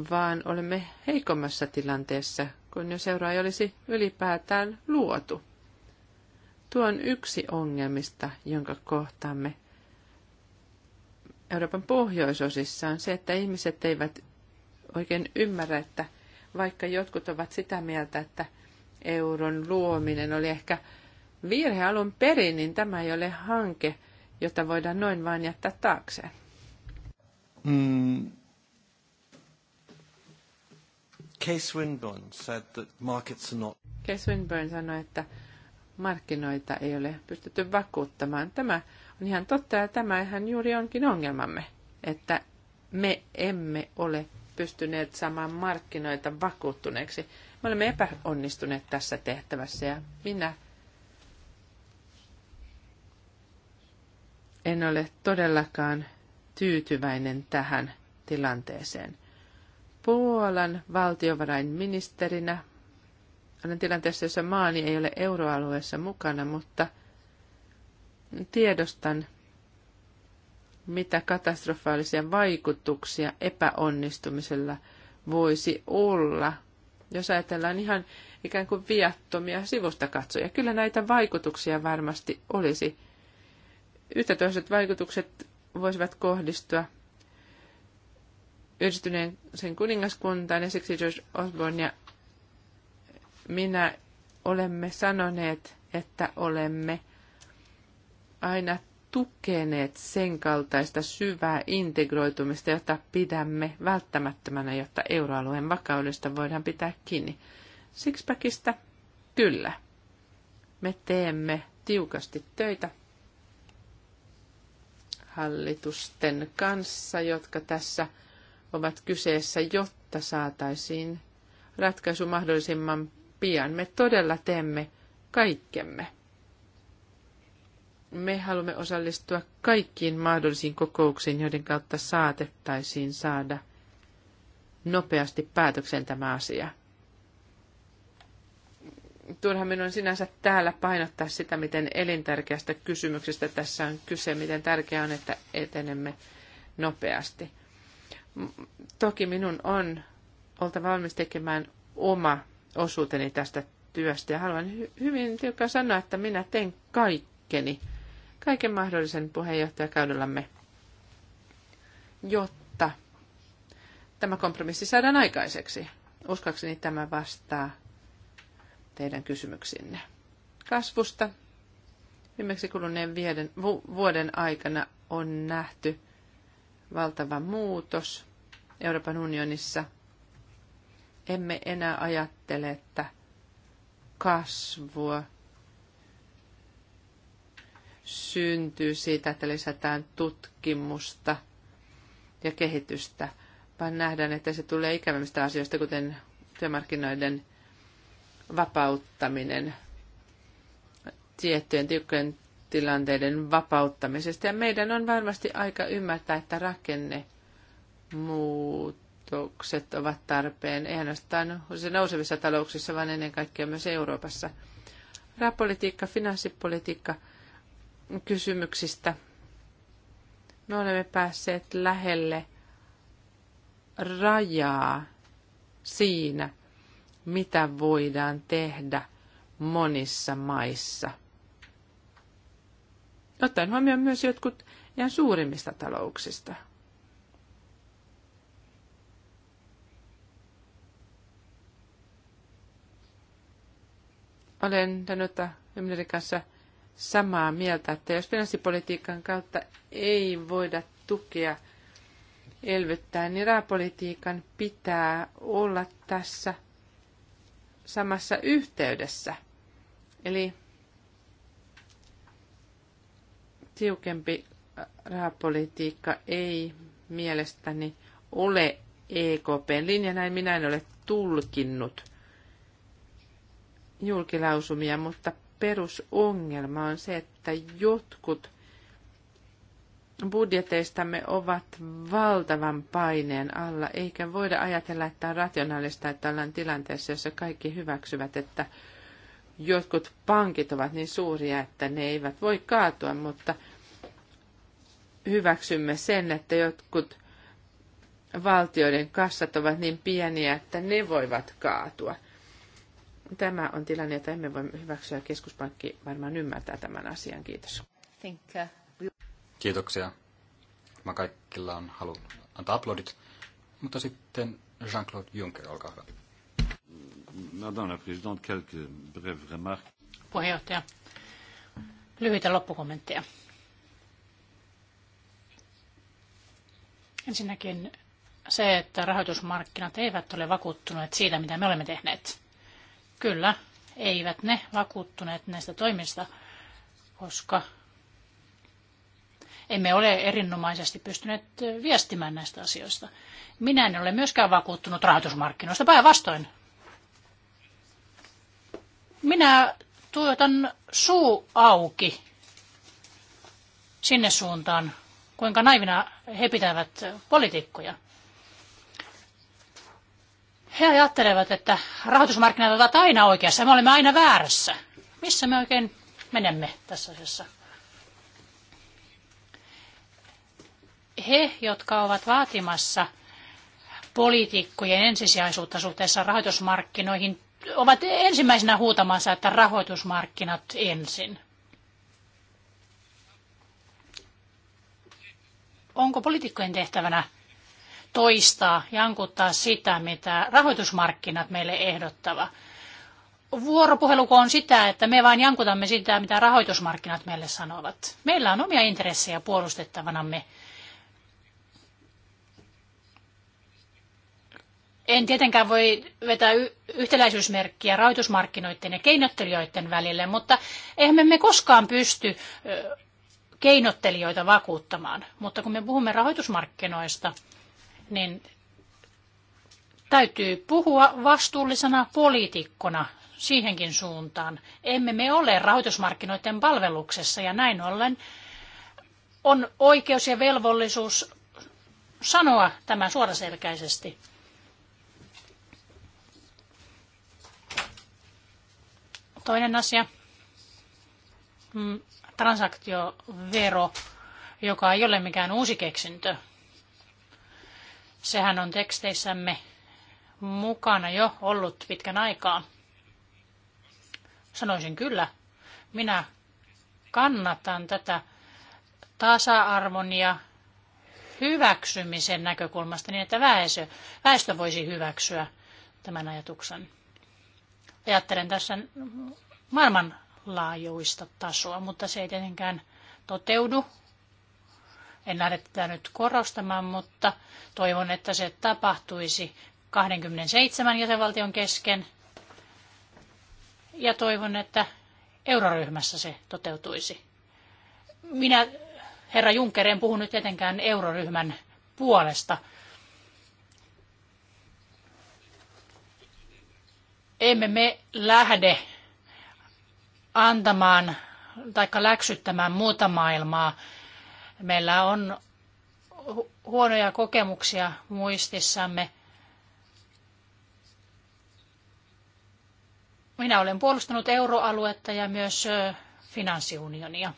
vaan olemme heikommassa tilanteessa, kun jos seuraa ei olisi ylipäätään luotu. Tuo on yksi ongelmista, jonka kohtaamme Euroopan pohjoisosissa, on se, että ihmiset eivät oikein ymmärrä, että vaikka jotkut ovat sitä mieltä, että euron luominen oli ehkä virhe alun perin, niin tämä ei ole hanke, jota voidaan noin vain jättää taakse. Mm. Case Winburn said that markets are not... Case Winburn sanoi, että markkinoita ei ole pystytty vakuuttamaan. Tämä on ihan totta ja tämähän juuri onkin ongelmamme, että me emme ole pystyneet saamaan markkinoita vakuuttuneeksi. Me olemme epäonnistuneet tässä tehtävässä ja minä en ole todellakaan tyytyväinen tähän tilanteeseen. Puolan valtiovarainministerinä olen tilanteessa, jossa maani ei ole euroalueessa mukana, mutta tiedostan, mitä katastrofaalisia vaikutuksia epäonnistumisella voisi olla. Jos ajatellaan ihan ikään kuin viattomia sivusta katsoja, kyllä näitä vaikutuksia varmasti olisi. toiset vaikutukset voisivat kohdistua yhdistyneen sen kuningaskuntaan ja siksi George Osborne ja minä olemme sanoneet, että olemme aina tukeneet sen kaltaista syvää integroitumista, jota pidämme välttämättömänä, jotta euroalueen vakaudesta voidaan pitää kiinni. Sixpackista kyllä. Me teemme tiukasti töitä hallitusten kanssa, jotka tässä ovat kyseessä, jotta saataisiin ratkaisu mahdollisimman pian. Me todella teemme kaikkemme. Me haluamme osallistua kaikkiin mahdollisiin kokouksiin, joiden kautta saatettaisiin saada nopeasti päätöksen tämä asia. Turha minun sinänsä täällä painottaa sitä, miten elintärkeästä kysymyksestä tässä on kyse, miten tärkeää on, että etenemme nopeasti. Toki minun on oltava valmis tekemään oma osuuteni tästä työstä ja haluan hy- hyvin tiukkaan sanoa, että minä teen kaikkeni, kaiken mahdollisen puheenjohtajakaudellamme, jotta tämä kompromissi saadaan aikaiseksi. Uskakseni tämä vastaa teidän kysymyksinne. Kasvusta viimeksi kuluneen vieden, vu- vuoden aikana on nähty valtava muutos Euroopan unionissa – emme enää ajattele, että kasvua syntyy siitä, että lisätään tutkimusta ja kehitystä, vaan nähdään, että se tulee ikävämmistä asioista, kuten työmarkkinoiden vapauttaminen, tiettyjen tiukkojen tilanteiden vapauttamisesta. Ja meidän on varmasti aika ymmärtää, että rakenne muut uudistukset ovat tarpeen, ei ainoastaan se nousevissa talouksissa, vaan ennen kaikkea myös Euroopassa. Rahapolitiikka, finanssipolitiikka kysymyksistä. Me olemme päässeet lähelle rajaa siinä, mitä voidaan tehdä monissa maissa. Ottaen huomioon myös jotkut ihan suurimmista talouksista – Olen Danuta Ymnerin kanssa samaa mieltä, että jos finanssipolitiikan kautta ei voida tukea elvyttää, niin rahapolitiikan pitää olla tässä samassa yhteydessä. Eli tiukempi rahapolitiikka ei mielestäni ole EKPn linja, näin minä en ole tulkinnut julkilausumia, mutta perusongelma on se, että jotkut budjeteistamme ovat valtavan paineen alla, eikä voida ajatella, että on rationaalista, että ollaan tilanteessa, jossa kaikki hyväksyvät, että jotkut pankit ovat niin suuria, että ne eivät voi kaatua, mutta hyväksymme sen, että jotkut valtioiden kassat ovat niin pieniä, että ne voivat kaatua – Tämä on tilanne, jota emme voi hyväksyä. Keskuspankki varmaan ymmärtää tämän asian. Kiitos. Kiitoksia. Mä kaikilla on halu antaa aplodit. Mutta sitten Jean-Claude Juncker, olkaa hyvä. Madame la Présidente, quelques brèves remarques. Puheenjohtaja, lyhyitä loppukommentteja. Ensinnäkin se, että rahoitusmarkkinat eivät ole vakuuttuneet siitä, mitä me olemme tehneet. Kyllä, eivät ne vakuuttuneet näistä toimista, koska emme ole erinomaisesti pystyneet viestimään näistä asioista. Minä en ole myöskään vakuuttunut rahoitusmarkkinoista, päinvastoin. Minä tuotan suu auki sinne suuntaan, kuinka naivina he pitävät poliitikkoja. He ajattelevat, että rahoitusmarkkinat ovat aina oikeassa ja me olemme aina väärässä. Missä me oikein menemme tässä asiassa? He, jotka ovat vaatimassa poliitikkojen ensisijaisuutta suhteessa rahoitusmarkkinoihin, ovat ensimmäisenä huutamassa, että rahoitusmarkkinat ensin. Onko poliitikkojen tehtävänä toistaa, jankuttaa sitä, mitä rahoitusmarkkinat meille ehdottavat. Vuoropuheluko on sitä, että me vain jankutamme sitä, mitä rahoitusmarkkinat meille sanovat. Meillä on omia intressejä puolustettavanamme. En tietenkään voi vetää yhtäläisyysmerkkiä rahoitusmarkkinoiden ja keinottelijoiden välille, mutta eihän me koskaan pysty keinottelijoita vakuuttamaan. Mutta kun me puhumme rahoitusmarkkinoista, niin täytyy puhua vastuullisena poliitikkona siihenkin suuntaan. Emme me ole rahoitusmarkkinoiden palveluksessa ja näin ollen on oikeus ja velvollisuus sanoa tämä suoraselkäisesti. Toinen asia, mm, transaktiovero, joka ei ole mikään uusi keksintö, Sehän on teksteissämme mukana jo ollut pitkän aikaa. Sanoisin kyllä, minä kannatan tätä tasa-arvon ja hyväksymisen näkökulmasta niin, että väestö, väestö voisi hyväksyä tämän ajatuksen. Ajattelen tässä maailmanlaajuista tasoa, mutta se ei tietenkään toteudu en lähde tätä nyt korostamaan, mutta toivon, että se tapahtuisi 27 jäsenvaltion kesken. Ja toivon, että euroryhmässä se toteutuisi. Minä, herra Juncker, en puhu nyt etenkään euroryhmän puolesta. Emme me lähde antamaan tai läksyttämään muuta maailmaa Meillä on huonoja kokemuksia muistissamme. Minä olen puolustanut euroaluetta ja myös finanssiunionia.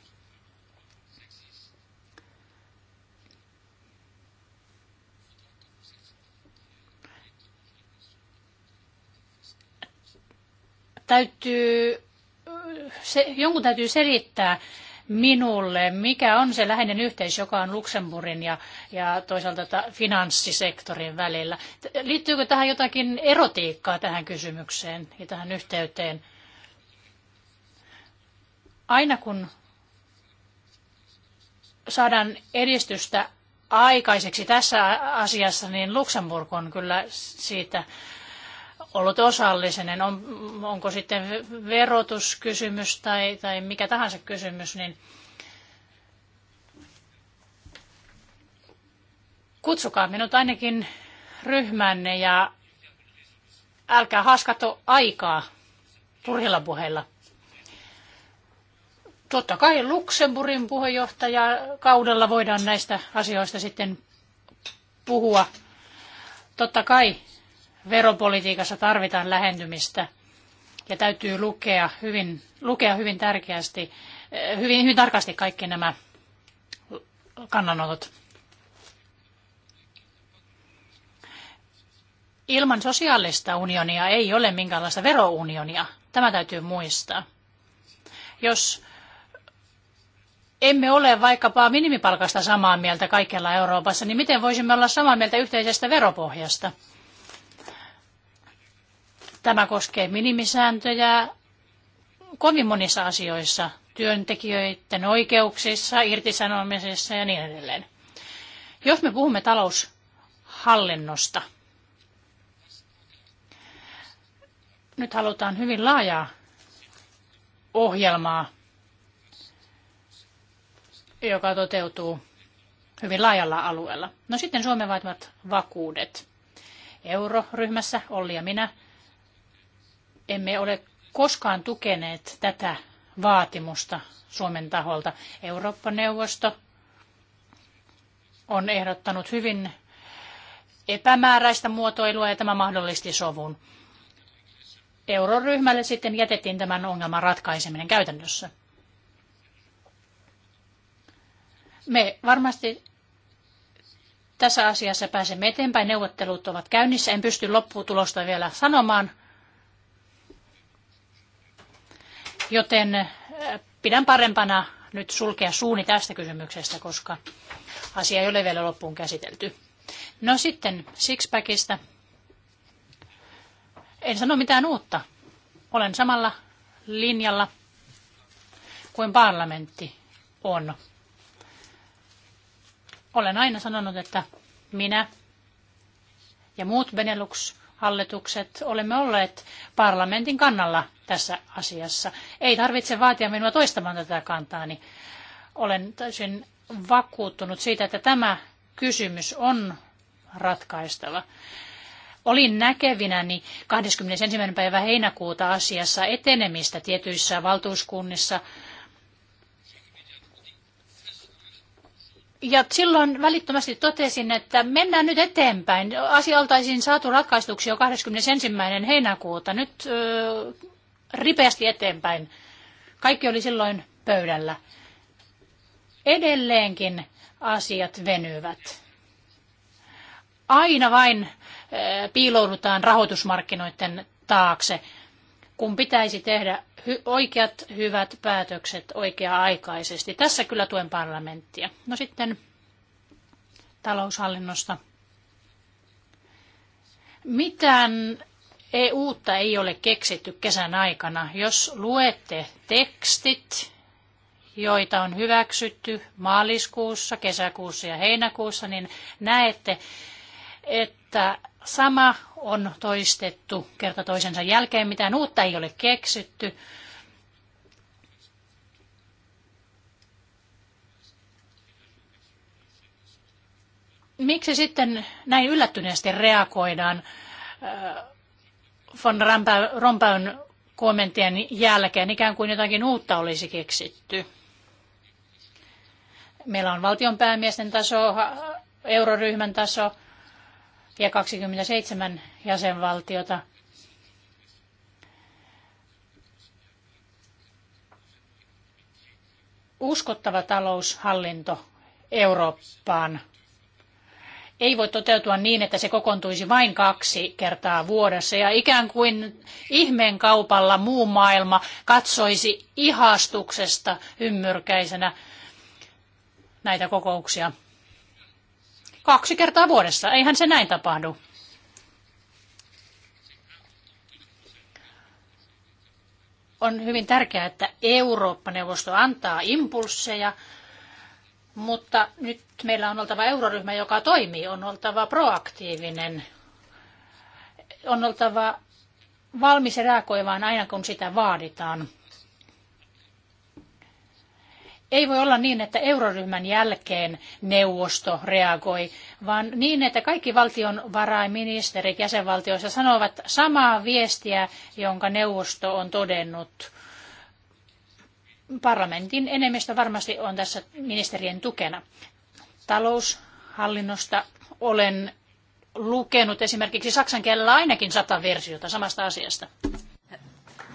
Täytyy, se, jonkun täytyy selittää, minulle, mikä on se läheinen yhteys, joka on Luxemburgin ja, ja toisaalta ta, finanssisektorin välillä. Liittyykö tähän jotakin erotiikkaa tähän kysymykseen ja tähän yhteyteen? Aina kun saadaan edistystä aikaiseksi tässä asiassa, niin Luxemburg on kyllä siitä ollut osallinen, niin on, onko sitten verotuskysymys tai, tai mikä tahansa kysymys, niin kutsukaa minut ainakin ryhmänne ja älkää haskato aikaa turhilla puheilla. Totta kai Luxemburgin kaudella voidaan näistä asioista sitten puhua. Totta kai veropolitiikassa tarvitaan lähentymistä ja täytyy lukea hyvin, lukea hyvin tärkeästi, eh, hyvin, hyvin tarkasti kaikki nämä kannanotot. Ilman sosiaalista unionia ei ole minkäänlaista verounionia. Tämä täytyy muistaa. Jos emme ole vaikkapa minimipalkasta samaa mieltä kaikkialla Euroopassa, niin miten voisimme olla samaa mieltä yhteisestä veropohjasta? Tämä koskee minimisääntöjä kovin monissa asioissa, työntekijöiden oikeuksissa, irtisanomisissa ja niin edelleen. Jos me puhumme taloushallinnosta, nyt halutaan hyvin laajaa ohjelmaa, joka toteutuu hyvin laajalla alueella. No sitten Suomen vaatimat vakuudet. Euroryhmässä Olli ja minä emme ole koskaan tukeneet tätä vaatimusta Suomen taholta. Eurooppa-neuvosto on ehdottanut hyvin epämääräistä muotoilua ja tämä mahdollisti sovun. Euroryhmälle sitten jätettiin tämän ongelman ratkaiseminen käytännössä. Me varmasti tässä asiassa pääsemme eteenpäin. Neuvottelut ovat käynnissä. En pysty lopputulosta vielä sanomaan, Joten eh, pidän parempana nyt sulkea suuni tästä kysymyksestä, koska asia ei ole vielä loppuun käsitelty. No sitten Sixpackista. En sano mitään uutta. Olen samalla linjalla kuin parlamentti on. Olen aina sanonut, että minä ja muut Benelux hallitukset olemme olleet parlamentin kannalla tässä asiassa. Ei tarvitse vaatia minua toistamaan tätä kantaani. Olen täysin vakuuttunut siitä, että tämä kysymys on ratkaistava. Olin näkevinäni 21. päivä heinäkuuta asiassa etenemistä tietyissä valtuuskunnissa Ja silloin välittömästi totesin, että mennään nyt eteenpäin. Asia oltaisiin saatu ratkaistuksi jo 21. heinäkuuta. Nyt ö, ripeästi eteenpäin. Kaikki oli silloin pöydällä. Edelleenkin asiat venyvät. Aina vain ö, piiloudutaan rahoitusmarkkinoiden taakse, kun pitäisi tehdä hy- oikeat hyvät päätökset oikea-aikaisesti. Tässä kyllä tuen parlamenttia. No sitten taloushallinnosta. Mitään EUta ei ole keksitty kesän aikana. Jos luette tekstit, joita on hyväksytty maaliskuussa, kesäkuussa ja heinäkuussa, niin näette, että sama on toistettu kerta toisensa jälkeen, mitään uutta ei ole keksitty. Miksi sitten näin yllättyneesti reagoidaan äh, von Rompäyn kommenttien jälkeen, ikään kuin jotakin uutta olisi keksitty? Meillä on valtionpäämiesten taso, euroryhmän taso, ja 27 jäsenvaltiota. Uskottava taloushallinto Eurooppaan ei voi toteutua niin, että se kokoontuisi vain kaksi kertaa vuodessa. Ja ikään kuin ihmeen kaupalla muu maailma katsoisi ihastuksesta ymmyrkäisenä näitä kokouksia kaksi kertaa vuodessa. Eihän se näin tapahdu. On hyvin tärkeää, että Eurooppa-neuvosto antaa impulsseja, mutta nyt meillä on oltava euroryhmä, joka toimii, on oltava proaktiivinen, on oltava valmis reagoimaan aina kun sitä vaaditaan. Ei voi olla niin, että euroryhmän jälkeen neuvosto reagoi, vaan niin, että kaikki varainministerit jäsenvaltioissa sanovat samaa viestiä, jonka neuvosto on todennut. Parlamentin enemmistö varmasti on tässä ministerien tukena. Taloushallinnosta olen lukenut esimerkiksi saksan kielellä ainakin sata versiota samasta asiasta.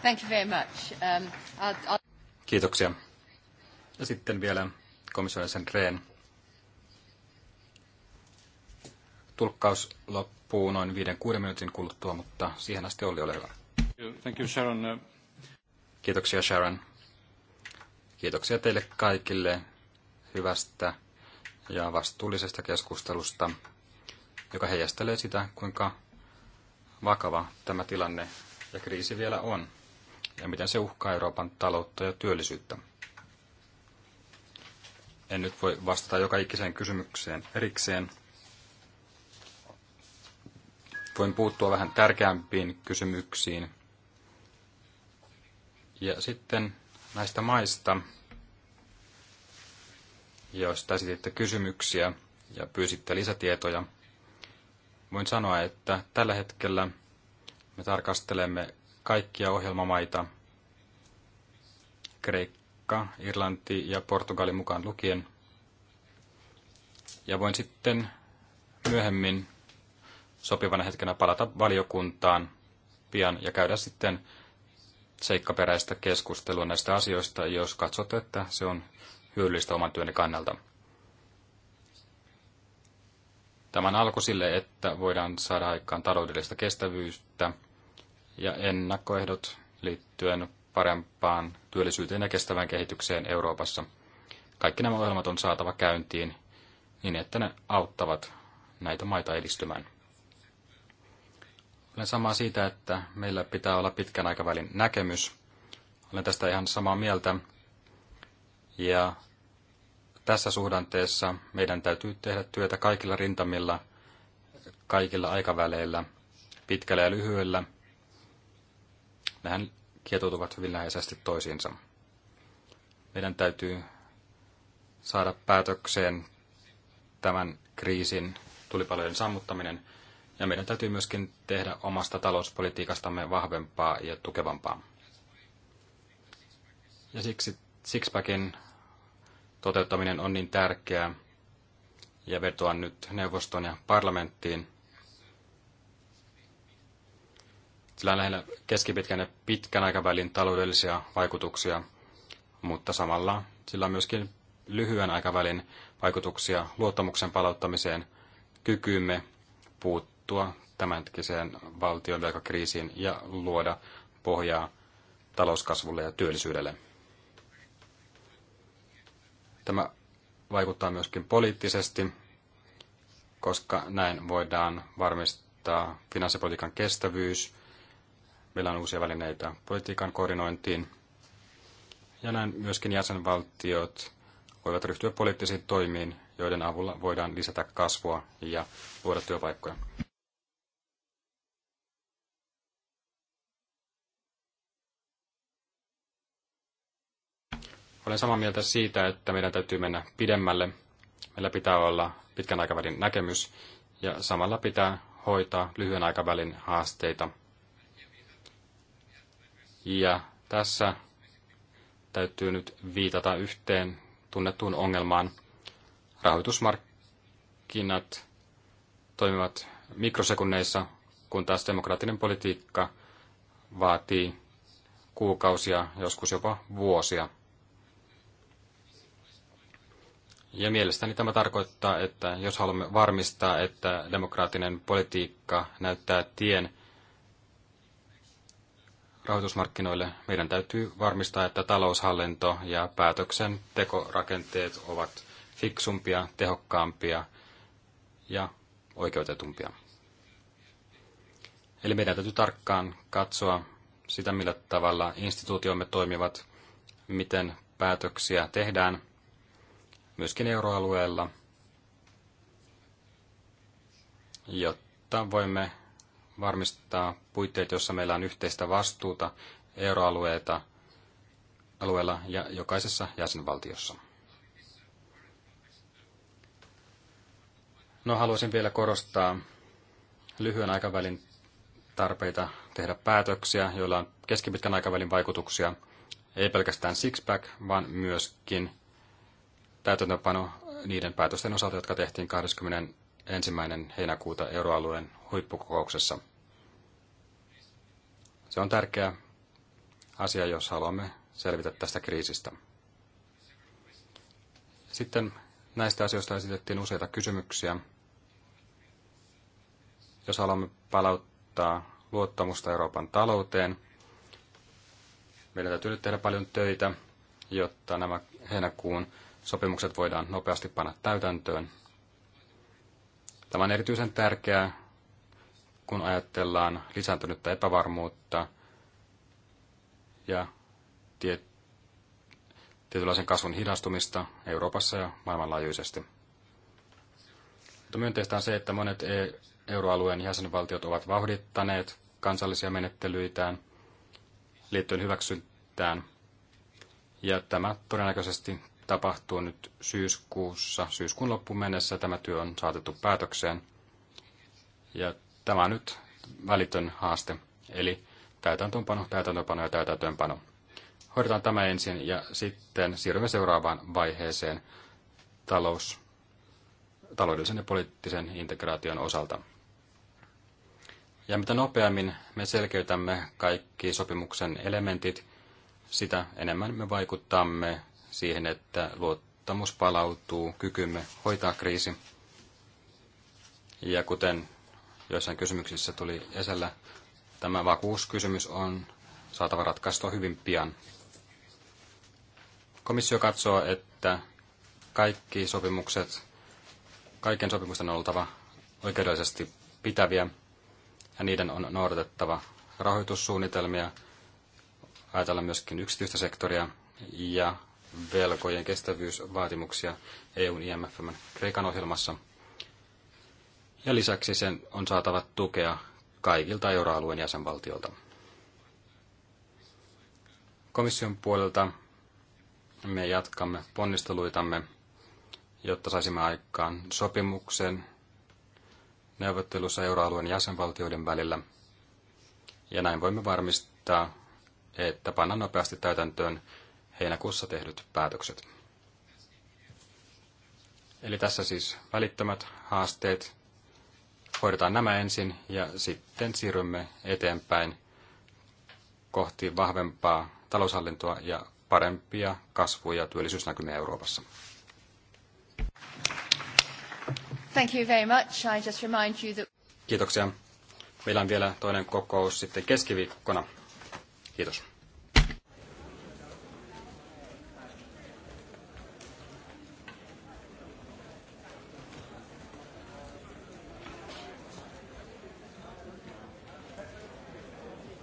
Thank you very much. Um, I'll, I'll... Kiitoksia. Ja sitten vielä komission sen reen Tulkkaus loppuu noin 5-6 minuutin kuluttua, mutta siihen asti oli ole hyvä. Thank you, Sharon. Kiitoksia Sharon. Kiitoksia teille kaikille hyvästä ja vastuullisesta keskustelusta, joka heijastelee sitä, kuinka vakava tämä tilanne ja kriisi vielä on, ja miten se uhkaa Euroopan taloutta ja työllisyyttä. En nyt voi vastata joka ikiseen kysymykseen erikseen. Voin puuttua vähän tärkeämpiin kysymyksiin. Ja sitten näistä maista, joista esititte kysymyksiä ja pyysitte lisätietoja. Voin sanoa, että tällä hetkellä me tarkastelemme kaikkia ohjelmamaita, Kreikka, Kreikka, Irlanti ja Portugali mukaan lukien. Ja voin sitten myöhemmin sopivana hetkenä palata valiokuntaan pian ja käydä sitten seikkaperäistä keskustelua näistä asioista, jos katsot että se on hyödyllistä oman työnne kannalta. Tämän alku sille, että voidaan saada aikaan taloudellista kestävyyttä ja ennakkoehdot liittyen parempaan työllisyyteen ja kestävään kehitykseen Euroopassa. Kaikki nämä ohjelmat on saatava käyntiin niin, että ne auttavat näitä maita edistymään. Olen samaa siitä, että meillä pitää olla pitkän aikavälin näkemys. Olen tästä ihan samaa mieltä. Ja tässä suhdanteessa meidän täytyy tehdä työtä kaikilla rintamilla, kaikilla aikaväleillä, pitkällä ja lyhyellä. Mehän kietoutuvat hyvin läheisesti toisiinsa. Meidän täytyy saada päätökseen tämän kriisin tulipalojen sammuttaminen, ja meidän täytyy myöskin tehdä omasta talouspolitiikastamme vahvempaa ja tukevampaa. Ja siksi Sixpackin toteuttaminen on niin tärkeää, ja vetoan nyt neuvoston ja parlamenttiin, Sillä on lähinnä keskipitkän ja pitkän aikavälin taloudellisia vaikutuksia, mutta samalla sillä on myöskin lyhyen aikavälin vaikutuksia luottamuksen palauttamiseen, kykyymme puuttua tämänhetkiseen valtion velkakriisiin ja luoda pohjaa talouskasvulle ja työllisyydelle. Tämä vaikuttaa myöskin poliittisesti, koska näin voidaan varmistaa finanssipolitiikan kestävyys Meillä on uusia välineitä politiikan koordinointiin. Ja näin myöskin jäsenvaltiot voivat ryhtyä poliittisiin toimiin, joiden avulla voidaan lisätä kasvua ja luoda työpaikkoja. Olen samaa mieltä siitä, että meidän täytyy mennä pidemmälle. Meillä pitää olla pitkän aikavälin näkemys ja samalla pitää hoitaa lyhyen aikavälin haasteita – ja tässä täytyy nyt viitata yhteen tunnettuun ongelmaan. Rahoitusmarkkinat toimivat mikrosekunneissa, kun taas demokraattinen politiikka vaatii kuukausia, joskus jopa vuosia. Ja mielestäni tämä tarkoittaa, että jos haluamme varmistaa, että demokraattinen politiikka näyttää tien rahoitusmarkkinoille, meidän täytyy varmistaa, että taloushallinto ja päätöksentekorakenteet ovat fiksumpia, tehokkaampia ja oikeutetumpia. Eli meidän täytyy tarkkaan katsoa sitä, millä tavalla instituutiomme toimivat, miten päätöksiä tehdään myöskin euroalueella, jotta voimme varmistaa puitteet, jossa meillä on yhteistä vastuuta euroalueita alueella ja jokaisessa jäsenvaltiossa. No haluaisin vielä korostaa lyhyen aikavälin tarpeita tehdä päätöksiä, joilla on keskipitkän aikavälin vaikutuksia, ei pelkästään six-pack, vaan myöskin täytäntöpano niiden päätösten osalta, jotka tehtiin 20 ensimmäinen heinäkuuta euroalueen huippukokouksessa. Se on tärkeä asia, jos haluamme selvitä tästä kriisistä. Sitten näistä asioista esitettiin useita kysymyksiä. Jos haluamme palauttaa luottamusta Euroopan talouteen, meidän täytyy nyt tehdä paljon töitä, jotta nämä heinäkuun sopimukset voidaan nopeasti panna täytäntöön Tämä on erityisen tärkeää, kun ajatellaan lisääntynyttä epävarmuutta ja tie- tietynlaisen kasvun hidastumista Euroopassa ja maailmanlaajuisesti. Mutta myönteistä on se, että monet e- euroalueen jäsenvaltiot ovat vauhdittaneet kansallisia menettelyitään liittyen hyväksyntään, ja tämä todennäköisesti tapahtuu nyt syyskuussa. Syyskuun loppuun mennessä tämä työ on saatettu päätökseen. Ja tämä on nyt välitön haaste, eli täytäntöönpano, täytäntöönpano ja täytäntöönpano. Hoidetaan tämä ensin ja sitten siirrymme seuraavaan vaiheeseen talous, taloudellisen ja poliittisen integraation osalta. Ja mitä nopeammin me selkeytämme kaikki sopimuksen elementit, sitä enemmän me vaikuttamme siihen, että luottamus palautuu kykymme hoitaa kriisi. Ja kuten joissain kysymyksissä tuli esillä, tämä vakuuskysymys on saatava ratkaistua hyvin pian. Komissio katsoo, että kaikki sopimukset, kaiken sopimusten on oltava oikeudellisesti pitäviä ja niiden on noudatettava rahoitussuunnitelmia, ajatella myöskin yksityistä sektoria ja velkojen kestävyysvaatimuksia EUn IMFn Kreikan ohjelmassa. Ja lisäksi sen on saatava tukea kaikilta euroalueen jäsenvaltiolta. Komission puolelta me jatkamme ponnisteluitamme, jotta saisimme aikaan sopimuksen neuvottelussa euroalueen jäsenvaltioiden välillä. Ja näin voimme varmistaa, että panna nopeasti täytäntöön heinäkuussa tehdyt päätökset. Eli tässä siis välittömät haasteet. Hoidetaan nämä ensin ja sitten siirrymme eteenpäin kohti vahvempaa taloushallintoa ja parempia kasvu- ja työllisyysnäkymiä Euroopassa. Thank you very much. I just remind you that... Kiitoksia. Meillä on vielä toinen kokous sitten keskiviikkona. Kiitos.